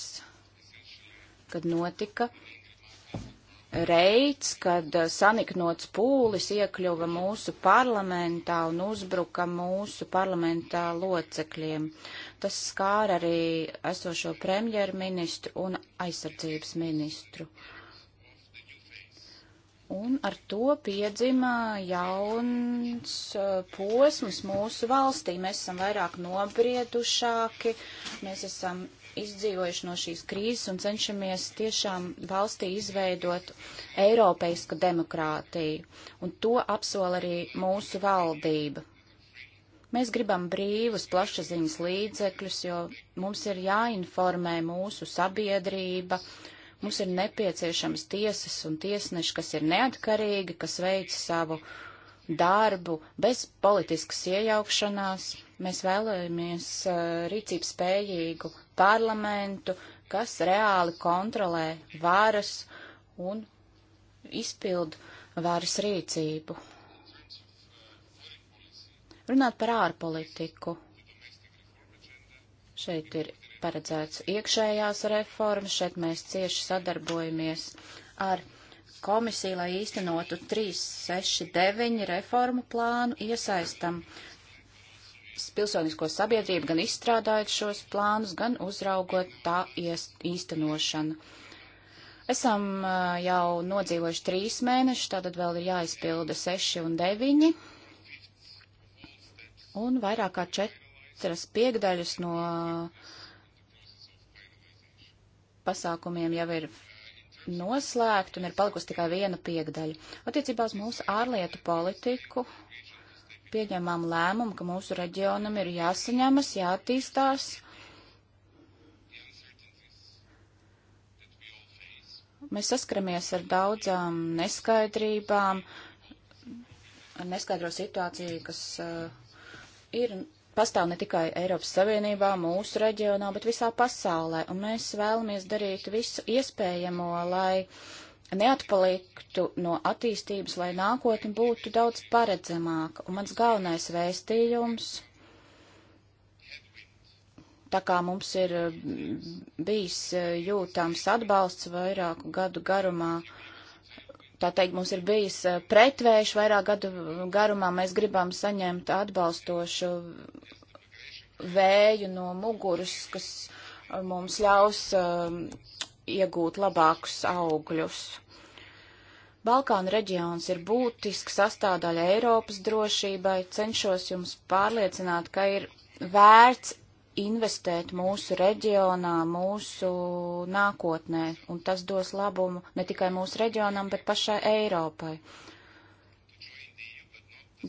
kad notika reids, kad eh, saniknots pūlis iekļuva mūsu parlamentā un uzbruka mūsu parlamentā locekļiem. Tas skāra arī esošo premjerministru un aizsardzības ministru. Un ar to piedzima jauns eh, posms mūsu valstī. Mēs esam vairāk nobriedušāki, mēs esam izdzīvojuši no šīs krīzes un cenšamies tiešām valstī izveidot Eiropeisku demokrātiju. Un to apsola arī mūsu valdība. Mēs gribam brīvus plašsaziņas līdzekļus, jo mums ir jāinformē mūsu sabiedrība, mums ir nepieciešams tiesas un tiesneši, kas ir neatkarīgi, kas veic savu darbu bez politiskas iejaukšanās. Mēs vēlamies uh, rīcības spējīgu parlamentu, kas reāli kontrolē varas un izpildu varas rīcību. Runāt par ārpolitiku. Šeit ir paredzēts iekšējās reformas, šeit mēs cieši sadarbojamies ar komisiju, lai īstenotu 369 reformu plānu, iesaistam pilsonisko sabiedrību, gan izstrādājot šos plānus, gan uzraugot tā īstenošanu. Esam jau nodzīvojuši trīs mēnešus, tātad vēl ir jāizpilda seši un deviņi. Un vairāk kā četras piekdaļas no pasākumiem jau ir noslēgt un ir palikusi tikai viena piekdaļa. Attiecībā uz mūsu ārlietu politiku pieņemām lēmumu, ka mūsu reģionam ir jāsaņemas, jātīstās. Mēs saskaramies ar daudzām neskaidrībām, ar neskaidro situāciju, kas uh, ir pastāv ne tikai Eiropas Savienībā, mūsu reģionā, bet visā pasaulē, un mēs vēlamies darīt visu iespējamo, lai uh, neatpaliktu no attīstības, lai nākotne būtu daudz paredzamāka. Un mans galvenais vēstījums, tā kā mums ir mm, bijis eh, jūtams atbalsts vairāku gadu garumā, tā teikt, mums ir bijis eh, pretvējš vairāk gadu garumā, mēs gribam saņemt atbalstošu vēju no muguras, kas eh, mums ļaus iegūt labākus augļus. Balkānu reģions ir būtiska sastāvdaļa Eiropas drošībai. Cenšos jums pārliecināt, ka ir vērts investēt mūsu reģionā, mūsu nākotnē, un tas dos labumu ne tikai mūsu reģionam, bet pašai Eiropai. Uh,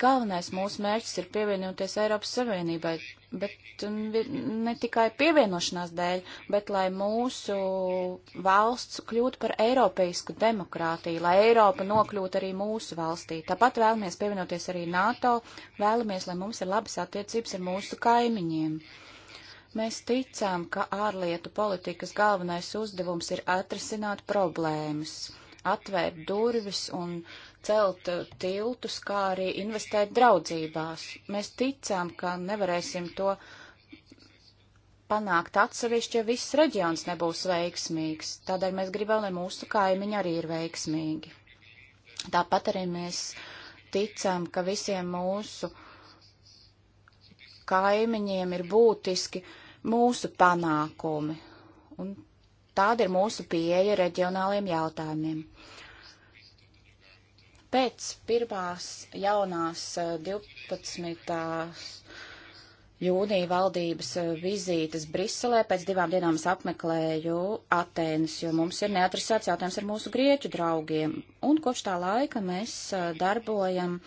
Galvenais mūsu mērķis ir pievienoties Eiropas Savienībai, bet ne tikai pievienošanās dēļ, bet lai mūsu valsts kļūtu par eiropeisku demokrātiju, lai Eiropa nokļūtu arī mūsu valstī. Tāpat vēlamies pievienoties arī NATO, vēlamies, lai mums ir labas attiecības ar mūsu kaimiņiem. Mēs ticām, ka ārlietu politikas galvenais uzdevums ir atrisināt problēmas, atvērt durvis un uh, celt tiltus, kā arī investēt draudzībās. Mēs ticām, ka nevarēsim to panākt atsevišķi, ja viss reģions nebūs veiksmīgs. Tādēļ mēs gribam, lai mūsu kaimiņi arī ir veiksmīgi. Tāpat arī mēs ticam, ka visiem mūsu kaimiņiem ir būtiski mūsu panākumi. Un tāda ir mūsu pieeja reģionāliem jautājumiem. Pēc pirmās jaunās 12. Eh, jūnija valdības eh, vizītes Briselē pēc divām dienām es apmeklēju Atēnas, jo mums ir neatrisāts jautājums ar mūsu grieķu draugiem. Un kopš tā laika mēs eh, darbojam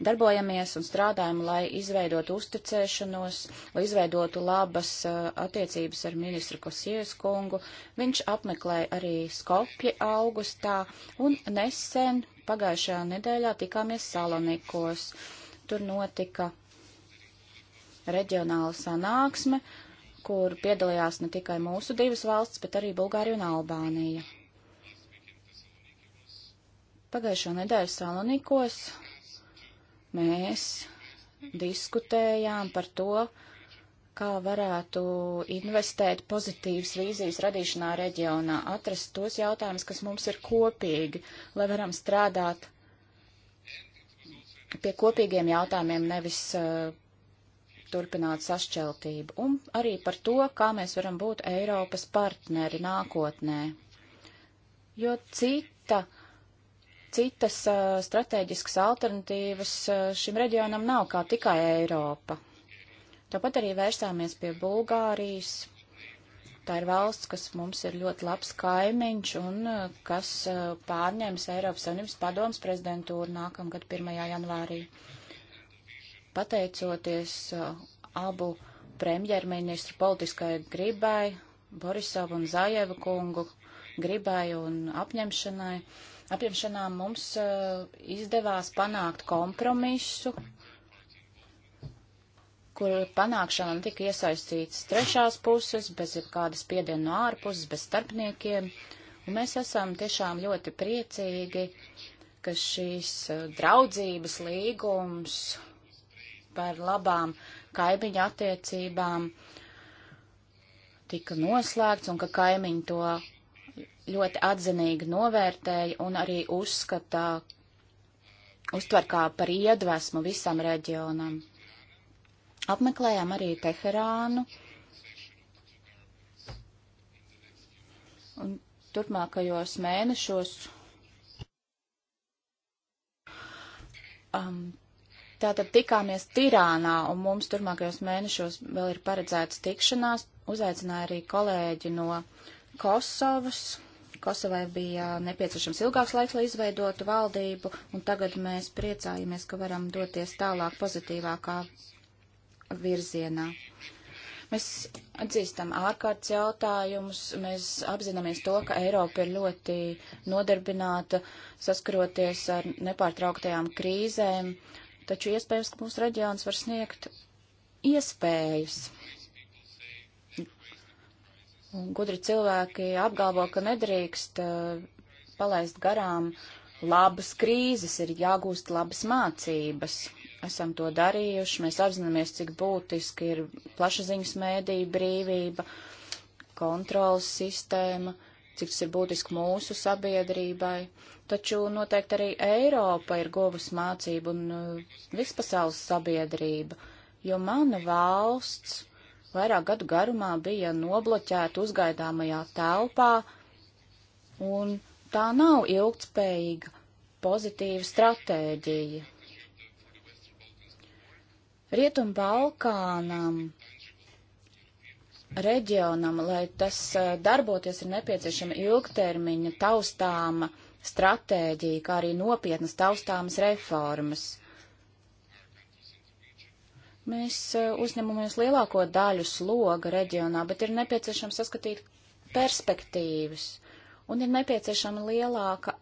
darbojamies un strādājam, lai izveidotu uzticēšanos, lai izveidotu labas uh, attiecības ar ministru Kosies kungu. Viņš apmeklēja arī Skopje augustā un nesen pagājušajā nedēļā tikāmies Salonikos. Tur notika reģionāla sanāksme, kur piedalījās ne tikai mūsu divas valsts, bet arī Bulgārija un Albānija. Pagājušo nedēļu Salonikos mēs diskutējām par to, kā varētu investēt pozitīvas vīzijas radīšanā reģionā, atrast tos jautājumus, kas mums ir kopīgi, lai varam strādāt pie kopīgiem jautājumiem, nevis uh, turpināt sašķeltību, un arī par to, kā mēs varam būt Eiropas partneri nākotnē. Jo cita citas uh, strateģiskas alternatīvas uh, šim reģionam nav kā tikai Eiropa. Tāpat arī vērsāmies pie Bulgārijas. Tā ir valsts, kas mums ir ļoti labs kaimiņš un uh, kas pārņems Eiropas Savienības padomas prezidentūru nākamgad 1. janvārī. Pateicoties abu premjerministru politiskai gribai, Borisovu un Zajeva kungu gribai un apņemšanai, uh, apņemšanām mums eh, izdevās panākt kompromisu, kur panākšanām tika iesaistīts trešās puses, bez kādas piediena no ārpuses, bez starpniekiem. Un mēs esam tiešām ļoti priecīgi, ka šīs eh, draudzības līgums par labām kaimiņu attiecībām tika noslēgts un ka kaimiņi to ļoti atzinīgi novērtēja un arī uzskatā, uztver kā par iedvesmu visam reģionam. Apmeklējām arī Teherānu. Un turpmākajos mēnešos um, tātad tikāmies Tirānā, un mums turpmākajos mēnešos vēl ir paredzēts tikšanās. Uzaicināja arī kolēģi no Kosovas. Kosovai bija nepieciešams ilgāks laiks, lai izveidotu valdību, un tagad mēs priecājamies, ka varam doties tālāk pozitīvākā virzienā. Mēs atzīstam ārkārtas jautājumus, mēs apzināmies to, ka Eiropa ir ļoti nodarbināta saskaroties ar nepārtrauktajām krīzēm, taču iespējams, ka mūsu reģions var sniegt iespējas Gudri cilvēki apgalvo, ka nedrīkst uh, palaist garām labas krīzes, ir jāgūst labas mācības. Esam to darījuši, mēs apzināmies, cik būtiski ir plašaziņas mēdīja brīvība, kontrolas sistēma, cik tas ir būtiski mūsu sabiedrībai. Taču noteikti arī Eiropa ir guvusi mācību un uh, vispasaules sabiedrība, jo mana valsts vairāk gadu garumā bija nobloķēta uzgaidāmajā telpā, un tā nav ilgtspējīga pozitīva stratēģija. Rietum Balkānam reģionam, lai tas eh, darboties, ir nepieciešama ilgtermiņa taustāma stratēģija, kā arī nopietnas taustāmas reformas. Mēs eh, uzņemamies lielāko daļu sloga reģionā, bet ir nepieciešams saskatīt perspektīvas un ir nepieciešama lielāka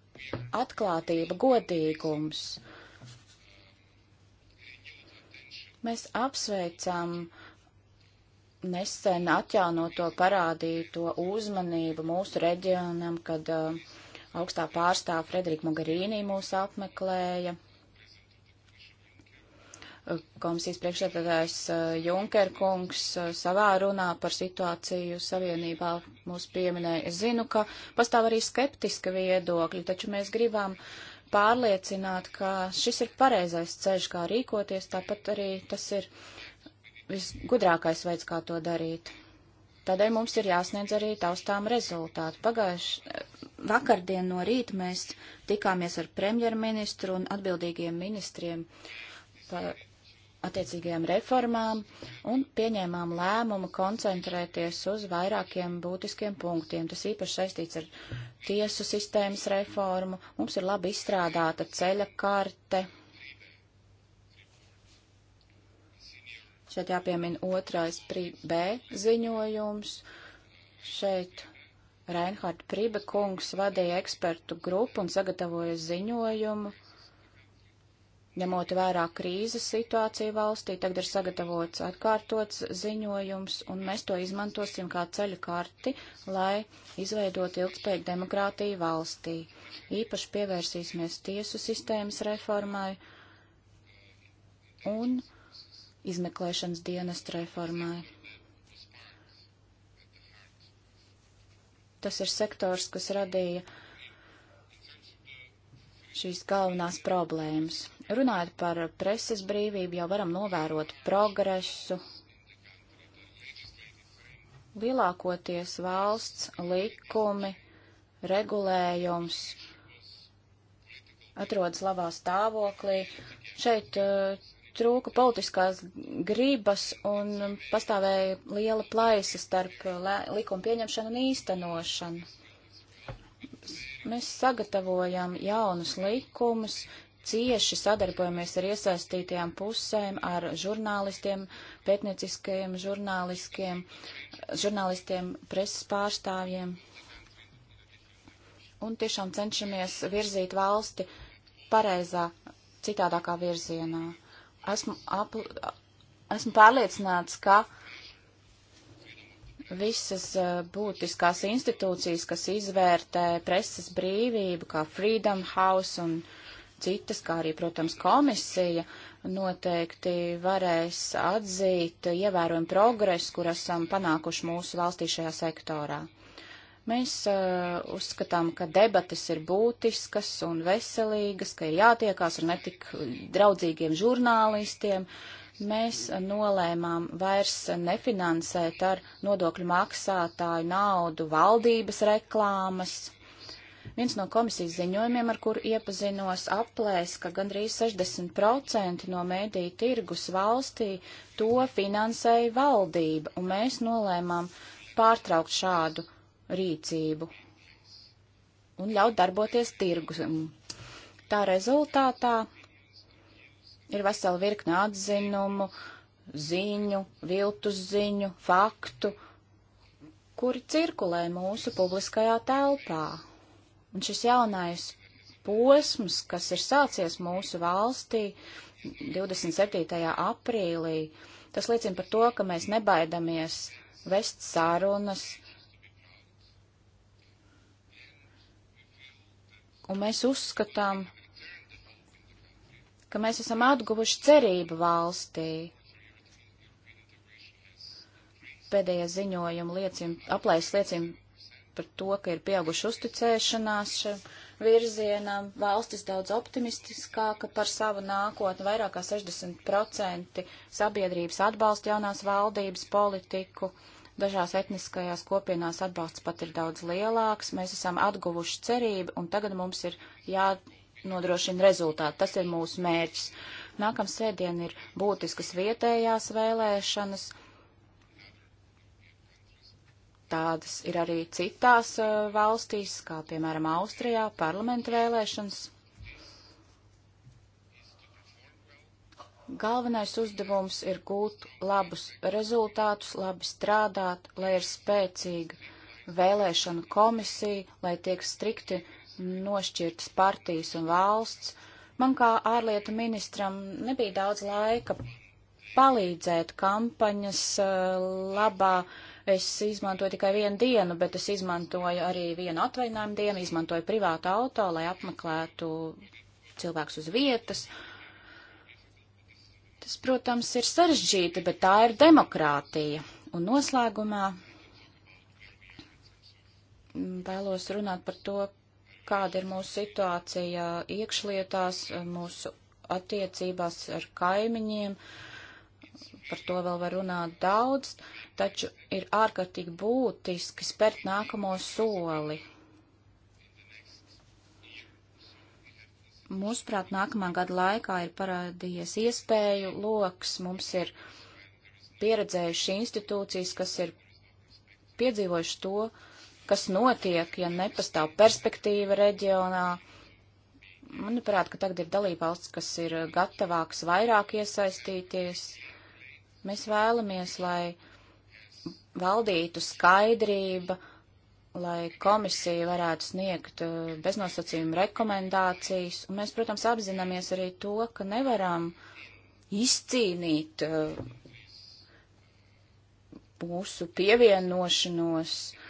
atklātība, godīgums. Mēs apsveicam nesen atjaunoto parādīto uzmanību mūsu reģionam, kad uh, augstā pārstāva Frederika Mogarīnī mūs apmeklēja komisijas priekšsēdētājs eh, Junker kungs eh, savā runā par situāciju savienībā mūs pieminēja. Es zinu, ka pastāv arī skeptiska viedokļa, taču mēs gribam pārliecināt, ka šis ir pareizais ceļš, kā rīkoties, tāpat arī tas ir visgudrākais veids, kā to darīt. Tādēļ mums ir jāsniedz arī taustām rezultāti. Pagājuši eh, vakardien no rīta mēs tikāmies ar premjerministru un atbildīgiem ministriem par attiecīgajām reformām un pieņēmām lēmumu koncentrēties uz vairākiem būtiskiem punktiem. Tas īpaši saistīts ar tiesu sistēmas reformu. Mums ir labi izstrādāta ceļa karte. Šeit jāpiemina otrais B ziņojums. Šeit Reinhard Pribe kungs vadīja ekspertu grupu un sagatavoja ziņojumu Ņemot vērā krīzes situāciju valstī, tagad ir sagatavots atkārtots ziņojums, un mēs to izmantosim kā ceļu karti, lai izveidot ilgspējīgu demokrātiju valstī. Īpaši pievērsīsimies tiesu sistēmas reformai un izmeklēšanas dienestu reformai. Tas ir sektors, kas radīja uh, šīs galvenās problēmas. Runājot par preses brīvību, jau varam novērot progresu. Lielākoties valsts likumi, regulējums atrodas labā stāvoklī. Šeit uh, trūka politiskās gribas un pastāvēja liela plaisa starp eh, likuma pieņemšanu un īstenošanu. Mēs sagatavojam jaunus likumus, cieši sadarbojamies ar iesaistītajām pusēm, ar žurnālistiem, pētnieciskajiem žurnālistiem, žurnālistiem, preses pārstāvjiem. Un tiešām cenšamies virzīt valsti pareizā, citādākā virzienā. Esmu, apl, esmu pārliecināts, ka uh, visas būtiskās institūcijas, kas izvērtē preses brīvību, kā Freedom House un citas, kā arī, protams, komisija, noteikti varēs atzīt ievērojumu progresu, kur esam panākuši mūsu valstī šajā sektorā. Mēs uh, uzskatām, ka debatas ir būtiskas un veselīgas, ka ir jātiekās ar netik draudzīgiem žurnālistiem, uh, mēs nolēmām vairs nefinansēt ar nodokļu maksātāju naudu valdības reklāmas. Viens no komisijas ziņojumiem, ar kuru iepazinos, aplēs, ka gandrīz 60% no mēdīja tirgus valstī to finansēja valdība, un mēs nolēmām pārtraukt šādu rīcību un ļaut darboties tirgus. Tā rezultātā Ir vesela virkne atzinumu, ziņu, viltus ziņu, faktu, kuri cirkulē mūsu publiskajā telpā. Un šis jaunais posms, kas ir sācies mūsu valstī 27. aprīlī, tas liecina par to, ka mēs nebaidamies vest sarunas, un mēs uzskatām, ka mēs esam atguvuši cerību valstī. Pēdējie ziņojumi liecina, aplēs liecina par to, ka ir pieauguši uzticēšanās šim virzienam, valstis daudz optimistiskāka par savu nākotni, vairāk kā 60% sabiedrības atbalsta jaunās valdības politiku, dažās etniskajās kopienās atbalsts pat ir daudz lielāks, mēs esam atguvuši cerību un tagad mums ir jā nodrošina rezultātu. Tas ir mūsu mērķis. Nākamā sēdiena ir būtiskas vietējās vēlēšanas. Tādas ir arī citās uh, valstīs, kā piemēram Austrijā, parlamenta vēlēšanas. Galvenais uzdevums ir gūt labus rezultātus, labi strādāt, lai ir spēcīga vēlēšana komisija, lai tiek strikti nošķirtas partijas un valsts. Man kā ārlietu ministram nebija daudz laika palīdzēt kampaņas eh, labā. Es izmantoju tikai vienu dienu, bet es izmantoju arī vienu atvaļinājumu dienu, izmantoju privātu auto, lai apmeklētu cilvēkus uz vietas. Tas, protams, ir sarežģīti, bet tā ir demokrātija. Un noslēgumā vēlos runāt par to, kāda ir mūsu situācija iekšlietās, mūsu attiecībās ar kaimiņiem. Par to vēl var runāt daudz, taču ir ārkārtīgi būtiski spērt nākamo soli. Mūsuprāt, nākamā gada laikā ir parādījies iespēju loks, mums ir pieredzējuši institūcijas, kas ir piedzīvojuši to, uh, kas notiek, ja nepastāv perspektīva reģionā. Manuprāt, ka tagad ir dalībvalsts, kas ir gatavāks vairāk iesaistīties. Mēs vēlamies, lai valdītu skaidrība, lai komisija varētu sniegt eh, beznosacījumu rekomendācijas. Un mēs, protams, apzināmies arī to, ka nevaram izcīnīt eh, mūsu pievienošanos uh,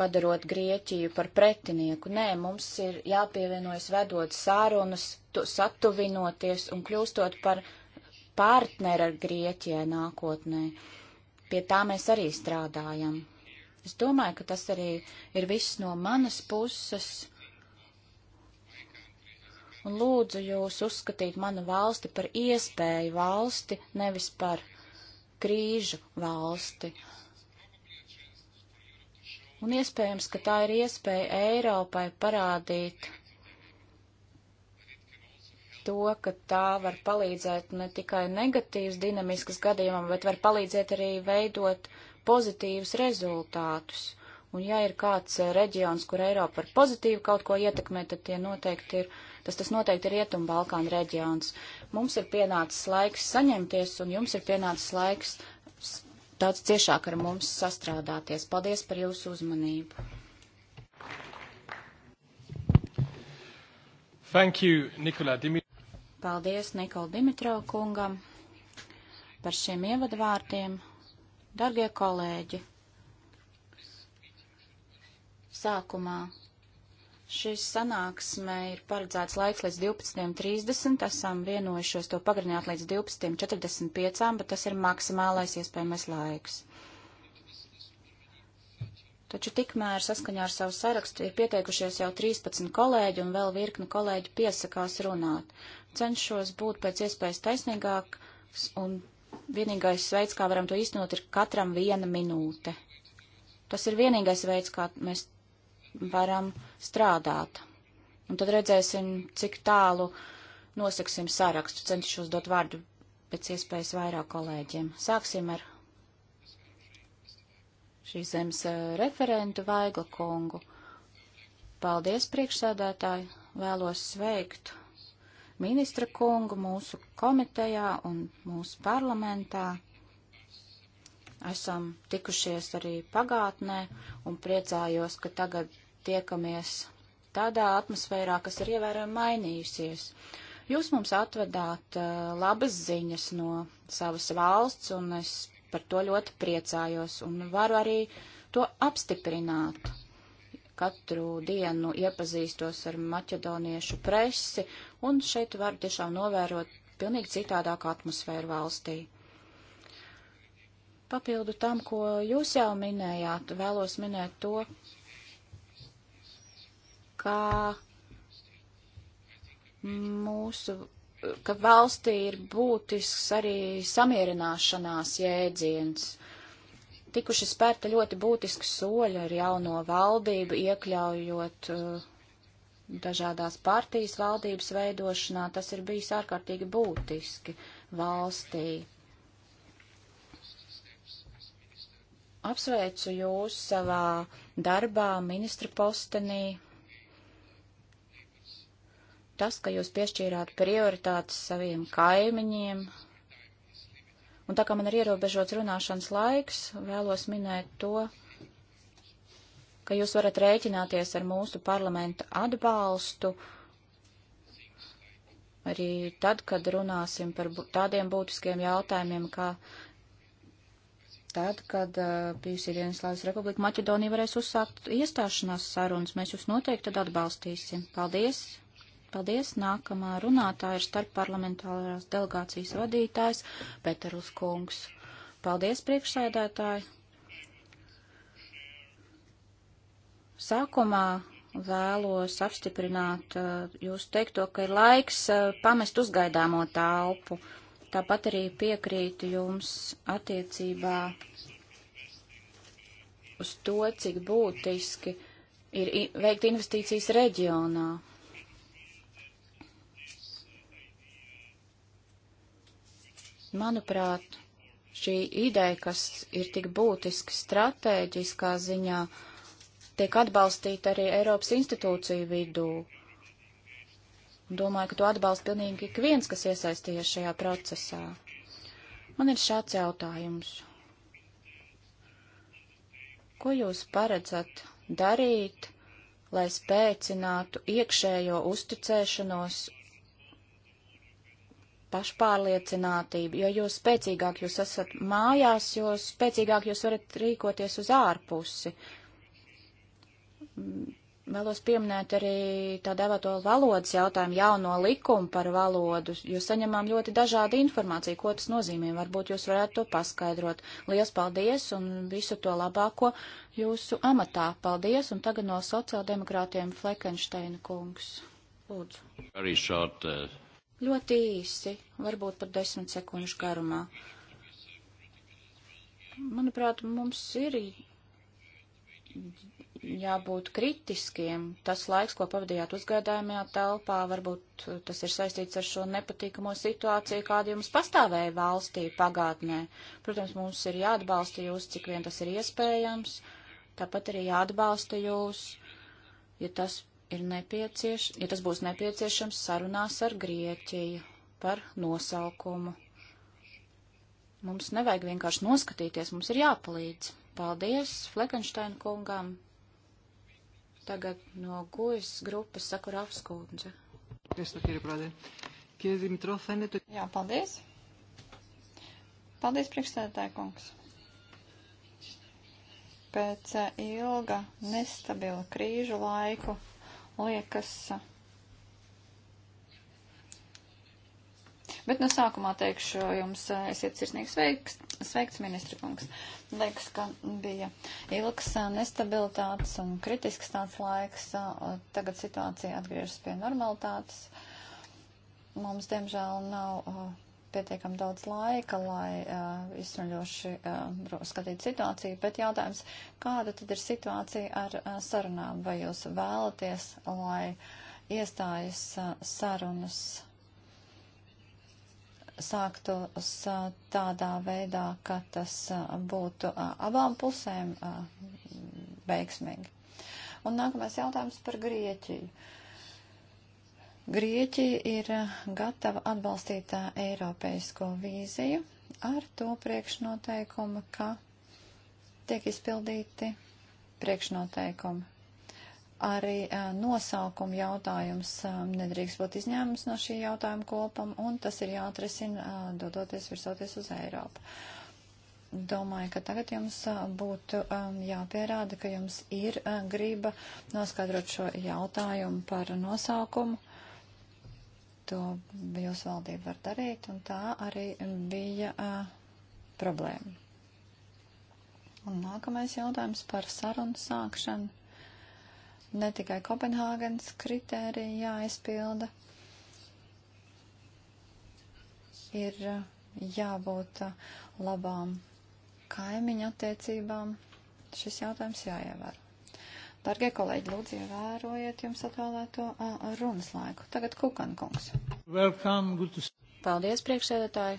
padarot Grieķiju par pretinieku. Nē, mums ir jāpievienojas vedot sārunas, satuvinoties un kļūstot par partneri ar Grieķijai nākotnē. Pie tā mēs arī strādājam. Es domāju, ka tas arī ir viss no manas puses. Un lūdzu jūs uzskatīt manu valsti par iespēju valsti, nevis par krīžu valsti. Un iespējams, ka tā ir iespēja Eiropai parādīt to, ka tā var palīdzēt ne tikai negatīvas dinamiskas gadījumam, bet var palīdzēt arī veidot pozitīvus rezultātus. Un ja ir kāds eh, reģions, kur Eiropa var pozitīvi kaut ko ietekmēt, tad tie noteikti ir, tas, tas noteikti ir Rietumbalkāna reģions. Mums ir pienācis laiks saņemties, un jums ir pienācis laiks daudz ciešāk ar mums sastrādāties. Paldies par jūsu uzmanību. Thank you, Nikola Dimit Paldies Nikola Dimitrov kungam par šiem ievadvārtiem. Dargie kolēģi, sākumā Šis sanāksme ir paredzēts laiks līdz 12.30. Esam vienojušies to pagarināt līdz 12.45, bet tas ir maksimālais iespējamais laiks. Taču tikmēr saskaņā ar savu sarakstu ir pieteikušies jau 13 kolēģi un vēl virkni kolēģi piesakās runāt. Cenšos būt pēc iespējas taisnīgāks un vienīgais veids, kā varam to īstenot, ir katram viena minūte. Tas ir vienīgais veids, kā mēs varam strādāt. Un tad redzēsim, cik tālu nosaksim sarakstu. Centīšos dot vārdu pēc iespējas vairāk kolēģiem. Sāksim ar šīs zemes eh, referentu Vaigla kungu. Paldies, priekšsēdētāji! Vēlos sveikt ministra kungu mūsu komitejā un mūsu parlamentā. Esam tikušies arī pagātnē un priecājos, ka tagad tiekamies tādā atmosfērā, kas ir ievērojami mainījusies. Jūs mums atvedāt uh, labas ziņas no savas valsts, un es par to ļoti priecājos, un varu arī to apstiprināt. Katru dienu iepazīstos ar maķedoniešu presi, un šeit varu tiešām novērot pilnīgi citādāku atmosfēru valstī. Papildu tam, ko jūs jau minējāt, vēlos minēt to, ka mūsu, ka valstī ir būtisks arī samierināšanās jēdziens. Tikuši spērta ļoti būtiski soļi ar jauno valdību, iekļaujot uh, dažādās partijas valdības veidošanā. Tas ir bijis ārkārtīgi būtiski valstī. Apsveicu jūs savā darbā ministra postenī tas, ka jūs piešķīrāt prioritātes saviem kaimiņiem. Un tā kā man ir ierobežots runāšanas laiks, vēlos minēt to, ka jūs varat rēķināties ar mūsu parlamenta atbalstu arī tad, kad runāsim par tādiem būtiskiem jautājumiem, kā tad, kad uh, bijusi Dienaslāvis Republika Maķedonija varēs uzsākt iestāšanās sarunas, mēs jūs noteikti tad atbalstīsim. Paldies! Paldies! Nākamā runātāja ir starpparlamentārās delegācijas vadītājs Peterus Kungs. Paldies, priekšsēdētāji! Sākumā vēlos apstiprināt uh, jūsu teikto, ka ir laiks uh, pamest uzgaidāmo telpu. Tāpat arī piekrītu jums attiecībā uz to, cik būtiski ir veikt investīcijas reģionā. Manuprāt, šī ideja, kas ir tik būtiski stratēģiskā ziņā, tiek atbalstīta arī Eiropas institūciju vidū. Domāju, ka to atbalsta pilnīgi ik viens, kas iesaistījies šajā procesā. Man ir šāds jautājums. Ko jūs paredzat darīt, lai spēcinātu iekšējo uzticēšanos pašpārliecinātību, jo jūs spēcīgāk jūs esat mājās, jo spēcīgāk jūs varat rīkoties uz ārpusi. Vēlos pieminēt arī tā devēto valodas jautājumu jauno likumu par valodu, jo saņemām ļoti dažādu informāciju, ko tas nozīmē. Varbūt jūs varētu to paskaidrot. Lielas paldies un visu to labāko jūsu amatā. Paldies un tagad no sociāldemokrātiem Fleckensteina kungs. Lūdzu. Very short, uh... Ļoti īsi, varbūt pat desmit sekundžu garumā. Manuprāt, mums ir jābūt kritiskiem. Tas laiks, ko pavadījāt uzgādājumajā telpā, varbūt tas ir saistīts ar šo nepatīkamo situāciju, kāda jums pastāvēja valstī pagātnē. Protams, mums ir jāatbalsta jūs, cik vien tas ir iespējams. Tāpat arī jāatbalsta jūs, ja tas ir nepiecieš, ja tas būs nepieciešams sarunās ar Grieķiju par nosaukumu. Mums nevajag vienkārši noskatīties, mums ir jāpalīdz. Paldies Fleckensteina kungam. Tagad no gujas grupas Sakurāvs kundze. Jā, paldies. Paldies, priekšsēdētāja kungs. Pēc eh, ilga nestabila krīžu laiku liekas. Bet no sākumā teikšu jums, esiet sirsnīgi sveiks, sveikts ministra kungs. Liekas, ka bija ilgs nestabilitātes un kritisks tāds laiks. Tagad situācija atgriežas pie normalitātes. Mums, diemžēl, nav pietiekam daudz laika, lai uh, izsmeļoši uh, skatītu situāciju, bet jautājums, kāda tad ir situācija ar uh, sarunām? Vai jūs vēlaties, lai iestājas uh, sarunas sāktos uh, tādā veidā, ka tas uh, būtu uh, abām pusēm uh, veiksmīgi? Un nākamais jautājums par Grieķiju. Uh, Grieķija ir gatava atbalstīt Eiropeisko vīziju ar to priekšnoteikumu, ka tiek izpildīti priekšnoteikumi. Arī nosaukuma jautājums nedrīkst būt izņēmums no šī jautājuma kopam, un tas ir jāatrisina dodoties virsoties uz Eiropu. Domāju, ka tagad jums būtu jāpierāda, ka jums ir griba noskaidrot šo jautājumu par nosaukumu to jūsu valdība var darīt, un tā arī bija uh, problēma. Un nākamais jautājums par sarunu sākšanu. Ne tikai Kopenhāgenes kritērija jāizpilda, ir jābūt labām kaimiņu attiecībām. Šis jautājums jāievēro. Dargie kolēģi, lūdzu, ievērojiet jums atvēlēto runas laiku. Tagad Kukan kungs. Welcome, to... Paldies, priekšsēdētāji.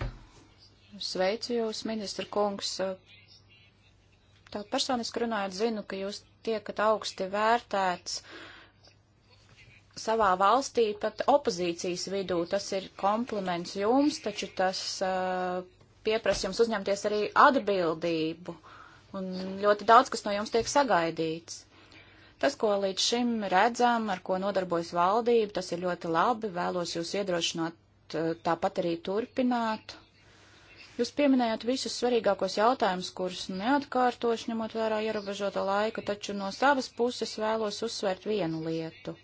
Sveicu jūs, ministra kungs. Tā personiski runājot, zinu, ka jūs tiekat augsti vērtēts savā valstī pat opozīcijas vidū. Tas ir kompliments jums, taču tas uh, pieprasa jums uzņemties arī atbildību. Un ļoti daudz, kas no jums tiek sagaidīts. Tas, ko līdz šim redzam, ar ko nodarbojas valdība, tas ir ļoti labi. Vēlos jūs iedrošināt eh, tāpat arī turpināt. Jūs pieminējāt visus svarīgākos jautājumus, kurus neatkārtošu, ņemot vērā ierobežoto laiku, taču no savas puses vēlos uzsvērt vienu lietu.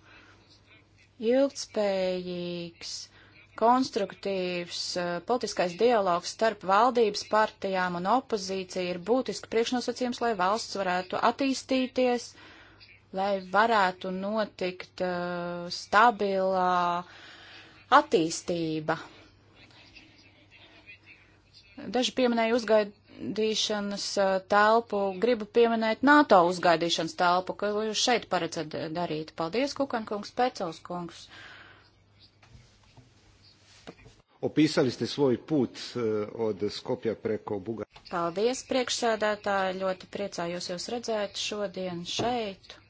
Ilgtspējīgs, konstruktīvs eh, politiskais dialogs starp valdības partijām un opozīciju ir būtiski priekšnosacījums, lai valsts varētu attīstīties, uh, lai varētu notikt uh, stabilā attīstība. Daži pieminēja uzgaidīšanas uh, telpu, gribu pieminēt NATO uzgaidīšanas telpu, ko jūs šeit paredzat darīt. Paldies, Kukankungs, Pecels kungs. Opisali ste svoj put uh, od Skopja preko Bugarske. Paldies, priekšsēdētāji, ļoti priecājos jūs redzēt šodien šeit.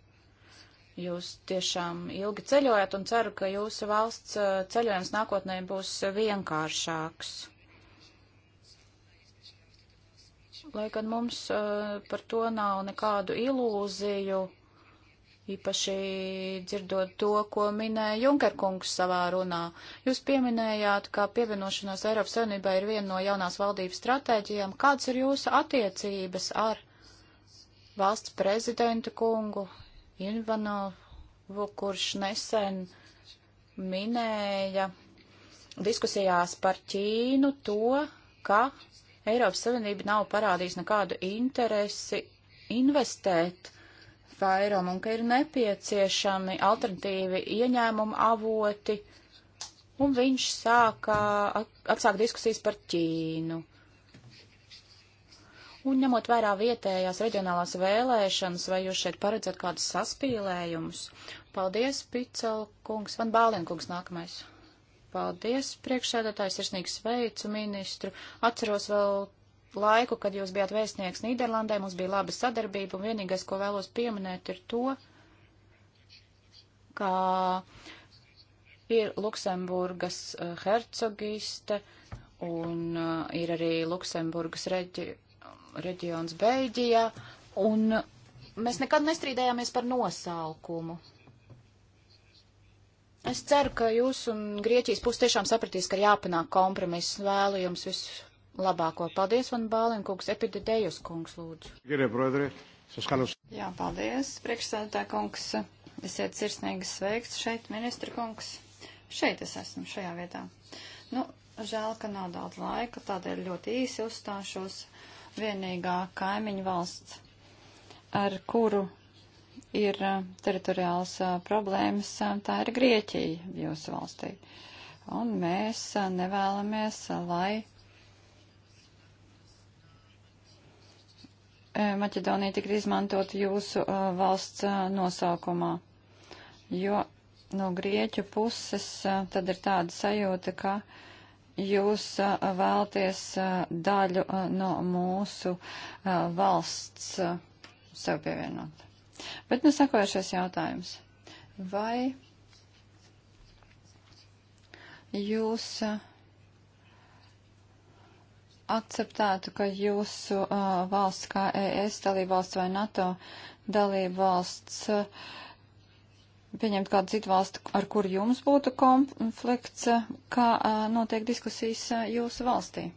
Jūs tiešām ilgi ceļojat un ceru, ka jūsu valsts uh, ceļojums nākotnē būs vienkāršāks. Lai gan mums uh, par to nav nekādu ilūziju, īpaši dzirdot to, ko minēja Junkerkungs savā runā. Jūs pieminējāt, ka pievienošanās Eiropas Savienībā ir viena no jaunās valdības stratēģijām. Kāds ir jūsu attiecības ar valsts prezidenta kungu, Invanovu, kurš nesen minēja diskusijās par Ķīnu to, ka Eiropas Savienība nav parādījusi nekādu interesi investēt vairumu un ka ir nepieciešami alternatīvi ieņēmumu avoti, un viņš sāka, atsāka diskusijas par Ķīnu. Un ņemot vērā vietējās reģionālās vēlēšanas, vai jūs šeit paredzat kādus saspīlējumus? Paldies, Picela kungs, Van Bālien kungs nākamais. Paldies, priekšsēdētājs, sirsnīgi sveicu ministru. Atceros vēl laiku, kad jūs bijāt vēstnieks Nīderlandē, mums bija laba sadarbība, un vienīgais, ko vēlos pieminēt, ir to, ka ir Luksemburgas eh, hercogiste, un uh, ir arī Luksemburgas reģi reģions Beļģijā, un mēs nekad nestrīdējāmies par nosaukumu. Es ceru, ka jūs un Grieķijas puse tiešām sapratīs, ka ir jāpanāk kompromiss. Vēlu jums vislabāko. Paldies, Van Bālinkungs, epidēdējus kungs, lūdzu. Jā, paldies, priekšsēdētā kungs. Esiet sirsnīgi sveikts šeit, ministra kungs. Šeit es esmu, šajā vietā. Nu, žēl, ka nav daudz laika, tādēļ ļoti īsi uzstāšos. Uh, vienīgā kaimiņu valsts, ar kuru ir uh, teritoriāls uh, problēmas, uh, tā ir Grieķija jūsu valstī. Un mēs nevēlamies, lai Maķedonija tika izmantot jūsu valsts nosaukumā, jo no Grieķu puses tad ir tāda sajūta, ka uh, jūs vēlties daļu no mūsu valsts sev pievienot. Bet nu sakojušais jautājums. Vai jūs akceptētu, ka jūsu valsts kā ES dalībvalsts vai NATO dalībvalsts uh, pieņemt kādu citu valstu, ar kur jums būtu konflikts, kā notiek diskusijas jūsu valstī?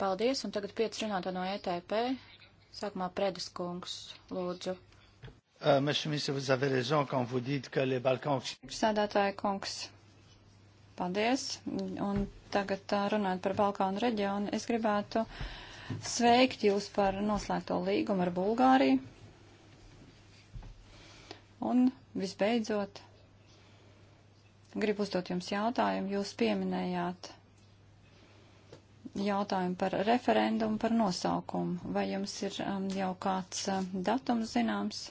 Paldies, un tagad pieci runātā no ETP. Sākumā Predes kungs, lūdzu. Sēdētāja kungs, paldies. Un tagad runājot par Balkānu reģionu, es gribētu sveikt jūs par noslēgto līgumu ar Bulgāriju Un visbeidzot, gribu uzdot jums jautājumu. Jūs pieminējāt jautājumu par referendumu, par nosaukumu. Vai jums ir um, jau kāds uh, datums zināms?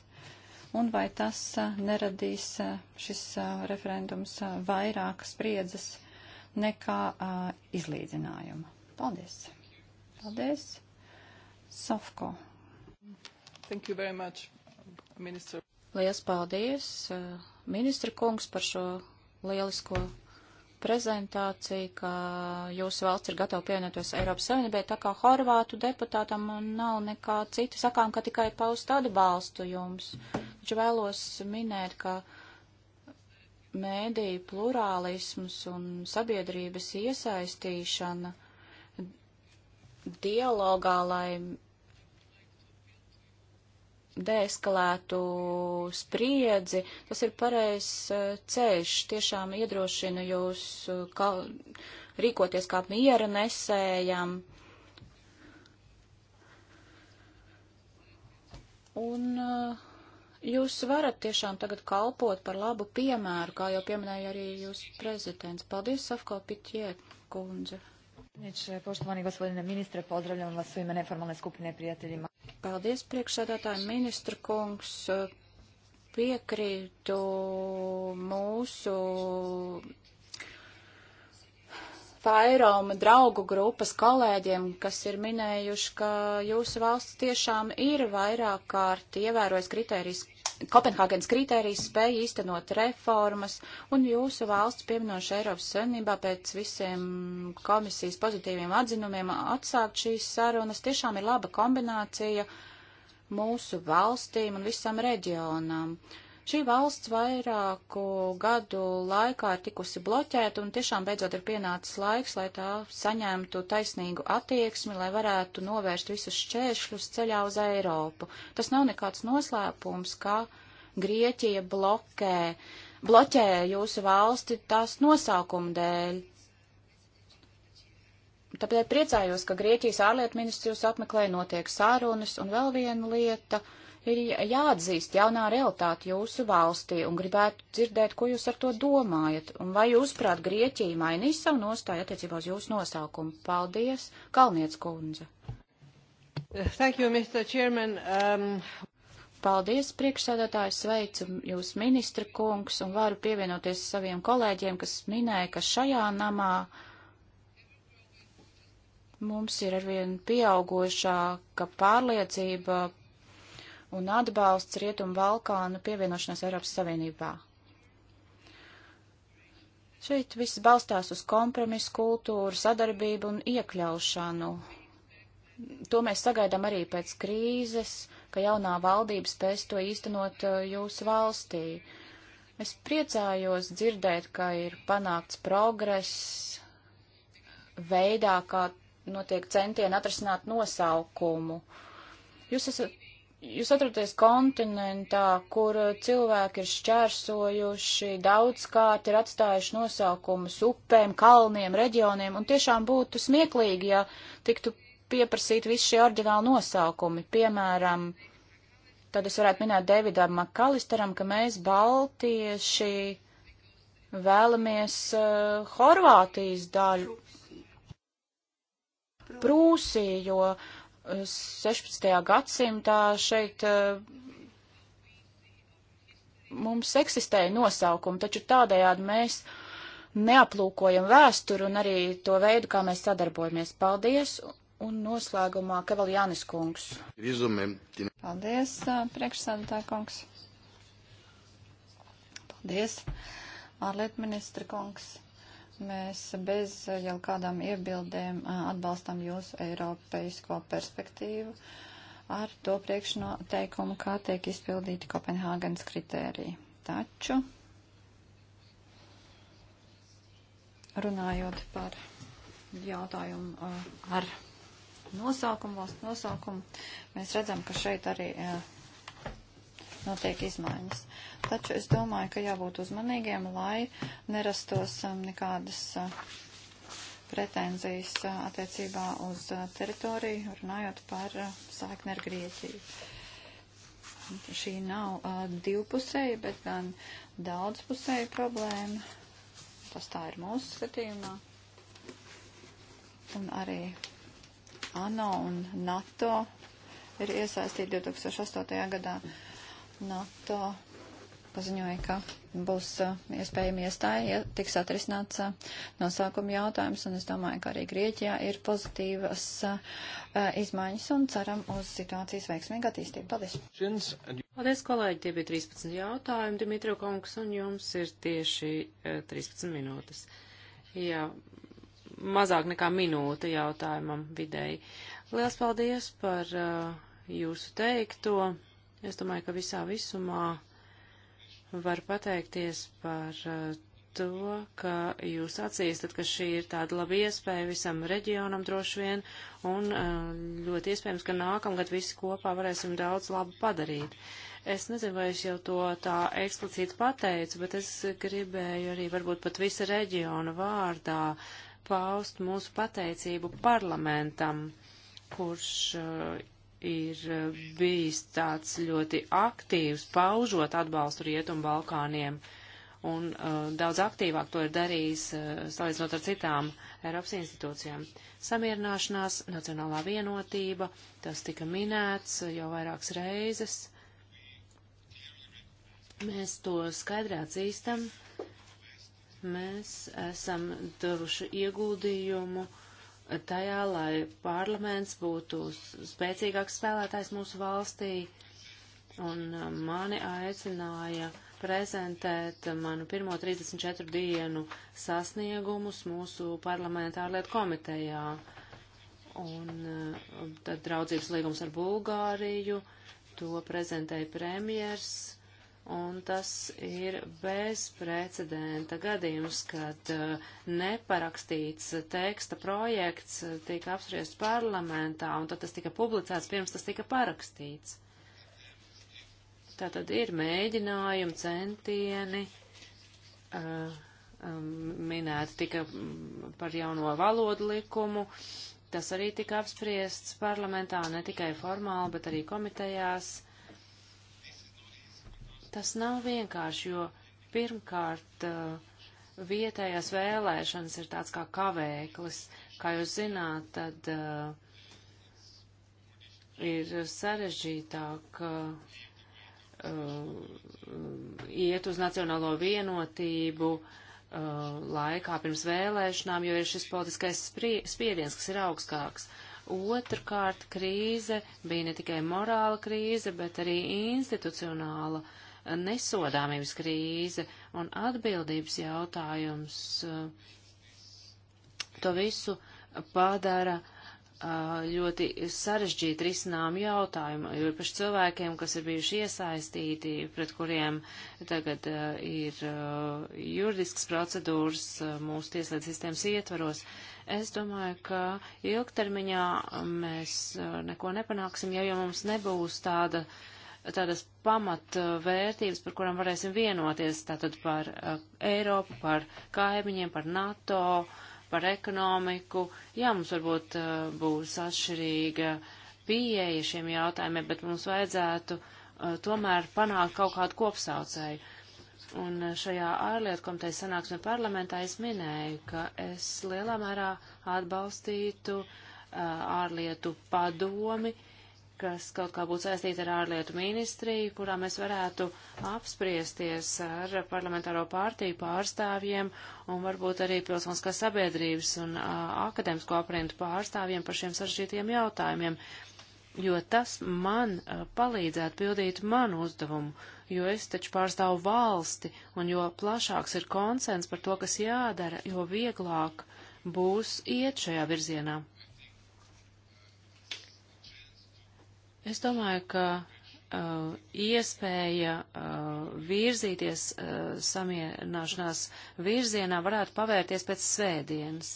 Un vai tas uh, neradīs uh, šis uh, referendums uh, vairāk spriedzes nekā uh, izlīdzinājuma? Paldies! Paldies! Sofko! Thank you very much, Minister. Liels paldies, eh, ministra kungs, par šo lielisko prezentāciju, ka jūsu valsts ir gatava pievienoties Eiropas Savienībai, tā kā horvātu deputātam nav nekā cita sakām, ka tikai paust atbalstu jums. Taču vēlos minēt, ka mēdīju plurālisms un sabiedrības iesaistīšana dialogā, lai deeskalētu spriedzi, tas ir pareizs eh, ceļš. Tiešām iedrošinu jūs eh, kā, rīkoties kā miera nesējam. Un eh, jūs varat tiešām tagad kalpot par labu piemēru, kā jau pieminēja arī jūs prezidents. Paldies, Safko Pitie, kundze. Poštovani gospodine ministre, pozdravljam vas u ime neformalne skupine prijateljima. Paldies, priekšsēdētāji ministra kungs. Piekrītu mūsu Fairoma draugu grupas kolēģiem, kas ir minējuši, ka jūsu valsts tiešām ir vairāk kārt ievērojis kriterijus, Kopenhāgenes kritērijas spēja īstenot reformas, un jūsu valsts pieminoša Eiropas Savienībā pēc visiem komisijas pozitīviem atzinumiem atsākt šīs sarunas tiešām ir laba kombinācija mūsu valstīm un visam reģionam. Uh, Šī valsts vairāku gadu laikā ir tikusi bloķēta un tiešām beidzot ir pienācis laiks, lai tā saņemtu taisnīgu attieksmi, lai varētu novērst visus šķēršļus ceļā uz Eiropu. Tas nav nekāds noslēpums, ka Grieķija blokē, bloķē jūsu valsti tās nosaukuma dēļ. Tāpēc priecājos, ka Grieķijas ārlietu ministrs jūs apmeklē, notiek sārunas un vēl viena lieta. Uh, ir jāatzīst jaunā realitāte jūsu valstī un gribētu dzirdēt, ko jūs ar to domājat. Un vai jūs, prāt, Grieķija mainīs savu nostāju attiecībā uz jūsu nosaukumu? Paldies, Kalniec kundze. Thank you, Mr. Chairman. Um... Paldies, priekšsādātājs, sveicu jūs, ministra kungs, un varu pievienoties saviem kolēģiem, kas minēja, ka šajā namā mums ir arvien pieaugošāka pārliecība un atbalsts Rietumu Balkānu pievienošanās Eiropas Savienībā. Šeit viss balstās uz kompromisu, kultūru, sadarbību un iekļaušanu. To mēs sagaidām arī pēc krīzes, ka jaunā valdība spēs to īstenot uh, jūsu valstī. Es priecājos dzirdēt, ka ir panākts progress veidā, kā notiek centieni atrasināt nosaukumu. Jūs esat Jūs atrodaties kontinentā, kur uh, cilvēki ir šķērsojuši, daudzkārt ir atstājuši nosaukumus upēm, kalniem, reģioniem, un tiešām būtu smieklīgi, ja tiktu pieprasīt visi šie orģināli nosaukumi. Piemēram, tad es varētu minēt Davidam Makalisteram, ka mēs baltieši vēlamies uh, Horvātijas daļu. Prūsī, jo uh, 16. gadsimtā šeit eh, mums eksistēja nosaukumi, taču tādējādi mēs neaplūkojam vēsturi un arī to veidu, kā mēs sadarbojamies. Paldies! Un noslēgumā Kavaljānis kungs. Paldies, priekšsādātāja kungs. Paldies, ārlietu ministra kungs mēs bez jau kādām iebildēm atbalstam jūsu eiropeisko perspektīvu ar to priekšnoteikumu, kā tiek izpildīti Kopenhāgenes kritēriji. Taču, runājot par jautājumu ar nosaukumu, valsts nosaukumu, mēs redzam, ka šeit arī notiek izmaiņas. Taču es domāju, ka jābūt uzmanīgiem, lai nerastos um, nekādas uh, pretenzijas uh, attiecībā uz uh, teritoriju, runājot par sākni ar Grieķiju. Šī nav divpusēja, bet gan daudzpusēja problēma. Tas tā ir mūsu skatījumā. Un arī ANO un NATO ir iesaistīti 2008. gadā NATO paziņoja, ka būs uh, iespējami iestāja, ja tiks atrisināts uh, nosākuma jautājums, un es domāju, ka arī Grieķijā ir pozitīvas uh, izmaiņas un ceram uz situācijas veiksmīgu attīstību. Paldies! Paldies, kolēģi! Tie bija 13 jautājumi, Dimitri Kungs, un jums ir tieši 13 minūtes. Jā, mazāk nekā minūte jautājumam vidēji. Lielas paldies par uh, jūsu teikto! Es domāju, ka visā visumā var pateikties par uh, to, ka jūs atzīstat, ka šī ir tāda laba iespēja visam reģionam droši vien, un uh, ļoti iespējams, ka nākamgad visi kopā varēsim daudz labu padarīt. Es nezinu, vai es jau to tā eksplicīti pateicu, bet es gribēju arī varbūt pat visa reģiona vārdā paust mūsu pateicību parlamentam, kurš uh, ir eh, bijis tāds ļoti aktīvs, paužot atbalstu Rietumu Balkāniem, un uh, daudz aktīvāk to ir darījis, uh, salīdzinot ar citām Eiropas institūcijām. Samierināšanās, nacionālā vienotība, tas tika minēts jau vairākas reizes. Mēs to skaidri atzīstam. Mēs esam devuši ieguldījumu uh, tajā, lai parlaments būtu spēcīgāks spēlētājs mūsu valstī, un uh, mani aicināja prezentēt uh, manu pirmo 34 dienu sasniegumus mūsu parlamentārlietu komitejā. Un uh, tad draudzības līgums ar Bulgāriju, to prezentēja premjers, un tas ir bezprecedenta gadījums, kad uh, neparakstīts uh, teksta projekts uh, tika apspriests parlamentā, un tad tas tika publicēts pirms tas tika parakstīts. Tātad ir mēģinājumi, centieni, um, minēti tika mm, par jauno valodu likumu, tas arī tika apspriests parlamentā, ne tikai formāli, bet arī komitejās Tas nav vienkārši, jo pirmkārt eh, vietējās vēlēšanas ir tāds kā kavēklis. Kā jūs zināt, tad eh, ir sarežģītāk eh, iet uz nacionālo vienotību laikā pirms vēlēšanām, jo ir šis politiskais spiediens, kas ir augstāks. Otrkārt, krīze bija ne tikai morāla krīze, bet arī institucionāla uh, nesodāmības krīze un atbildības jautājums. Eh, to visu padara eh, ļoti sarežģīti risinām jautājumu, jo paši cilvēkiem, kas ir bijuši iesaistīti, pret kuriem tagad eh, ir juridisks procedūras mūsu tieslietu sistēmas ietvaros, es domāju, ka ilgtermiņā mēs neko nepanāksim, ja jau mums nebūs tāda uh, tādas pamatvērtības, par kurām varēsim vienoties, tātad par eh, Eiropu, par kaimiņiem, par NATO, par ekonomiku. Jā, mums varbūt eh, būs atšķirīga pieeja šiem jautājumiem, bet mums vajadzētu eh, tomēr panākt kaut kādu kopsaucēju. Un šajā ārlietu komitejas sanāksmē parlamentā es minēju, ka es lielā mērā atbalstītu ārlietu padomi, uh, kas kaut kā būtu saistīta ar ārlietu ministriju, kurā mēs varētu apspriesties ar parlamentāro pārtīju pārstāvjiem un varbūt arī pilsoniskās sabiedrības un a, akadēmisko aprindu pārstāvjiem par šiem saržģītiem jautājumiem, jo tas man a, palīdzētu pildīt manu uzdevumu, jo es taču pārstāvu valsti un jo plašāks ir konsens par to, kas jādara, jo vieglāk būs iet šajā virzienā. Es domāju, ka uh, iespēja uh, virzīties uh, samierināšanās virzienā varētu pavērties pēc svētdienas.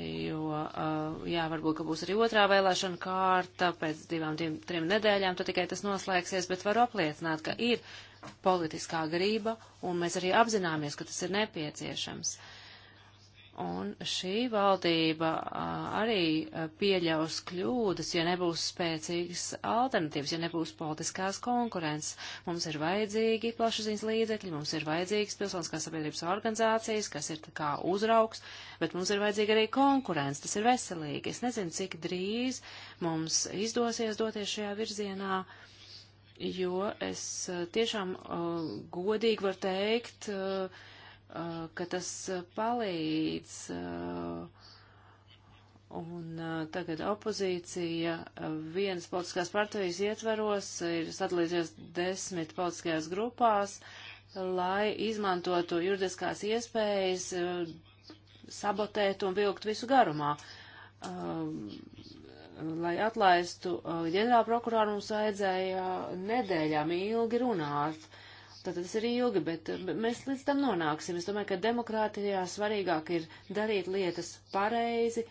Jo, uh, jā, varbūt, ka būs arī otrā vēlēšana kārta pēc divām, tiem, trim nedēļām, tad tikai tas noslēgsies, bet varu apliecināt, ka ir politiskā grība, un mēs arī apzināmies, ka tas ir nepieciešams. Uh, Un šī valdība arī pieļaus kļūdas, ja nebūs spēcīgas alternatīvas, ja nebūs politiskās konkurences. Mums ir vajadzīgi plašsaziņas līdzekļi, mums ir vajadzīgas pilsoniskās sabiedrības organizācijas, kas ir kā uzraugs, bet mums ir vajadzīga arī konkurence, tas ir veselīgi. Es nezinu, cik drīz mums izdosies doties šajā virzienā, jo es tiešām godīgi varu teikt, uh, Uh, ka tas uh, palīdz. Uh, un tagad opozīcija vienas politiskās partijas ietveros ir sadalījusies desmit politiskajās grupās, lai izmantotu juridiskās iespējas sabotēt un vilkt visu garumā. Lai atlaistu ģenerāla prokurāru mums vajadzēja nedēļām ilgi runāt Tad tas ir ilgi, bet eh, mēs līdz tam nonāksim. Es domāju, ka demokrātijā svarīgāk ir darīt lietas pareizi,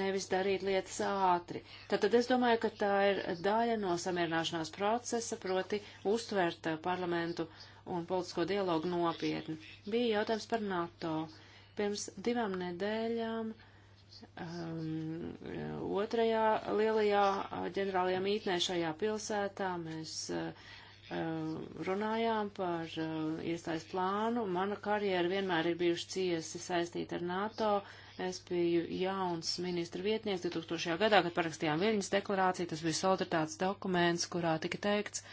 nevis darīt lietas ātri. Tad, tad es domāju, ka tā ir daļa no samierināšanās procesa, proti uztvert eh, parlamentu un politisko dialogu nopietni. Bija jautājums par NATO. Pirms divām nedēļām um, otrajā lielajā eh, ģenerālajā mītnē šajā pilsētā mēs uh, Eh, runājām par eh, iestājas plānu. Mana karjera vienmēr ir bijuši ciesi saistīta ar NATO. Es biju jauns ministra vietnieks 2000. gadā, kad parakstījām Viļņas deklarāciju. Tas bija solidaritātes dokuments, kurā tika teikts,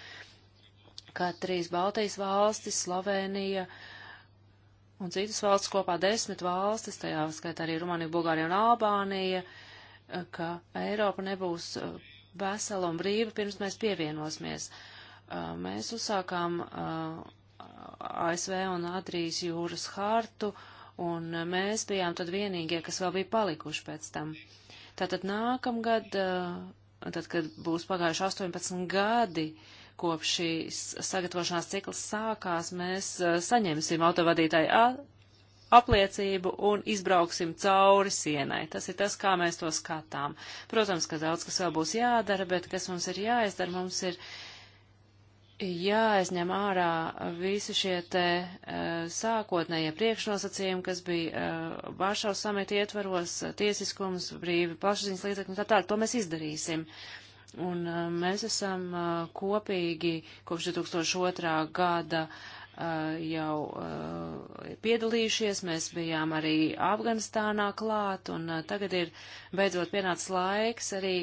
ka trīs Baltijas valstis, Slovenija un citas valstis kopā desmit valstis, tajā skaitā arī Rumānija, Bulgārija un Albānija, eh, ka Eiropa nebūs vesela un brīva pirms mēs pievienosimies. Uh, Mēs uzsākām ASV un Adrijas jūras hartu, un mēs bijām tad vienīgie, kas vēl bija palikuši pēc tam. Tātad nākamgad, tad, kad būs pagājuši 18 gadi, kopš šīs sagatavošanās cikls sākās, mēs saņemsim autovadītāju apliecību un izbrauksim cauri sienai. Tas ir tas, kā mēs to skatām. Protams, ka daudz kas vēl būs jādara, bet kas mums ir jāizdara, mums ir jāaizņem ārā visi šie te eh, sākotnējie priekšnosacījumi, kas bija eh, Vāršavas samita ietvaros, tiesiskums, brīvi plašsaziņas līdzekļi un tā tālāk. To mēs izdarīsim. Un eh, mēs esam kopīgi kopš 2002. gada jau piedalījušies, mēs bijām arī Afganistānā klāt, un tagad ir beidzot pienācis laiks arī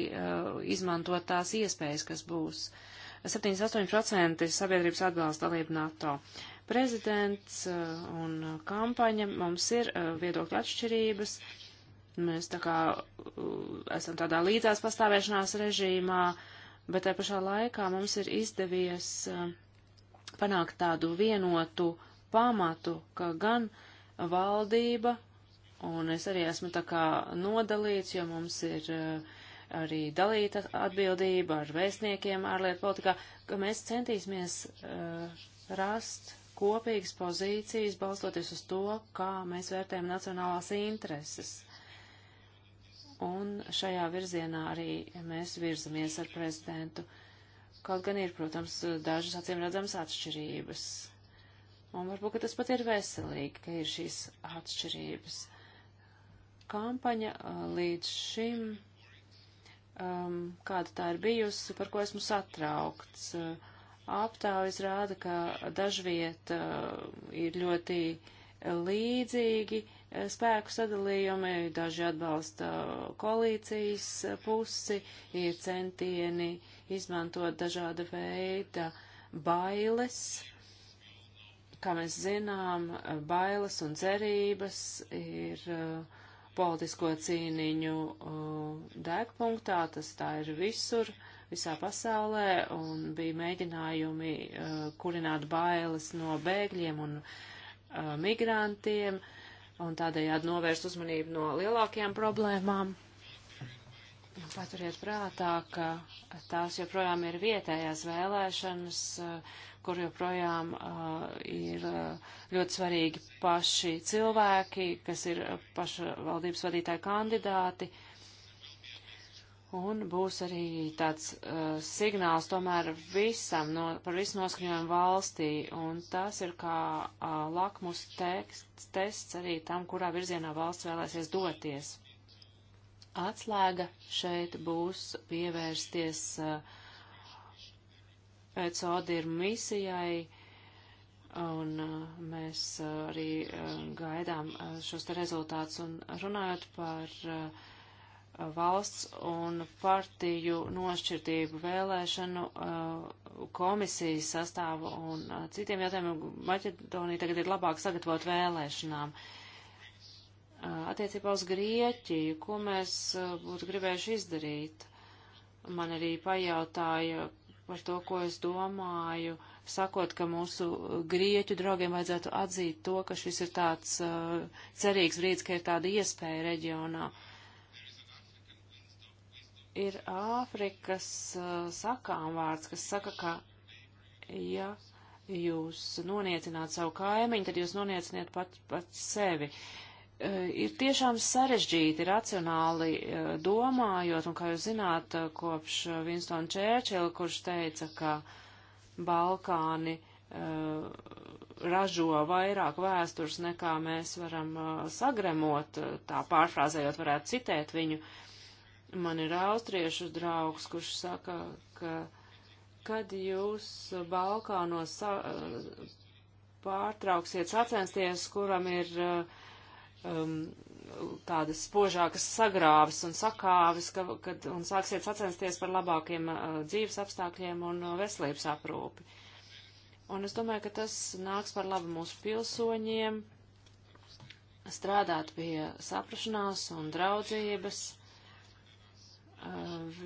izmantot tās iespējas, kas būs. Uh, 78% sabiedrības atbalsta dalību NATO. Prezidents uh, un kampaņa mums ir uh, viedokļu atšķirības. Mēs tā kā uh, esam tādā līdzās pastāvēšanās režīmā, bet tajā pašā laikā mums ir izdevies panākt tādu vienotu pamatu, ka gan valdība, un es arī esmu tā kā nodalīts, jo mums ir uh, arī dalīta atbildība ar vēstniekiem ārlietu politikā, ka mēs centīsimies uh, rast kopīgas pozīcijas, balstoties uz to, kā mēs vērtējam nacionālās intereses. Un šajā virzienā arī mēs virzamies ar prezidentu. Kaut gan ir, protams, dažas acīm redzamas atšķirības. Un varbūt tas pat ir veselīgi, ka ir šīs atšķirības. Kampaņa uh, līdz šim um, kāda tā ir bijusi, par ko esmu satraukts. Aptāvis rāda, ka dažviet uh, ir ļoti līdzīgi uh, spēku sadalījumi, daži atbalsta koalīcijas pusi, ir centieni izmantot dažāda veida bailes. Kā mēs zinām, bailes un cerības ir uh, politisko cīniņu uh, degpunktā, tas tā ir visur, visā pasaulē, un bija mēģinājumi uh, kurināt bailes no bēgļiem un uh, migrantiem, un tādējādi novērst uzmanību no lielākajām problēmām. Paturiet prātā, ka tās joprojām ir vietējās vēlēšanas, uh, kur joprojām uh, ir ļoti svarīgi paši cilvēki, kas ir pašvaldības vadītāji kandidāti. Un būs arī tāds uh, signāls tomēr visam, no, par visu noskaņojumu valstī, un tas ir kā uh, lakmus teksts, tests arī tam, kurā virzienā valsts vēlēsies doties. Atslēga šeit būs pievērsties uh, pēc Odir misijai, un uh, mēs uh, arī uh, gaidām šos te rezultātus un runājot par valsts un partiju nošķirtību vēlēšanu komisijas sastāvu un citiem jautājumiem. Maķedonija tagad ir labāk sagatavot vēlēšanām. Attiecībā uz Grieķiju, ko mēs būtu gribējuši izdarīt? Man arī pajautāja, par to, ko es domāju, sakot, ka mūsu grieķu draugiem vajadzētu atzīt to, ka šis ir tāds uh, cerīgs brīdis, ka ir tāda iespēja reģionā. Ir Āfrikas uh, sakām vārds, kas saka, ka, ja jūs noniecināt savu kaimiņu, tad jūs noniecināt pat, pat sevi. Uh, E, ir tiešām sarežģīti racionāli e, domājot, un kā jūs zināt, e, kopš Winston Churchill, kurš teica, ka Balkāni ražo vairāk vēstures nekā mēs varam sagremot, tā pārfrāzējot varētu citēt viņu. Man ir austriešu draugs, kurš saka, ka kad jūs Balkānos pārtrauksiet sacensties, kuram ir uh, um, tādas spožākas sagrāvis un sakāvis, ka, kad, un sāksiet sacensties par labākiem uh, dzīves apstākļiem un uh, veselības aprūpi. Un es domāju, ka tas nāks par labu mūsu pilsoņiem strādāt pie saprašanās un draudzības. Uh,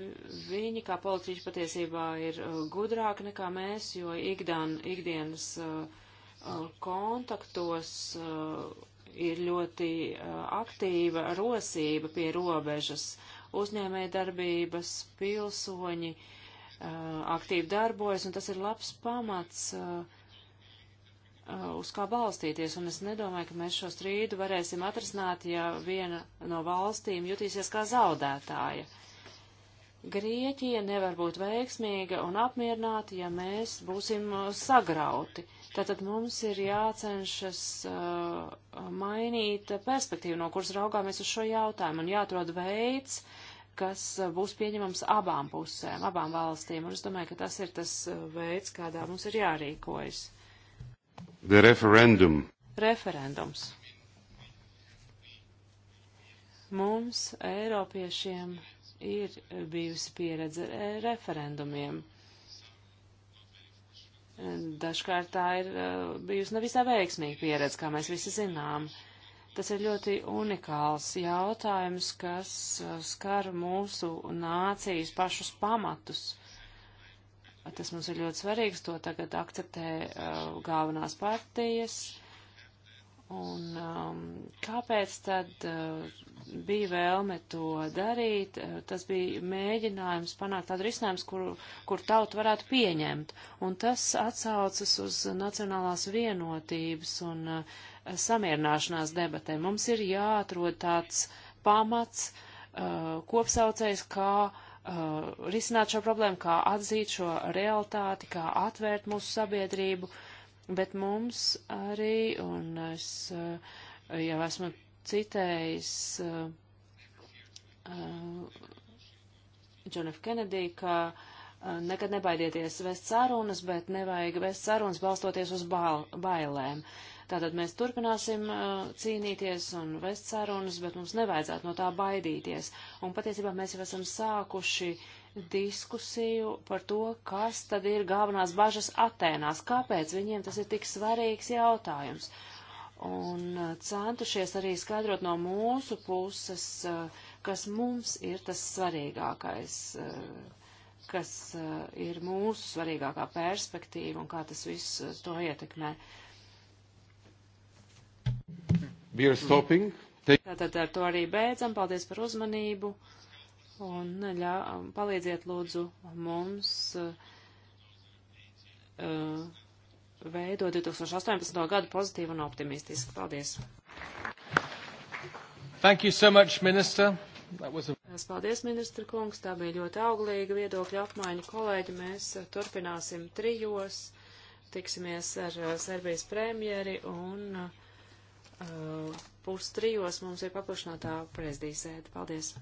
viņi kā politiķi patiesībā ir uh, gudrāki nekā mēs, jo ikdan, ikdienas uh, uh kontaktos uh, ir ļoti uh, aktīva rosība pie robežas. Uzņēmē darbības pilsoņi uh, aktīvi darbojas, un tas ir labs pamats, uh, uz kā balstīties. Un es nedomāju, ka mēs šo strīdu varēsim atrisināt, ja viena no valstīm jutīsies kā zaudētāja. Grieķija nevar būt veiksmīga un apmierināta, ja mēs būsim sagrauti. Uh, Tātad mums ir jācenšas uh, mainīt perspektīvu, no kuras raugāmies uz šo jautājumu, un jāatrod veids, kas uh, būs pieņemams abām pusēm, abām valstīm. Un es domāju, ka tas ir tas uh, veids, kādā mums ir jārīkojas. The referendum. Referendums. Mums, Eiropiešiem, ir bijusi pieredze eh, referendumiem. Dažkārt tā ir eh, bijusi nevisā veiksmīga pieredze, kā mēs visi zinām. Tas ir ļoti unikāls jautājums, kas eh, skar mūsu nācijas pašus pamatus. Tas mums ir ļoti svarīgs, to tagad akceptē uh, galvenās partijas. Un um, kāpēc tad uh, bija vēlme to darīt, eh, tas bija mēģinājums panākt tādu risinājumu, kur, kur tauta varētu pieņemt. Un tas atsaucas uz nacionālās vienotības un uh, samierināšanās debatēm. Mums ir jāatrod tāds pamats, uh, kopsaucējs, kā uh, risināt šo problēmu, kā atzīt šo realitāti, kā atvērt mūsu sabiedrību, bet mums arī, un es jau esmu citējis eh, eh, John F. Kennedy, ka eh, nekad nebaidieties vest sarunas, bet nevajag vest sarunas balstoties uz bailēm. Tātad mēs turpināsim uh, cīnīties un vest sarunas, bet mums nevajadzētu no tā baidīties. Un patiesībā mēs jau esam sākuši diskusiju par to, kas tad ir galvenās bažas Atēnās, kāpēc viņiem tas ir tik svarīgs jautājums un uh, centušies arī skaidrot no mūsu puses, uh, kas mums ir tas svarīgākais, uh, kas ir mūsu svarīgākā perspektīva un kā tas viss to ietekmē. Tātad ar to arī beidzam. Paldies par uzmanību un ļā, palīdziet lūdzu mums. Uh, veido 2018. gadu pozitīvu un optimistisku. Paldies! Thank you so much, Minister. That was a... Paldies, ministra kungs. Tā bija ļoti auglīga viedokļa apmaiņa. Kolēģi, mēs eh, turpināsim trijos. Tiksimies ar eh, Serbijas premjeri un uh, eh, pustrijos mums ir paplašinātā prezidijas sēde. Paldies!